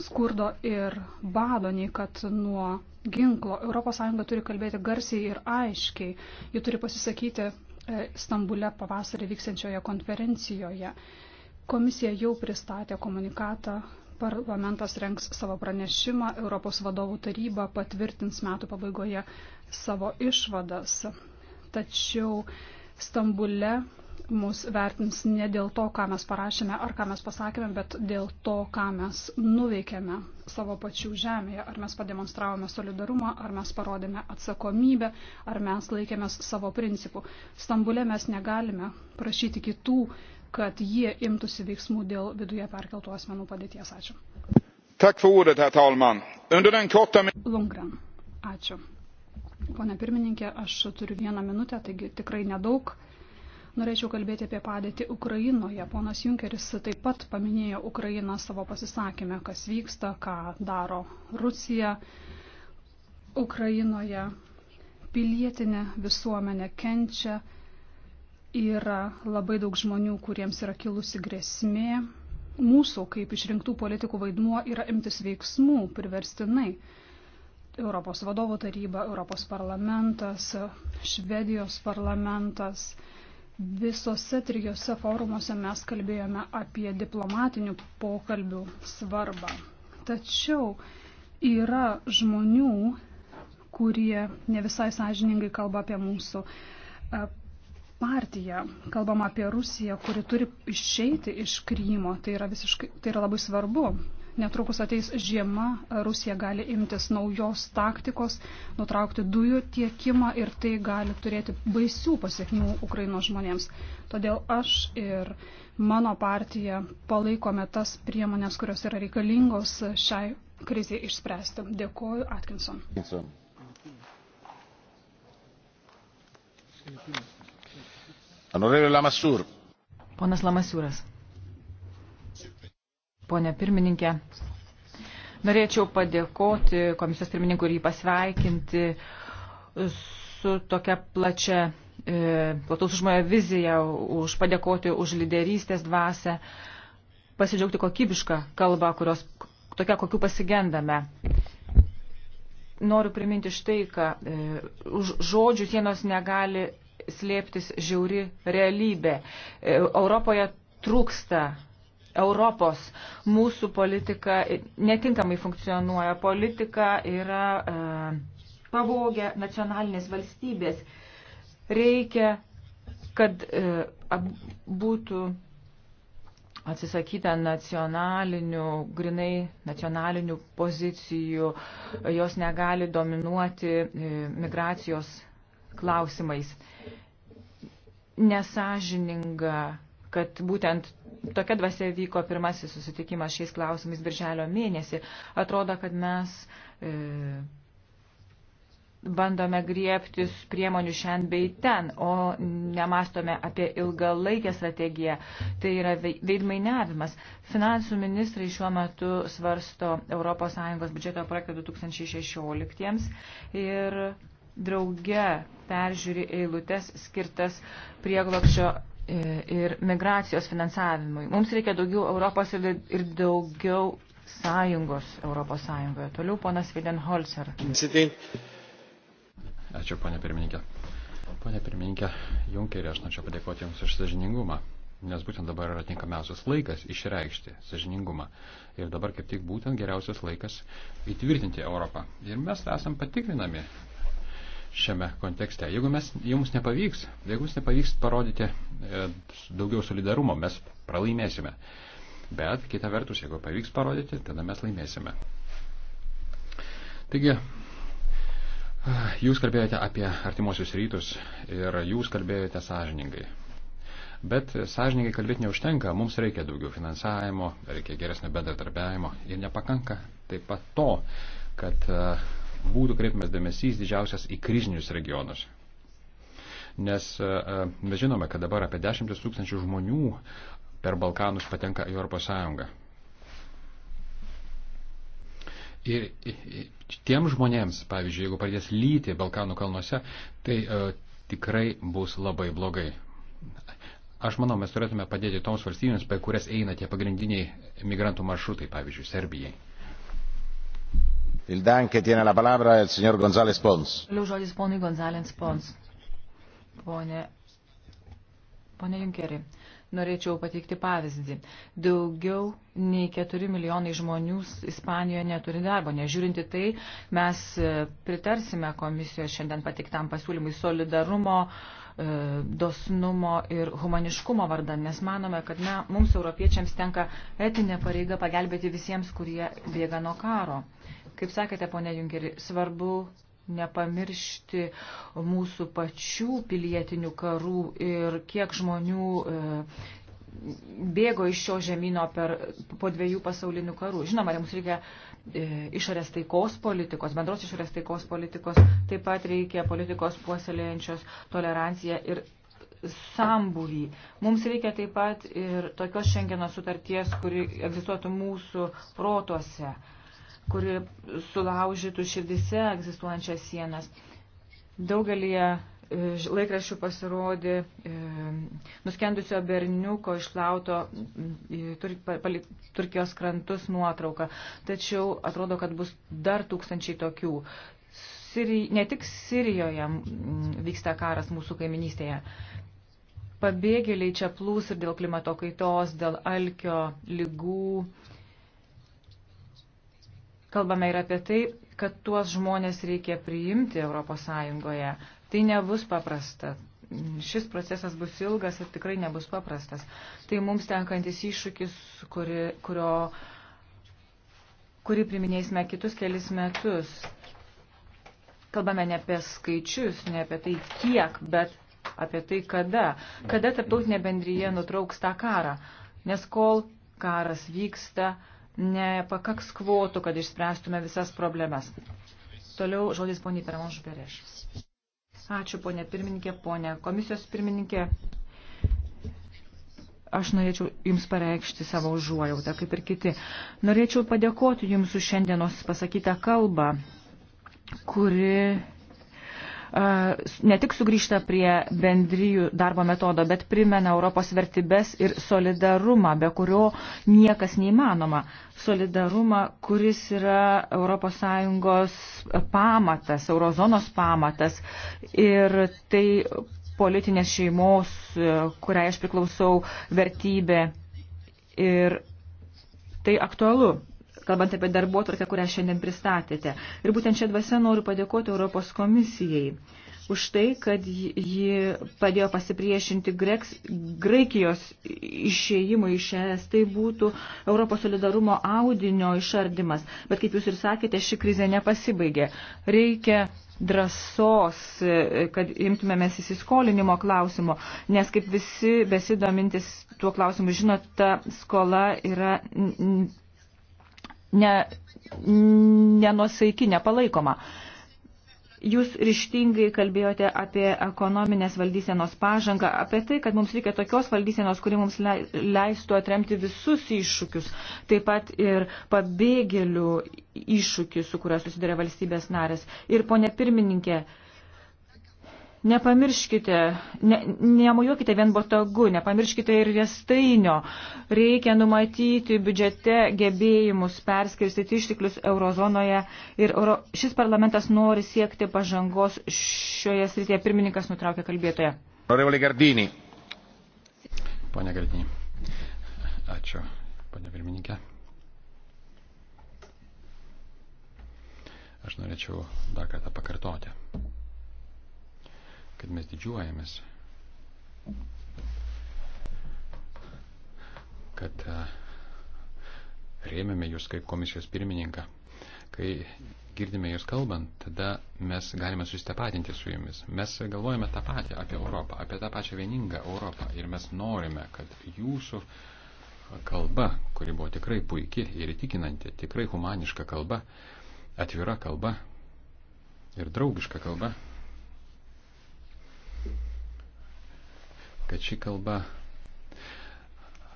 skurdo ir bado, nei kad nuo ginklo. ES turi kalbėti garsiai ir aiškiai. Ji turi pasisakyti e, Stambule pavasarį vyksiančioje konferencijoje. Komisija jau pristatė komunikatą, parlamentas renks savo pranešimą, Europos vadovų taryba patvirtins metų pabaigoje savo išvadas. Tačiau Stambule mus vertins ne dėl to, ką mes parašėme ar ką mes pasakėme, bet dėl to, ką mes nuveikėme savo pačių žemėje. Ar mes pademonstravome solidarumą, ar mes parodėme atsakomybę, ar mes laikėmės savo principų. Stambulė mes negalime prašyti kitų, kad jie imtųsi veiksmų dėl viduje perkeltų asmenų padėties. Ačiū. Lungren. Ačiū. Pone pirmininkė, aš turiu vieną minutę, taigi tikrai nedaug. Norėčiau kalbėti apie padėtį Ukrainoje. Ponas Junkeris taip pat paminėjo Ukrainą savo pasisakymę, kas vyksta, ką daro Rusija Ukrainoje. Pilietinė visuomenė kenčia, yra labai daug žmonių, kuriems yra kilusi grėsmė. Mūsų, kaip išrinktų politikų vaidmuo, yra imtis veiksmų priverstinai. Europos vadovų taryba, Europos parlamentas, Švedijos parlamentas Visose trijose forumuose mes kalbėjome apie diplomatinių pokalbių svarbą. Tačiau yra žmonių, kurie ne visai sąžiningai kalba apie mūsų e, partiją. Kalbama apie Rusiją, kuri turi išeiti iš Krymo. Tai yra, visiškai, tai yra labai svarbu netrukus ateis žiema, Rusija gali imtis naujos taktikos, nutraukti dujų tiekimą ir tai gali turėti baisių pasiekmių Ukrainos žmonėms. Todėl aš ir mano partija palaikome tas priemonės, kurios yra reikalingos šiai krizė išspręsti. Dėkuoju, Atkinson. Ponas Lamasiūras. Pone pirmininkė, norėčiau padėkoti komisijos pirmininkui ir jį pasveikinti su tokia plačia e, plataus užmojo vizija, už padėkoti už lyderystės dvasę, pasidžiaugti kokybišką kalbą, kurios tokia, kokiu pasigendame. Noriu priminti štai, kad e, už žodžių sienos negali slėptis žiauri realybė. E, Europoje trūksta Europos. Mūsų politika netinkamai funkcionuoja. Politika yra e, pavogę nacionalinės valstybės. Reikia, kad e, ab, būtų atsisakyta nacionalinių, grinai nacionalinių pozicijų, jos negali dominuoti e, migracijos klausimais. Nesažininga, kad būtent tokia dvasia vyko pirmasis susitikimas šiais klausimais birželio mėnesį. Atrodo, kad mes e, bandome griebtis priemonių šiandien bei ten, o nemastome apie ilgalaikę strategiją. Tai yra veidmainiavimas. Finansų ministrai šiuo metu svarsto ES biudžeto projektą 2016 ir drauge peržiūri eilutes skirtas prieglopščio E, ir migracijos finansavimui. Mums reikia daugiau Europos ir daugiau sąjungos Europos Sąjungoje. Toliau ponas Videnholzer. Ačiū, ponė pirmininkė. Pone pirmininkė Junkerį, aš norėčiau padėkoti Jums už sažiningumą, nes būtent dabar yra tinkamiausias laikas išreikšti sažiningumą. Ir dabar kaip tik būtent geriausias laikas įtvirtinti Europą. Ir mes esam patikrinami šiame kontekste. Jeigu mes, jums nepavyks, jeigu jums nepavyks parodyti e, daugiau solidarumo, mes pralaimėsime. Bet kita vertus, jeigu pavyks parodyti, tada mes laimėsime. Taigi, jūs kalbėjote apie artimuosius rytus ir jūs kalbėjote sąžiningai. Bet sąžininkai kalbėti neužtenka, mums reikia daugiau finansavimo, reikia geresnio bendradarbiavimo ir nepakanka taip pat to, kad uh, būtų kreipiamas dėmesys didžiausias į kryžinius regionus. Nes e, e, mes žinome, kad dabar apie 10 tūkstančių žmonių per Balkanus patenka į Europos Sąjungą. Ir tiem žmonėms, pavyzdžiui, jeigu pradės lyti Balkanų kalnuose, tai e, tikrai bus labai blogai. Aš manau, mes turėtume padėti toms valstybėms, per kurias eina tie pagrindiniai migrantų maršrutai, pavyzdžiui, Serbijai. Il danke tiene la palabra el señor González Pons. Liau žodis ponui González Pons. Pone, pone Junkeri, norėčiau pateikti pavyzdį. Daugiau nei 4 milijonai žmonių Ispanijoje neturi darbo. Nežiūrinti tai, mes e, pritarsime komisijos šiandien pateiktam pasiūlymui solidarumo, e, dosnumo ir humaniškumo vardan, nes manome, kad me, mums europiečiams tenka etinė pareiga pagelbėti visiems, kurie bėga nuo karo. Kaip sakėte, ponė Junkeri, svarbu nepamiršti mūsų pačių pilietinių karų ir kiek žmonių e, bėgo iš šio žemino per, po dviejų pasaulinių karų. Žinoma, mums reikia e, išorės taikos politikos, bendros išorės taikos politikos, taip pat reikia politikos puoselėjančios toleranciją ir sambuvį. Mums reikia taip pat ir tokios šengeno sutarties, kuri egzistuotų mūsų protuose kuri sulaužytų širdise egzistuojančias sienas. Daugelį e, laikraščių pasirodė e, nuskendusio berniuko išlauto Turkijos krantus nuotrauką. Tačiau atrodo, kad bus dar tūkstančiai tokių. Sirij, ne tik Sirijoje vyksta karas mūsų kaiminystėje. Pabėgėliai čia plūs ir dėl klimato kaitos, dėl alkio, lygų Kalbame ir apie tai, kad tuos žmonės reikia priimti ES. Tai nebus paprasta. Šis procesas bus ilgas ir tikrai nebus paprastas. Tai mums tenkantis iššūkis, kuri, kurio, kurį priminėsime kitus kelis metus. Kalbame ne apie skaičius, ne apie tai kiek, bet apie tai kada. Kada tarptautinė bendryje nutrauks tą karą. Nes kol karas vyksta, uh, nepakaks kvotų, kad išspręstume visas problemas. Toliau žodis poniai Permanžu Pereš. Ačiū ponė pirmininkė, ponė komisijos pirmininkė. Aš norėčiau Jums pareikšti savo užuojautą, kaip ir kiti. Norėčiau padėkoti Jums už šiandienos pasakytą kalbą, kuri ne tik sugrįžta prie bendrijų darbo metodo, bet primena Europos vertybės ir solidarumą, be kurio niekas neįmanoma. Solidarumą, kuris yra ES pamatas, eurozonos pamatas ir tai politinės šeimos, e, kuriai aš priklausau, vertybė ir tai aktualu kalbant apie darbuotvarkę, kurią šiandien pristatėte. Ir būtent šią dvasę noriu padėkoti Europos komisijai už tai, kad ji padėjo pasipriešinti Greks, Graikijos išėjimui iš ES. Tai būtų Europos solidarumo audinio išardimas. Bet kaip jūs ir sakėte, ši krizė nepasibaigė. Reikia drąsos, kad imtumėmės įsiskolinimo klausimo, nes kaip visi besidomintis tuo klausimu žino, ta skola yra ne, nenusaiki, nepalaikoma. Jūs ryštingai kalbėjote apie ekonominės valdysenos pažangą, apie tai, kad mums reikia tokios valdysenos, kuri mums leistų atremti visus iššūkius, taip pat ir pabėgėlių iššūkius, su kuria susiduria valstybės narės. Ir, ponė pirmininkė, uh, Nepamirškite, ne, nemojuokite vien botagu, nepamirškite ir riestainio. Reikia numatyti biudžete gebėjimus perskirstyti išteklius eurozonoje ir euro, šis parlamentas nori siekti pažangos šioje srityje. Pirmininkas nutraukė kalbėtoje. Norevali Gardinį. Pane Gardinį. Ačiū, pane pirmininkė. Aš norėčiau dar kartą pakartoti kad mes didžiuojamės, kad e, rėmėme jūs kaip komisijos pirmininką. Kai girdime jūs kalbant, tada mes galime susitapatinti su jumis. Mes galvojame tą patį apie Europą, apie tą pačią vieningą Europą ir mes norime, kad jūsų kalba, kuri buvo tikrai puikia ir įtikinanti, tikrai humaniška kalba, atvira kalba ir draugiška kalba, kad ši kalba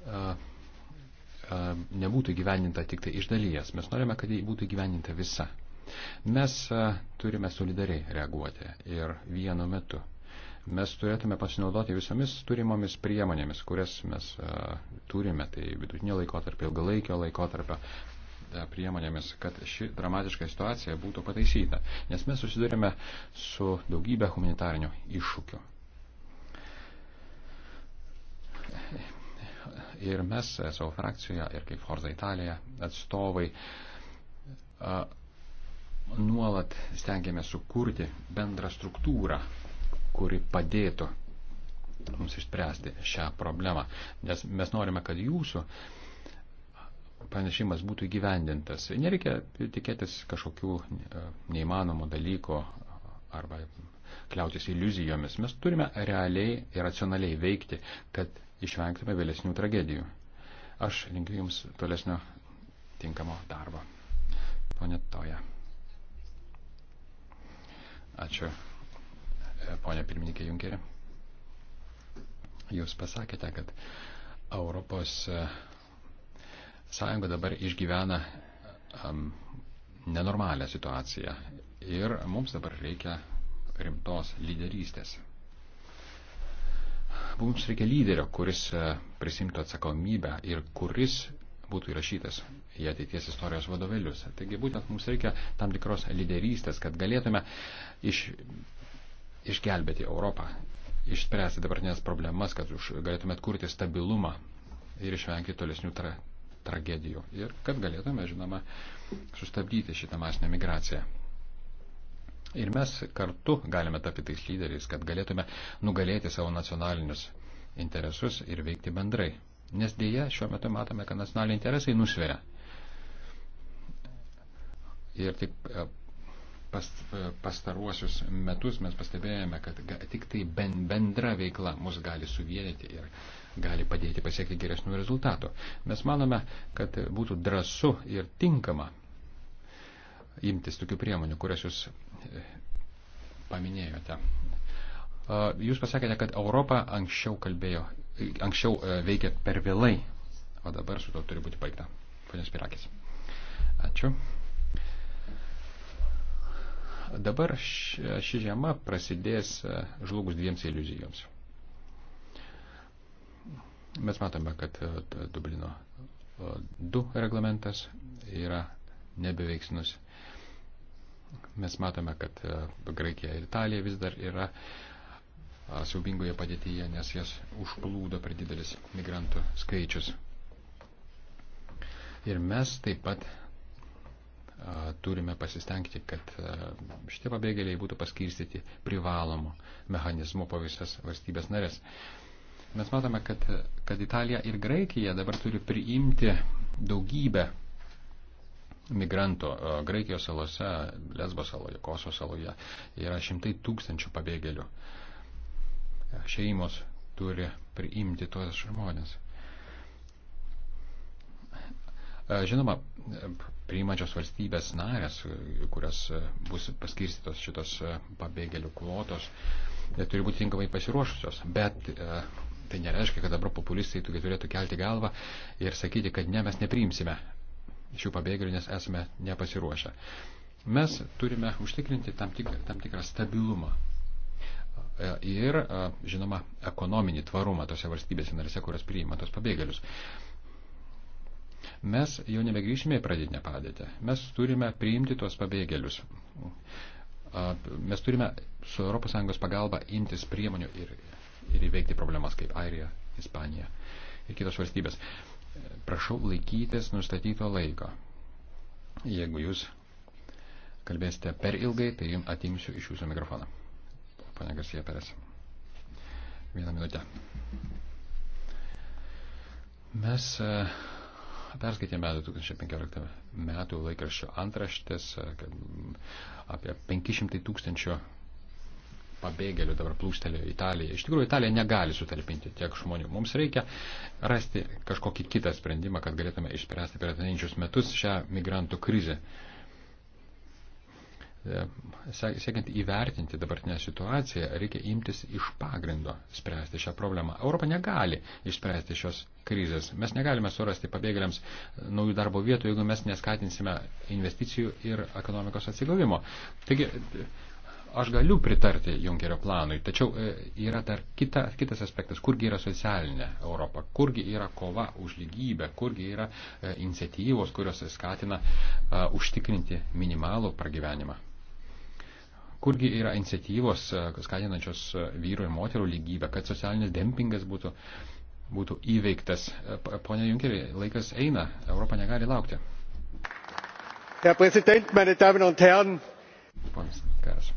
a, a, nebūtų gyveninta tik tai iš dalies. Mes norime, kad ji būtų gyveninta visa. Mes a, turime solidariai reaguoti ir vienu metu. Mes turėtume pasinaudoti visomis turimomis priemonėmis, kurias mes a, turime, tai vidutinio laikotarpio, ilgalaikio laikotarpio priemonėmis, kad ši dramatiška situacija būtų pataisyta, nes mes susidurime su daugybė humanitarinių iššūkių. Ir mes savo frakcijoje ir kaip Forza Italija atstovai nuolat stengiamės sukurti bendrą struktūrą, kuri padėtų mums išspręsti šią problemą. Nes mes norime, kad jūsų pranešimas būtų įgyvendintas. Nereikia tikėtis kažkokių neįmanomų dalykų arba kliautis iliuzijomis. Mes turime realiai ir racionaliai veikti, kad išvengtume vėlesnių tragedijų. Aš linkiu Jums tolesnio tinkamo darbo. Pone Toja. Ačiū, e, ponė pirmininkė Junkerė. Jūs pasakėte, kad Europos e, Sąjunga dabar išgyvena um, nenormalią situaciją ir mums dabar reikia rimtos lyderystės. Mums reikia lyderio, kuris e, prisimtų atsakomybę ir kuris būtų įrašytas į ateities istorijos vadovėlius. Taigi būtent mums reikia tam tikros lyderystės, kad galėtume iš, išgelbėti Europą, išspręsti dabartinės problemas, kad už, galėtume atkurti stabilumą ir išvengti tolesnių tra, tragedijų. Ir kad galėtume, žinoma, sustabdyti šitą masinę migraciją. Ir mes kartu galime tapti tais lyderiais, kad galėtume nugalėti savo nacionalinius interesus ir veikti bendrai. Nes dėja, šiuo metu matome, kad nacionaliniai interesai nusveria. Ir tik e, pas, e, pastaruosius metus mes pastebėjome, kad tik tai bendra veikla mus gali suvienyti ir gali padėti pasiekti geresnių rezultatų. Mes manome, kad būtų drąsu ir tinkama imtis tokių priemonių, kurias jūs paminėjote. Jūs pasakėte, kad Europa anksčiau kalbėjo, anksčiau e, veikė per vėlai, o dabar su to turi būti baigta. Ponės Pirakis. Ačiū. Dabar ši žiema prasidės e, žlugus dviems iliuzijoms. Mes matome, kad e, Dublino 2 reglamentas yra nebeveiksnus Mes matome, kad e, Graikija ir Italija vis dar yra siaubingoje padėtyje, nes jas užplūdo per didelis migrantų skaičius. Ir mes taip pat a, turime pasistengti, kad a, e, šitie pabėgėliai būtų paskirstyti privalomų mechanizmų po visas valstybės narės. Mes matome, kad, kad Italija ir Graikija dabar turi priimti daugybę migrantų Graikijos salose, Lesbo saloje, Koso saloje yra šimtai tūkstančių pabėgėlių. Šeimos turi priimti tuos žmonės. E, žinoma, priimančios valstybės narės, kurias bus paskirstytos šitos pabėgėlių kvotos, e, turi būti tinkamai pasiruošusios. Bet e, tai nereiškia, kad dabar populistai turėtų kelti galvą ir sakyti, kad ne, mes nepriimsime šių pabėgėlių, nes esame nepasiruošę. Mes turime užtikrinti tam, tik, tam tikrą stabilumą e, ir, e, žinoma, ekonominį tvarumą tose valstybėse narise, kurios priima tos pabėgėlius. Mes jau nebegrįšime į pradinę padėtę. Mes turime priimti tos pabėgėlius. E, mes turime su ES pagalba imtis priemonių ir, ir įveikti problemas kaip Airija, Ispanija ir kitos valstybės prašau laikytis nustatyto laiko. Jeigu jūs kalbėsite per ilgai, tai jums atimsiu iš jūsų mikrofoną. Pane Garcija Peres. Vieną minutę. Mes e, perskaitėme 2015 metų laikraščio antraštės e, apie 500 tūkstančių pabėgėlių dabar plūstelėjo Italija. Iš tikrųjų, Italija negali sutalpinti tiek žmonių. Mums reikia rasti kažkokį kitą sprendimą, kad galėtume išspręsti per ateinančius metus šią migrantų krizę. E, siekiant įvertinti dabartinę situaciją, reikia imtis iš pagrindo spręsti šią problemą. Europa negali išspręsti šios krizės. Mes negalime surasti pabėgėliams naujų darbo vietų, jeigu mes neskatinsime investicijų ir ekonomikos atsigavimo. Taigi, Aš galiu pritarti Junkerio planui, tačiau e, yra dar kita, kitas aspektas, kurgi yra socialinė Europa, kurgi yra kova už lygybę, kurgi yra e, iniciatyvos, kurios skatina e, užtikrinti minimalų pragyvenimą. Kurgi yra iniciatyvos skatinančios vyrų ir moterų lygybę, kad socialinis dempingas būtų, būtų įveiktas. Pone Junkeri, laikas eina, Europa negali laukti. Herr Präsident, meine Damen und Herren! Ponas Karas.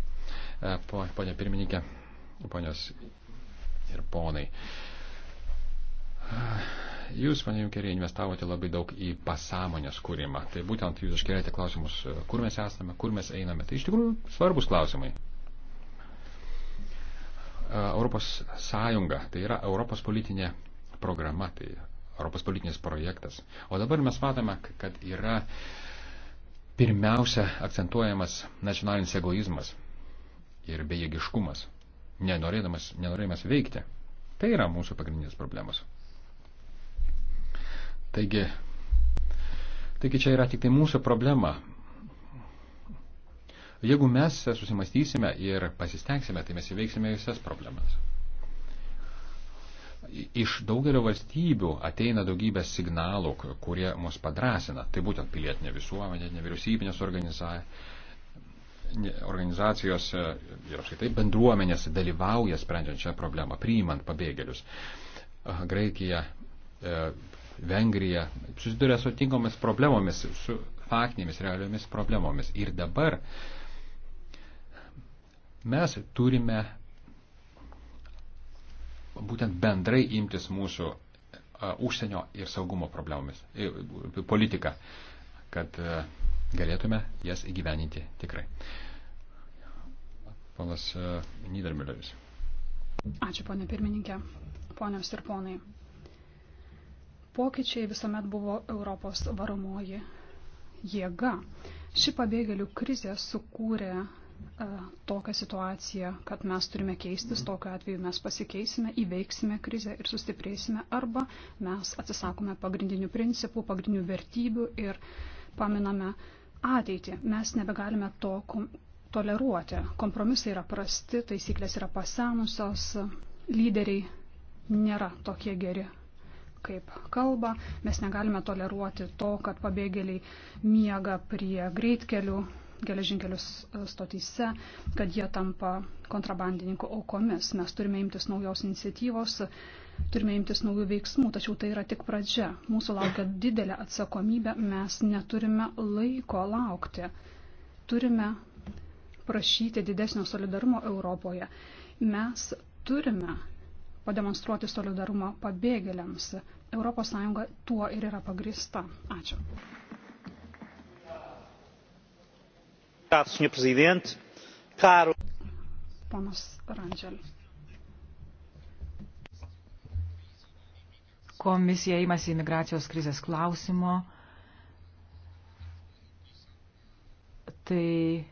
E, pone pirmininkė, ponios ir ponai. Jūs, mane Junkeriai, investavote labai daug į pasąmonės kūrimą. Tai būtent jūs iškeliate klausimus, e, kur mes esame, kur mes einame. Tai iš tikrųjų svarbus klausimai. E, Europos sąjunga, tai yra Europos politinė programa, tai Europos politinis projektas. O dabar mes matome, kad yra pirmiausia akcentuojamas nacionalinis egoizmas ir bejėgiškumas, nenorėjimas veikti. Tai yra mūsų pagrindinės problemos. Taigi, taigi čia yra tik tai mūsų problema. Jeigu mes susimastysime ir pasistengsime, tai mes įveiksime visas problemas. Iš daugelio valstybių ateina daugybė signalų, kurie mus padrasina. Tai būtent pilietinė visuomenė, nevyriausybinės organizacijos organizacijos ir apskaitai bendruomenės dalyvauja sprendžiant šią problemą, priimant pabėgėlius. Graikija, e, Vengrija susiduria su tinkomis problemomis, su faktinėmis, realiomis problemomis. Ir dabar mes turime būtent bendrai imtis mūsų e, užsienio ir saugumo problemomis, e, politiką, kad uh, galėtume jas įgyveninti tikrai. Ponas e, Niedermilleris. Ačiū, ponė pirmininkė. Ponios ir ponai. Pokyčiai visuomet buvo Europos varomoji jėga. Ši pabėgėlių krizė sukūrė e, tokią situaciją, kad mes turime keistis, tokiu atveju mes pasikeisime, įveiksime krizę ir sustiprėsime, arba mes atsisakome pagrindinių principų, pagrindinių vertybių ir paminame ateitį. Mes nebegalime to toleruoti. Kompromisai yra prasti, taisyklės yra pasenusios, lyderiai nėra tokie geri kaip kalba. Mes negalime toleruoti to, kad pabėgėliai miega prie greitkelių, geležinkelius e, stotyse, kad jie tampa kontrabandininkų aukomis. Mes turime imtis naujos iniciatyvos, turime imtis naujų veiksmų, tačiau tai yra tik pradžia. Mūsų laukia didelė atsakomybė, mes neturime laiko laukti. Turime prašyti didesnio solidarumo Europoje. Mes turime pademonstruoti solidarumą pabėgėliams. ES tuo ir yra pagrista. Ačiū. Ponas Randželis. komisija įmasi imigracijos krizės klausimo. Tai e,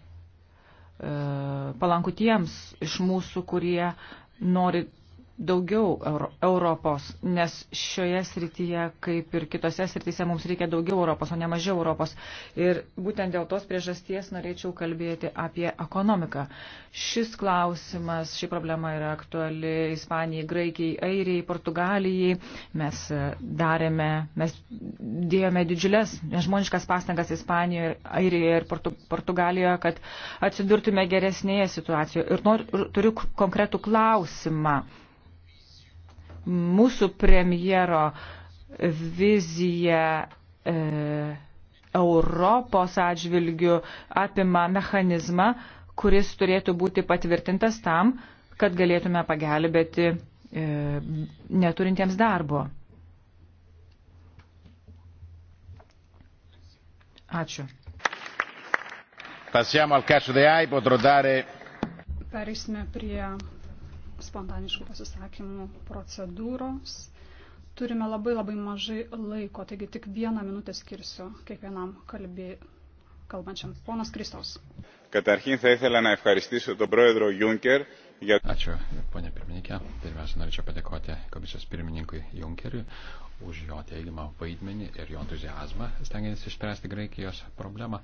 palanku tiems iš mūsų, kurie nori daugiau Euro Europos, nes šioje srityje, kaip ir kitose srityse, mums reikia daugiau Europos, o ne mažiau Europos. Ir būtent dėl tos priežasties norėčiau kalbėti apie ekonomiką. Šis klausimas, ši problema yra aktuali Ispanijai, Graikijai, Airijai, Portugalijai. Mes e, darėme, mes dėjome didžiulės nežmoniškas pastangas Ispanijoje, Airijoje ir Portu Portugalijoje, kad atsidurtume geresnėje situacijoje. Ir nor, turiu konkretų klausimą mūsų premjero vizija e, Europos atžvilgių apima mechanizmą, kuris turėtų būti patvirtintas tam, kad galėtume pagelbėti e, neturintiems darbo. Ačiū. Passiamo al caso de AI, potrò dare. Perėsime prie spontaniškų pasisakymų procedūros. Turime labai labai mažai laiko, taigi tik vieną minutę skirsiu kiekvienam kalbė, kalbančiam. Ponas Kristaus. Ačiū, ponė pirmininkė. Pirmiausia, norėčiau padėkoti komisijos pirmininkui Junkeriui už jo teigiamą vaidmenį ir jo entuzijazmą, stengiantis išspręsti Graikijos problemą.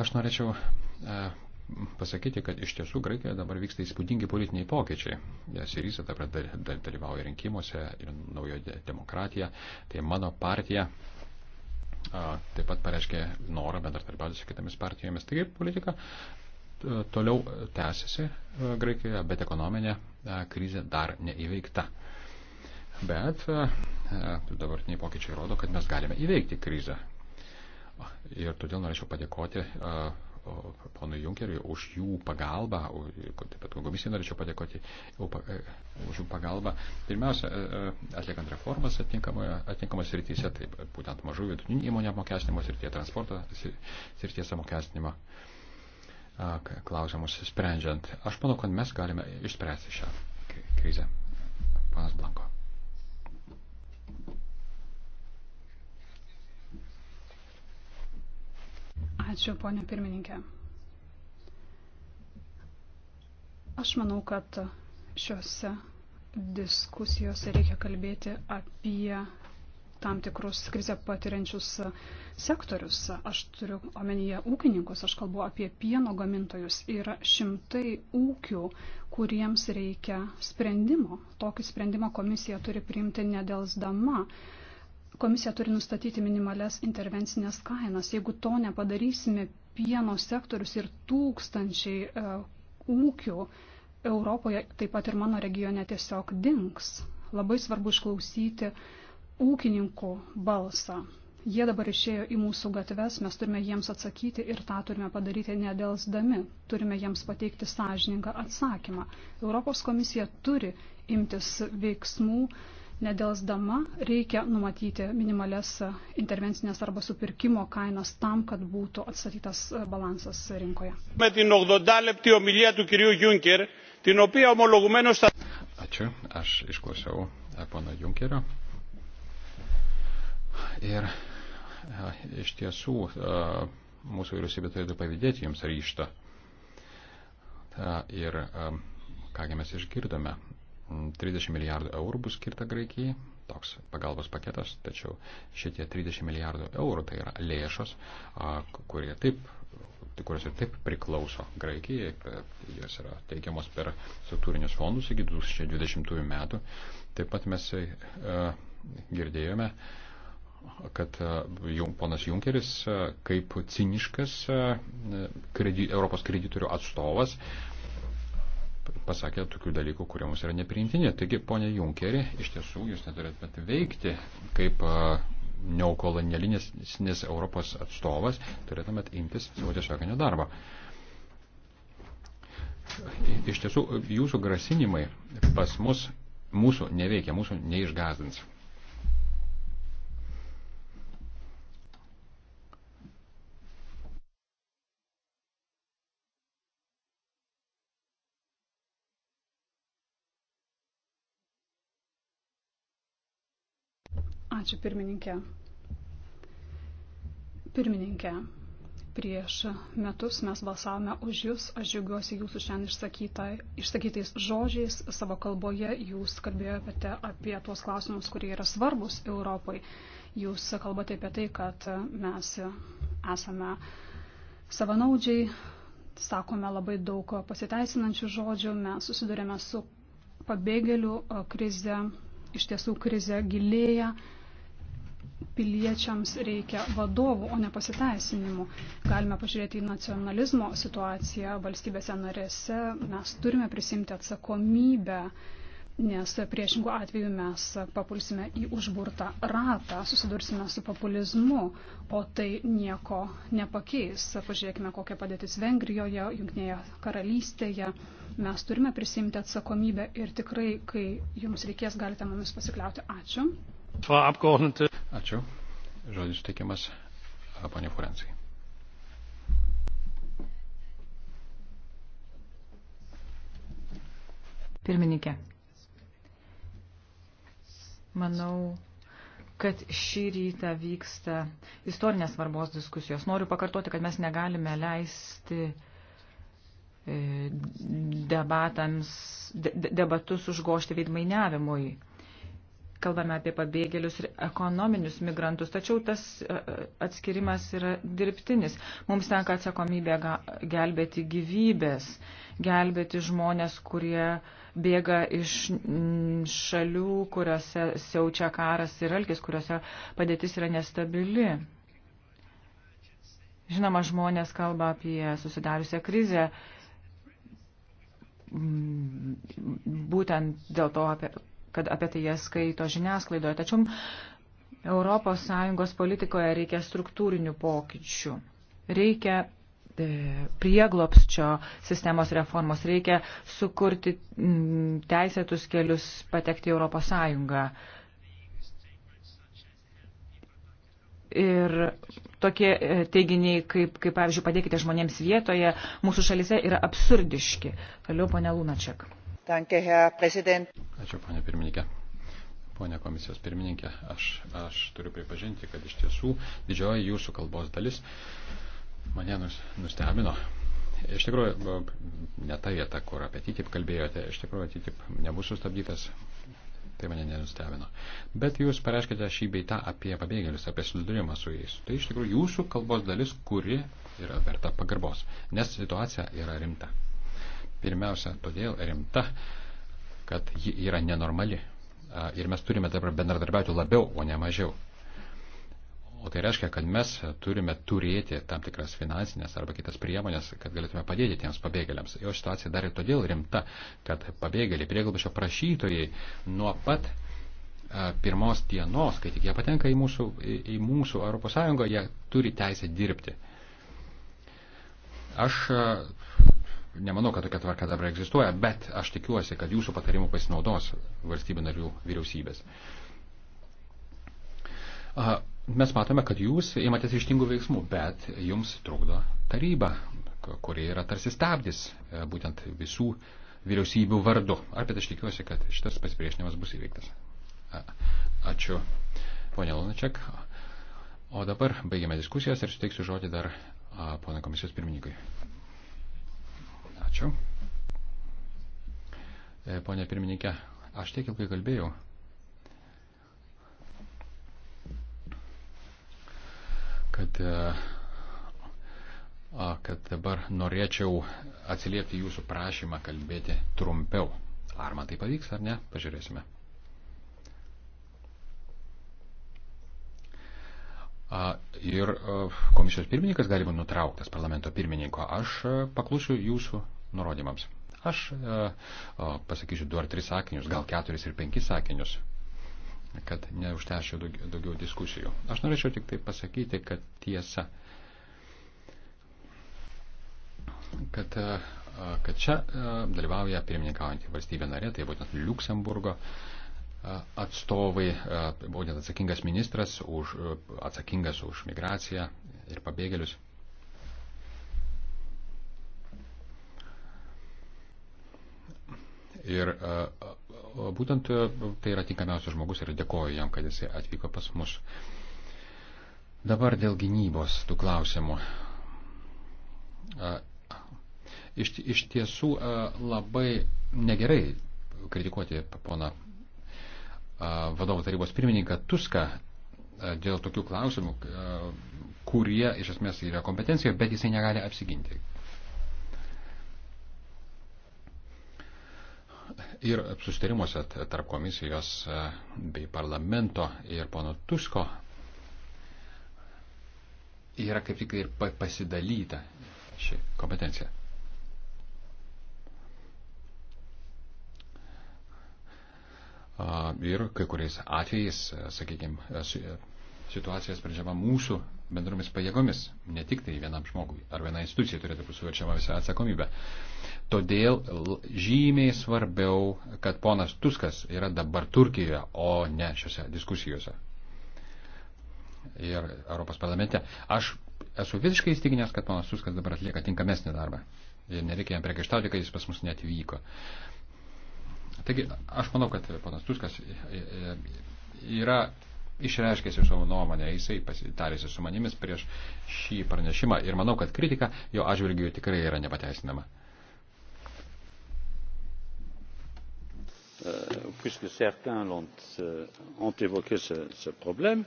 Aš norėčiau e, pasakyti, kad iš tiesų Graikijoje dabar vyksta įspūdingi politiniai pokyčiai. Syriza dabar dalyvauja rinkimuose ir naujoje demokratija. Tai mano partija a, taip pat pareiškė norą bendradarbiauti su kitomis partijomis. Taigi politika toliau tęsiasi Graikijoje, bet ekonominė krizė dar neįveikta. Bet dabartiniai pokyčiai rodo, kad mes galime įveikti krizę. Ir todėl norėčiau padėkoti a, ponui Junkeriui už jų pagalbą, taip pat komisijai norėčiau padėkoti e, už jų pagalbą. Pirmiausia, e, e, atliekant reformas atinkamos srityse, taip būtent mažų vidutinių įmonių apmokestinimo srityje, transporto srities apmokestinimo klausimus sprendžiant. Aš manau, kad mes galime išspręsti šią krizę. Panas Blanko. Ačiū, ponė pirmininkė. Aš manau, kad šiuose diskusijose reikia kalbėti apie tam tikrus krizę patiriančius sektorius. Aš turiu omenyje ūkininkus, aš kalbu apie pieno gamintojus. Yra šimtai ūkių, kuriems reikia sprendimo. Tokį sprendimą komisija turi priimti nedelsdama. dama komisija turi nustatyti minimales intervencinės kainas. Jeigu to nepadarysime, pieno sektorius ir tūkstančiai e, ūkių Europoje, taip pat ir mano regione, tiesiog dinks. Labai svarbu išklausyti ūkininkų balsą. Jie dabar išėjo į mūsų gatves, mes turime jiems atsakyti ir tą turime padaryti nedelsdami. Turime jiems pateikti sąžiningą atsakymą. Europos komisija turi imtis veiksmų, uh, Nedelsdama reikia numatyti minimales intervencinės arba supirkimo kainas tam, kad būtų atstatytas balansas rinkoje. Ačiū, aš išklausiau e, pono Junkerio. Ir e, iš tiesų e, mūsų vyriausybė turėtų pavydėti jums ryštą. Ir kągi mes išgirdome 30 mm, milijardų eurų bus skirta Graikijai, toks pagalbos paketas, tačiau šitie 30 milijardų eurų tai yra lėšos, kurie taip kurios ir taip priklauso Graikijai, jos yra teikiamos per struktūrinius fondus iki 2020 metų. Taip pat mes e, girdėjome, kad e, jung, ponas Junkeris e, kaip ciniškas e, kredi, Europos kreditorių atstovas pasakė tokių dalykų, kurie mums yra nepriimtini. Taigi, ponė Junkerė, iš tiesų jūs neturėtumėt veikti kaip neokolonialinis Europos atstovas, turėtumėt imtis savo tiesioginio darbo. Iš tiesų, jūsų grasinimai pas mus mūsų neveikia, mūsų neišgazdins. Ačiū pirmininkė. Pirmininkė, prieš metus mes balsavome už Jūs. Aš džiaugiuosi Jūsų šiandien išsakyta, išsakytais žodžiais. Savo kalboje Jūs kalbėjote apie tuos klausimus, kurie yra svarbus Europai. Jūs kalbate apie tai, kad mes esame savanaudžiai, sakome labai daug pasiteisinančių žodžių, mes susidurėme su pabėgėlių krize, iš tiesų krize gilėja piliečiams reikia vadovų, o ne pasiteisinimų. Galime pažiūrėti į nacionalizmo situaciją valstybėse narėse. Mes turime prisimti atsakomybę, nes priešingų atveju mes papulsime į užburtą ratą, susidursime su populizmu, o tai nieko nepakeis. Pažiūrėkime, kokia padėtis Vengrijoje, Junknėje karalystėje. Mes turime prisimti atsakomybę ir tikrai, kai jums reikės, galite mumis pasikliauti. Ačiū. Ačiū. Žodis teikiamas ponė Forencijai. Pirmininkė. Manau, kad šį rytą vyksta istorinės svarbos diskusijos. Noriu pakartoti, kad mes negalime leisti e, debatams, debatus užgošti veidmainiavimui kalbame apie pabėgėlius ir ekonominius migrantus, tačiau tas e, e, atskirimas yra dirbtinis. Mums tenka atsakomybė gelbėti gyvybės, gelbėti žmonės, kurie bėga iš šalių, kuriuose siaučia karas ir alkis, kuriuose padėtis yra nestabili. Žinoma, žmonės kalba apie susidariusią krizę, būtent dėl to, apie kad apie tai jie skaito žiniasklaidoje. Tačiau ES politikoje reikia struktūrinių pokyčių. Reikia e, prieglopsčio sistemos reformos, reikia sukurti teisėtus kelius patekti į Europos Sąjungą. Ir tokie e, teiginiai, kaip, kaip pavyzdžiui, padėkite žmonėms vietoje, mūsų šalise yra absurdiški. Toliau, ponia Lunačiak. Ačiū, ponė pirmininkė. Pone komisijos pirmininkė, aš, aš turiu pripažinti, kad iš tiesų didžioji jūsų kalbos dalis mane nustebino. Iš tikrųjų, ne ta vieta, kur apie TTIP kalbėjote, iš tikrųjų TTIP nebus sustabdytas, tai mane nenustebino. Bet jūs pareiškite šį beitą apie pabėgėlius, apie susidūrimą su jais. Tai iš tikrųjų jūsų kalbos dalis, kuri yra verta pagarbos, nes situacija yra rimta. Pirmiausia, todėl rimta, kad ji yra nenormali. Ir mes turime dabar bendradarbiauti labiau, o ne mažiau. O tai reiškia, kad mes turime turėti tam tikras finansinės arba kitas priemonės, kad galėtume padėti tiems pabėgėliams. Jo situacija dar ir todėl rimta, kad pabėgėliai, prieglobšio prašytojai nuo pat pirmos dienos, kai tik jie patenka į mūsų, į mūsų ES, jie turi teisę dirbti. Aš nemanau, kad tokia tvarka dabar egzistuoja, bet aš tikiuosi, kad jūsų patarimų pasinaudos valstybių narių vyriausybės. Mes matome, kad jūs imatės ištingų veiksmų, bet jums trukdo taryba, kuri yra tarsi stabdis e, būtent visų vyriausybių vardu. Ar bet aš tikiuosi, kad šitas pasipriešinimas bus įveiktas. Ačiū, ponė Lunačiak. O dabar baigiame diskusijas ir suteiksiu žodį dar ponai komisijos pirmininkui. Ačiū. E, Pone pirmininkė, aš tiek ilgai kalbėjau. Kad, e, kad dabar norėčiau atsiliepti jūsų prašymą kalbėti trumpiau. Ar man tai pavyks, ar ne? Pažiūrėsime. Ir e, komisijos pirmininkas gali būti nutrauktas parlamento pirmininko. Aš paklusiu jūsų nurodymams. Aš e, o, pasakysiu du ar tris sakinius, gal keturis ir penkis sakinius, kad neužtešiu daugiau, daugiau diskusijų. Aš norėčiau tik tai pasakyti, kad tiesa, kad, e, kad čia e, dalyvauja pirmininkaujantį valstybę narė, tai būtent Luksemburgo e, atstovai, e, būtent atsakingas ministras, už, e, atsakingas už migraciją ir pabėgėlius Ir būtent tai yra tinkamiausias žmogus ir dėkoju jam, kad jisai atvyko pas mus. Dabar dėl gynybos tų klausimų. Iš, iš tiesų labai negerai kritikuoti pona vadovo tarybos pirmininką Tuską dėl tokių klausimų, kurie iš esmės yra kompetencijoje, bet jisai negali apsiginti. Ir sustarimuose tarp komisijos e, bei parlamento ir pono Tusko yra kaip tik ir pasidalyta ši kompetencija. Ir kai kuriais atvejais, e, sakykime, situacija sprendžiama mūsų bendromis pajėgomis, ne tik tai vienam žmogui ar vienai institucijai turėtų būti suverčiama visa atsakomybė. Todėl žymiai svarbiau, kad ponas Tuskas yra dabar Turkijoje, o ne šiuose diskusijose. Ir Europos parlamente. Aš esu visiškai įstikinęs, kad ponas Tuskas dabar atlieka tinkamesnį darbą. Ir nereikia jam priekaištauti, kad jis pas mus netvyko. Taigi, aš manau, kad ponas Tuskas yra išreiškėsi savo nuomonę, jisai pasitarėsi su manimis prieš šį pranešimą ir manau, kad kritika jo atžvilgiu tikrai yra nepateisinama. Euh, puisque certains euh, ont évoqué ce, ce problème.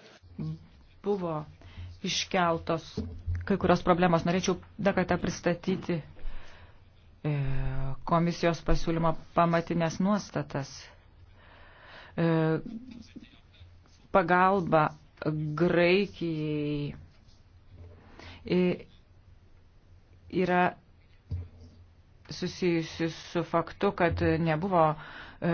Buvo iškeltos kai kurios problemos. Norėčiau dar kartą pristatyti e, komisijos pasiūlymo pamatinės nuostatas e, pagalba Graikijai yra susijusi su faktu, kad nebuvo e,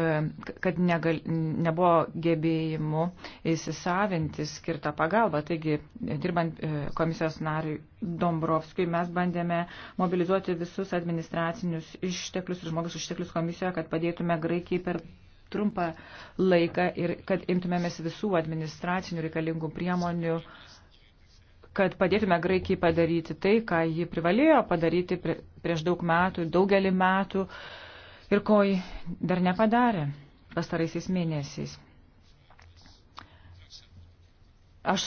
kad negal, nebuvo gebėjimų įsisavinti skirtą pagalbą. Taigi, dirbant e, komisijos nariui Dombrovskui, mes bandėme mobilizuoti visus administracinius išteklius ir žmogus išteklius komisijoje, kad padėtume Graikijai per trumpą laiką ir kad imtumėmės visų administracinių reikalingų priemonių, kad padėtume Graikijai padaryti tai, ką ji privalėjo padaryti prieš daug metų, daugelį metų ir ko ji dar nepadarė pastaraisiais mėnesiais. Aš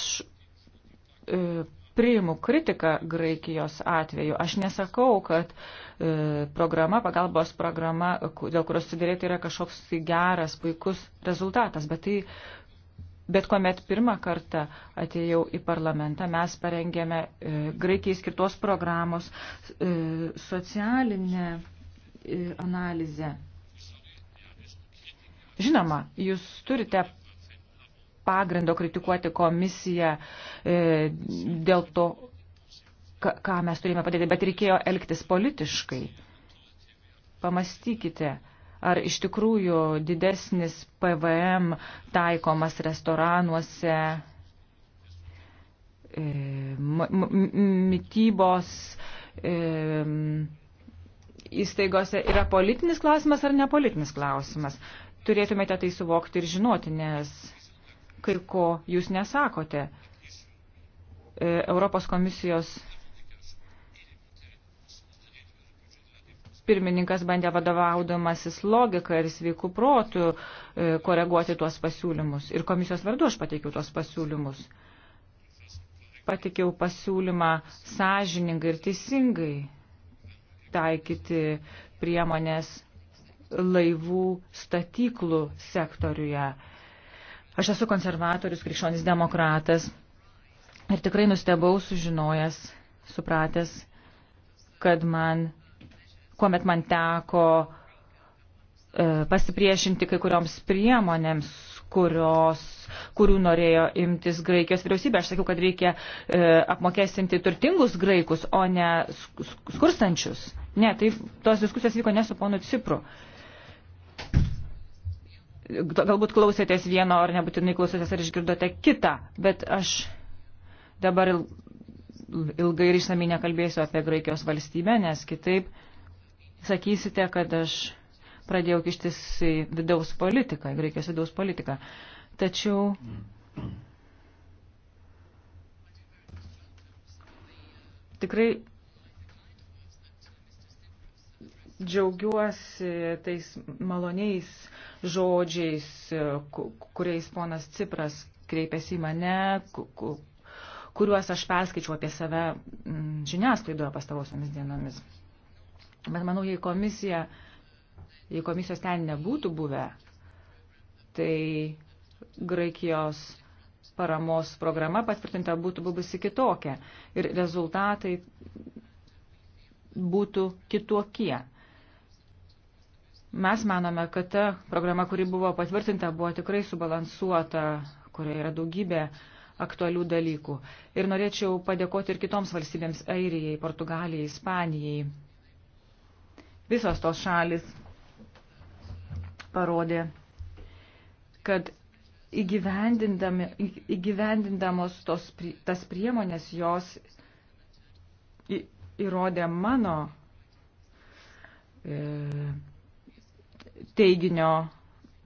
e, priimu kritiką Graikijos atveju. Aš nesakau, kad e, programa, pagalbos programa, dėl kurios sudėrėti yra kažkoks tai geras, puikus rezultatas, bet tai. Bet kuomet pirmą kartą atėjau į parlamentą, mes parengėme e, Graikijai skirtos programos e, socialinę e, analizę. Žinoma, jūs turite pagrindo kritikuoti komisiją e, dėl to, ka, ką mes turime padėti, bet reikėjo elgtis politiškai. Pamastykite, ar iš tikrųjų didesnis PVM taikomas restoranuose, e, mytybos e, įstaigose yra politinis klausimas ar nepolitinis klausimas. Turėtumėte tai suvokti ir žinoti, nes kai ko jūs nesakote. E, Europos komisijos pirmininkas bandė vadovaudamasis logiką ir sveikų protų e, koreguoti tuos pasiūlymus. Ir komisijos vardu aš pateikiau tuos pasiūlymus. Pateikiau pasiūlymą sąžiningai ir teisingai taikyti priemonės laivų statyklų sektoriuje Aš esu konservatorius, krikščionis demokratas ir tikrai nustebau sužinojęs, supratęs, kad man, kuomet man teko e, pasipriešinti kai kurioms priemonėms, kurios, kurių norėjo imtis Graikijos vyriausybė. Aš sakiau, kad reikia e, apmokestinti turtingus graikus, o ne skurstančius. Ne, tai tos diskusijos vyko ne su ponu Cipru. E, galbūt klausėtės vieno ar nebūtinai klausėtės ar išgirdote kitą, bet aš dabar ilgai ir išsamei nekalbėsiu apie Graikijos valstybę, nes kitaip sakysite, kad aš pradėjau kištis į vidaus politiką, į Graikijos vidaus politiką. Tačiau tikrai džiaugiuosi tais maloniais žodžiais, e, kuriais ponas Cipras kreipėsi į mane, kuriuos aš perskaičiu apie save mm, žiniasklaidoje pastarosiamis dienomis. Bet manau, jei, komisija, jei komisijos ten nebūtų buvę, tai Graikijos paramos programa patvirtinta būtų buvusi kitokia ir rezultatai būtų kitokie. Mes manome, kad ta programa, kuri buvo patvirtinta, buvo tikrai subalansuota, kurioje yra daugybė aktualių dalykų. Ir norėčiau padėkoti ir kitoms valstybėms - Airijai, Portugalijai, Ispanijai. Visos tos šalis parodė, kad įgyvendindamos tos, tas priemonės jos įrodė mano e, teiginio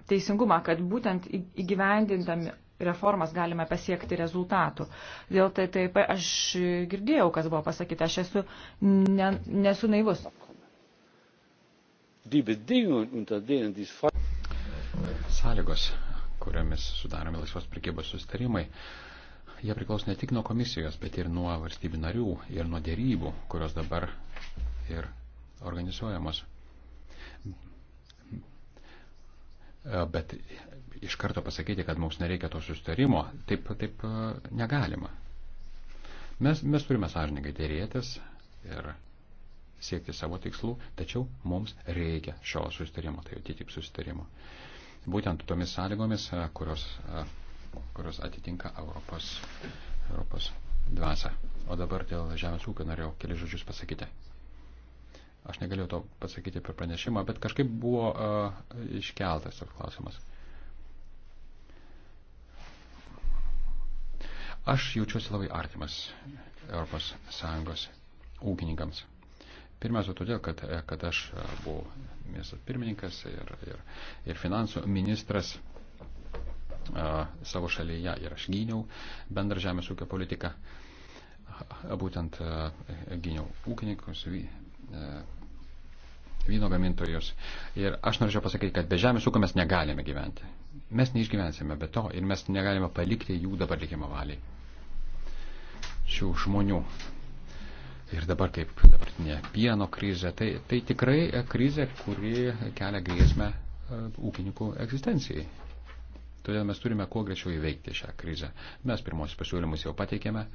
teisingumą, kad būtent įgyvendindami reformas galime pasiekti rezultatų. Dėl tai taip aš girdėjau, kas buvo pasakyta, aš esu ne, nesu naivus. Sąlygos, kuriomis sudaromi laisvos prekybos sustarimai, jie priklauso ne tik nuo komisijos, bet ir nuo valstybių narių ir nuo dėrybų, kurios dabar ir organizuojamos E, bet iš karto pasakyti, kad mums nereikia to sustarimo, taip, taip e, negalima. Mes, mes turime sąžininkai dėrėtis ir siekti savo tikslų, tačiau mums reikia šio sustarimo, tai jau TTIP sustarimo. Būtent tomis sąlygomis, e, kurios, kurios atitinka Europos, Europos dvasę. O dabar dėl žemės ūkio norėjau keli žodžius pasakyti. Aš negalėjau to pasakyti per pranešimą, bet kažkaip buvo uh, iškeltas toks klausimas. Aš jaučiuosi labai artimas Europos Sąjungos ūkininkams. Pirmiausia, todėl, kad, e, kad aš e, buvau miesto pirmininkas ir, ir, ir finansų ministras a, savo šalyje ir aš gyniau bendrą žemės ūkio politiką. A, būtent a, e, gyniau ūkininkus, vy, a, vyno gamintojus. Ir aš norėčiau pasakyti, kad be žemės ūkio mes negalime gyventi. Mes neišgyvensime be to ir mes negalime palikti jų dabar likimo valiai. Šių žmonių. Ir dabar kaip dabartinė pieno krizė, tai, tai tikrai krizė, kuri kelia grėsmę e, ūkininkų egzistencijai. Todėl mes turime kuo greičiau įveikti šią krizę. Mes pirmosius pasiūlymus jau pateikėme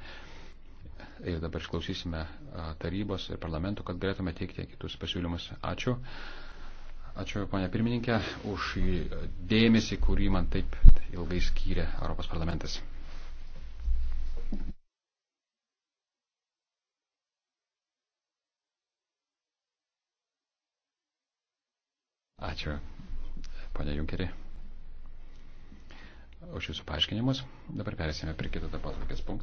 ir dabar išklausysime tarybos ir parlamento, kad galėtume teikti kitus pasiūlymus. Ačiū. Ačiū, ponia pirmininkė, už dėmesį, kurį man taip ilgai skyrė Europos parlamentas. Ačiū, ponia Junkeri, už jūsų paaiškinimus. Dabar perėsime prie kito darbotvarkės punkto.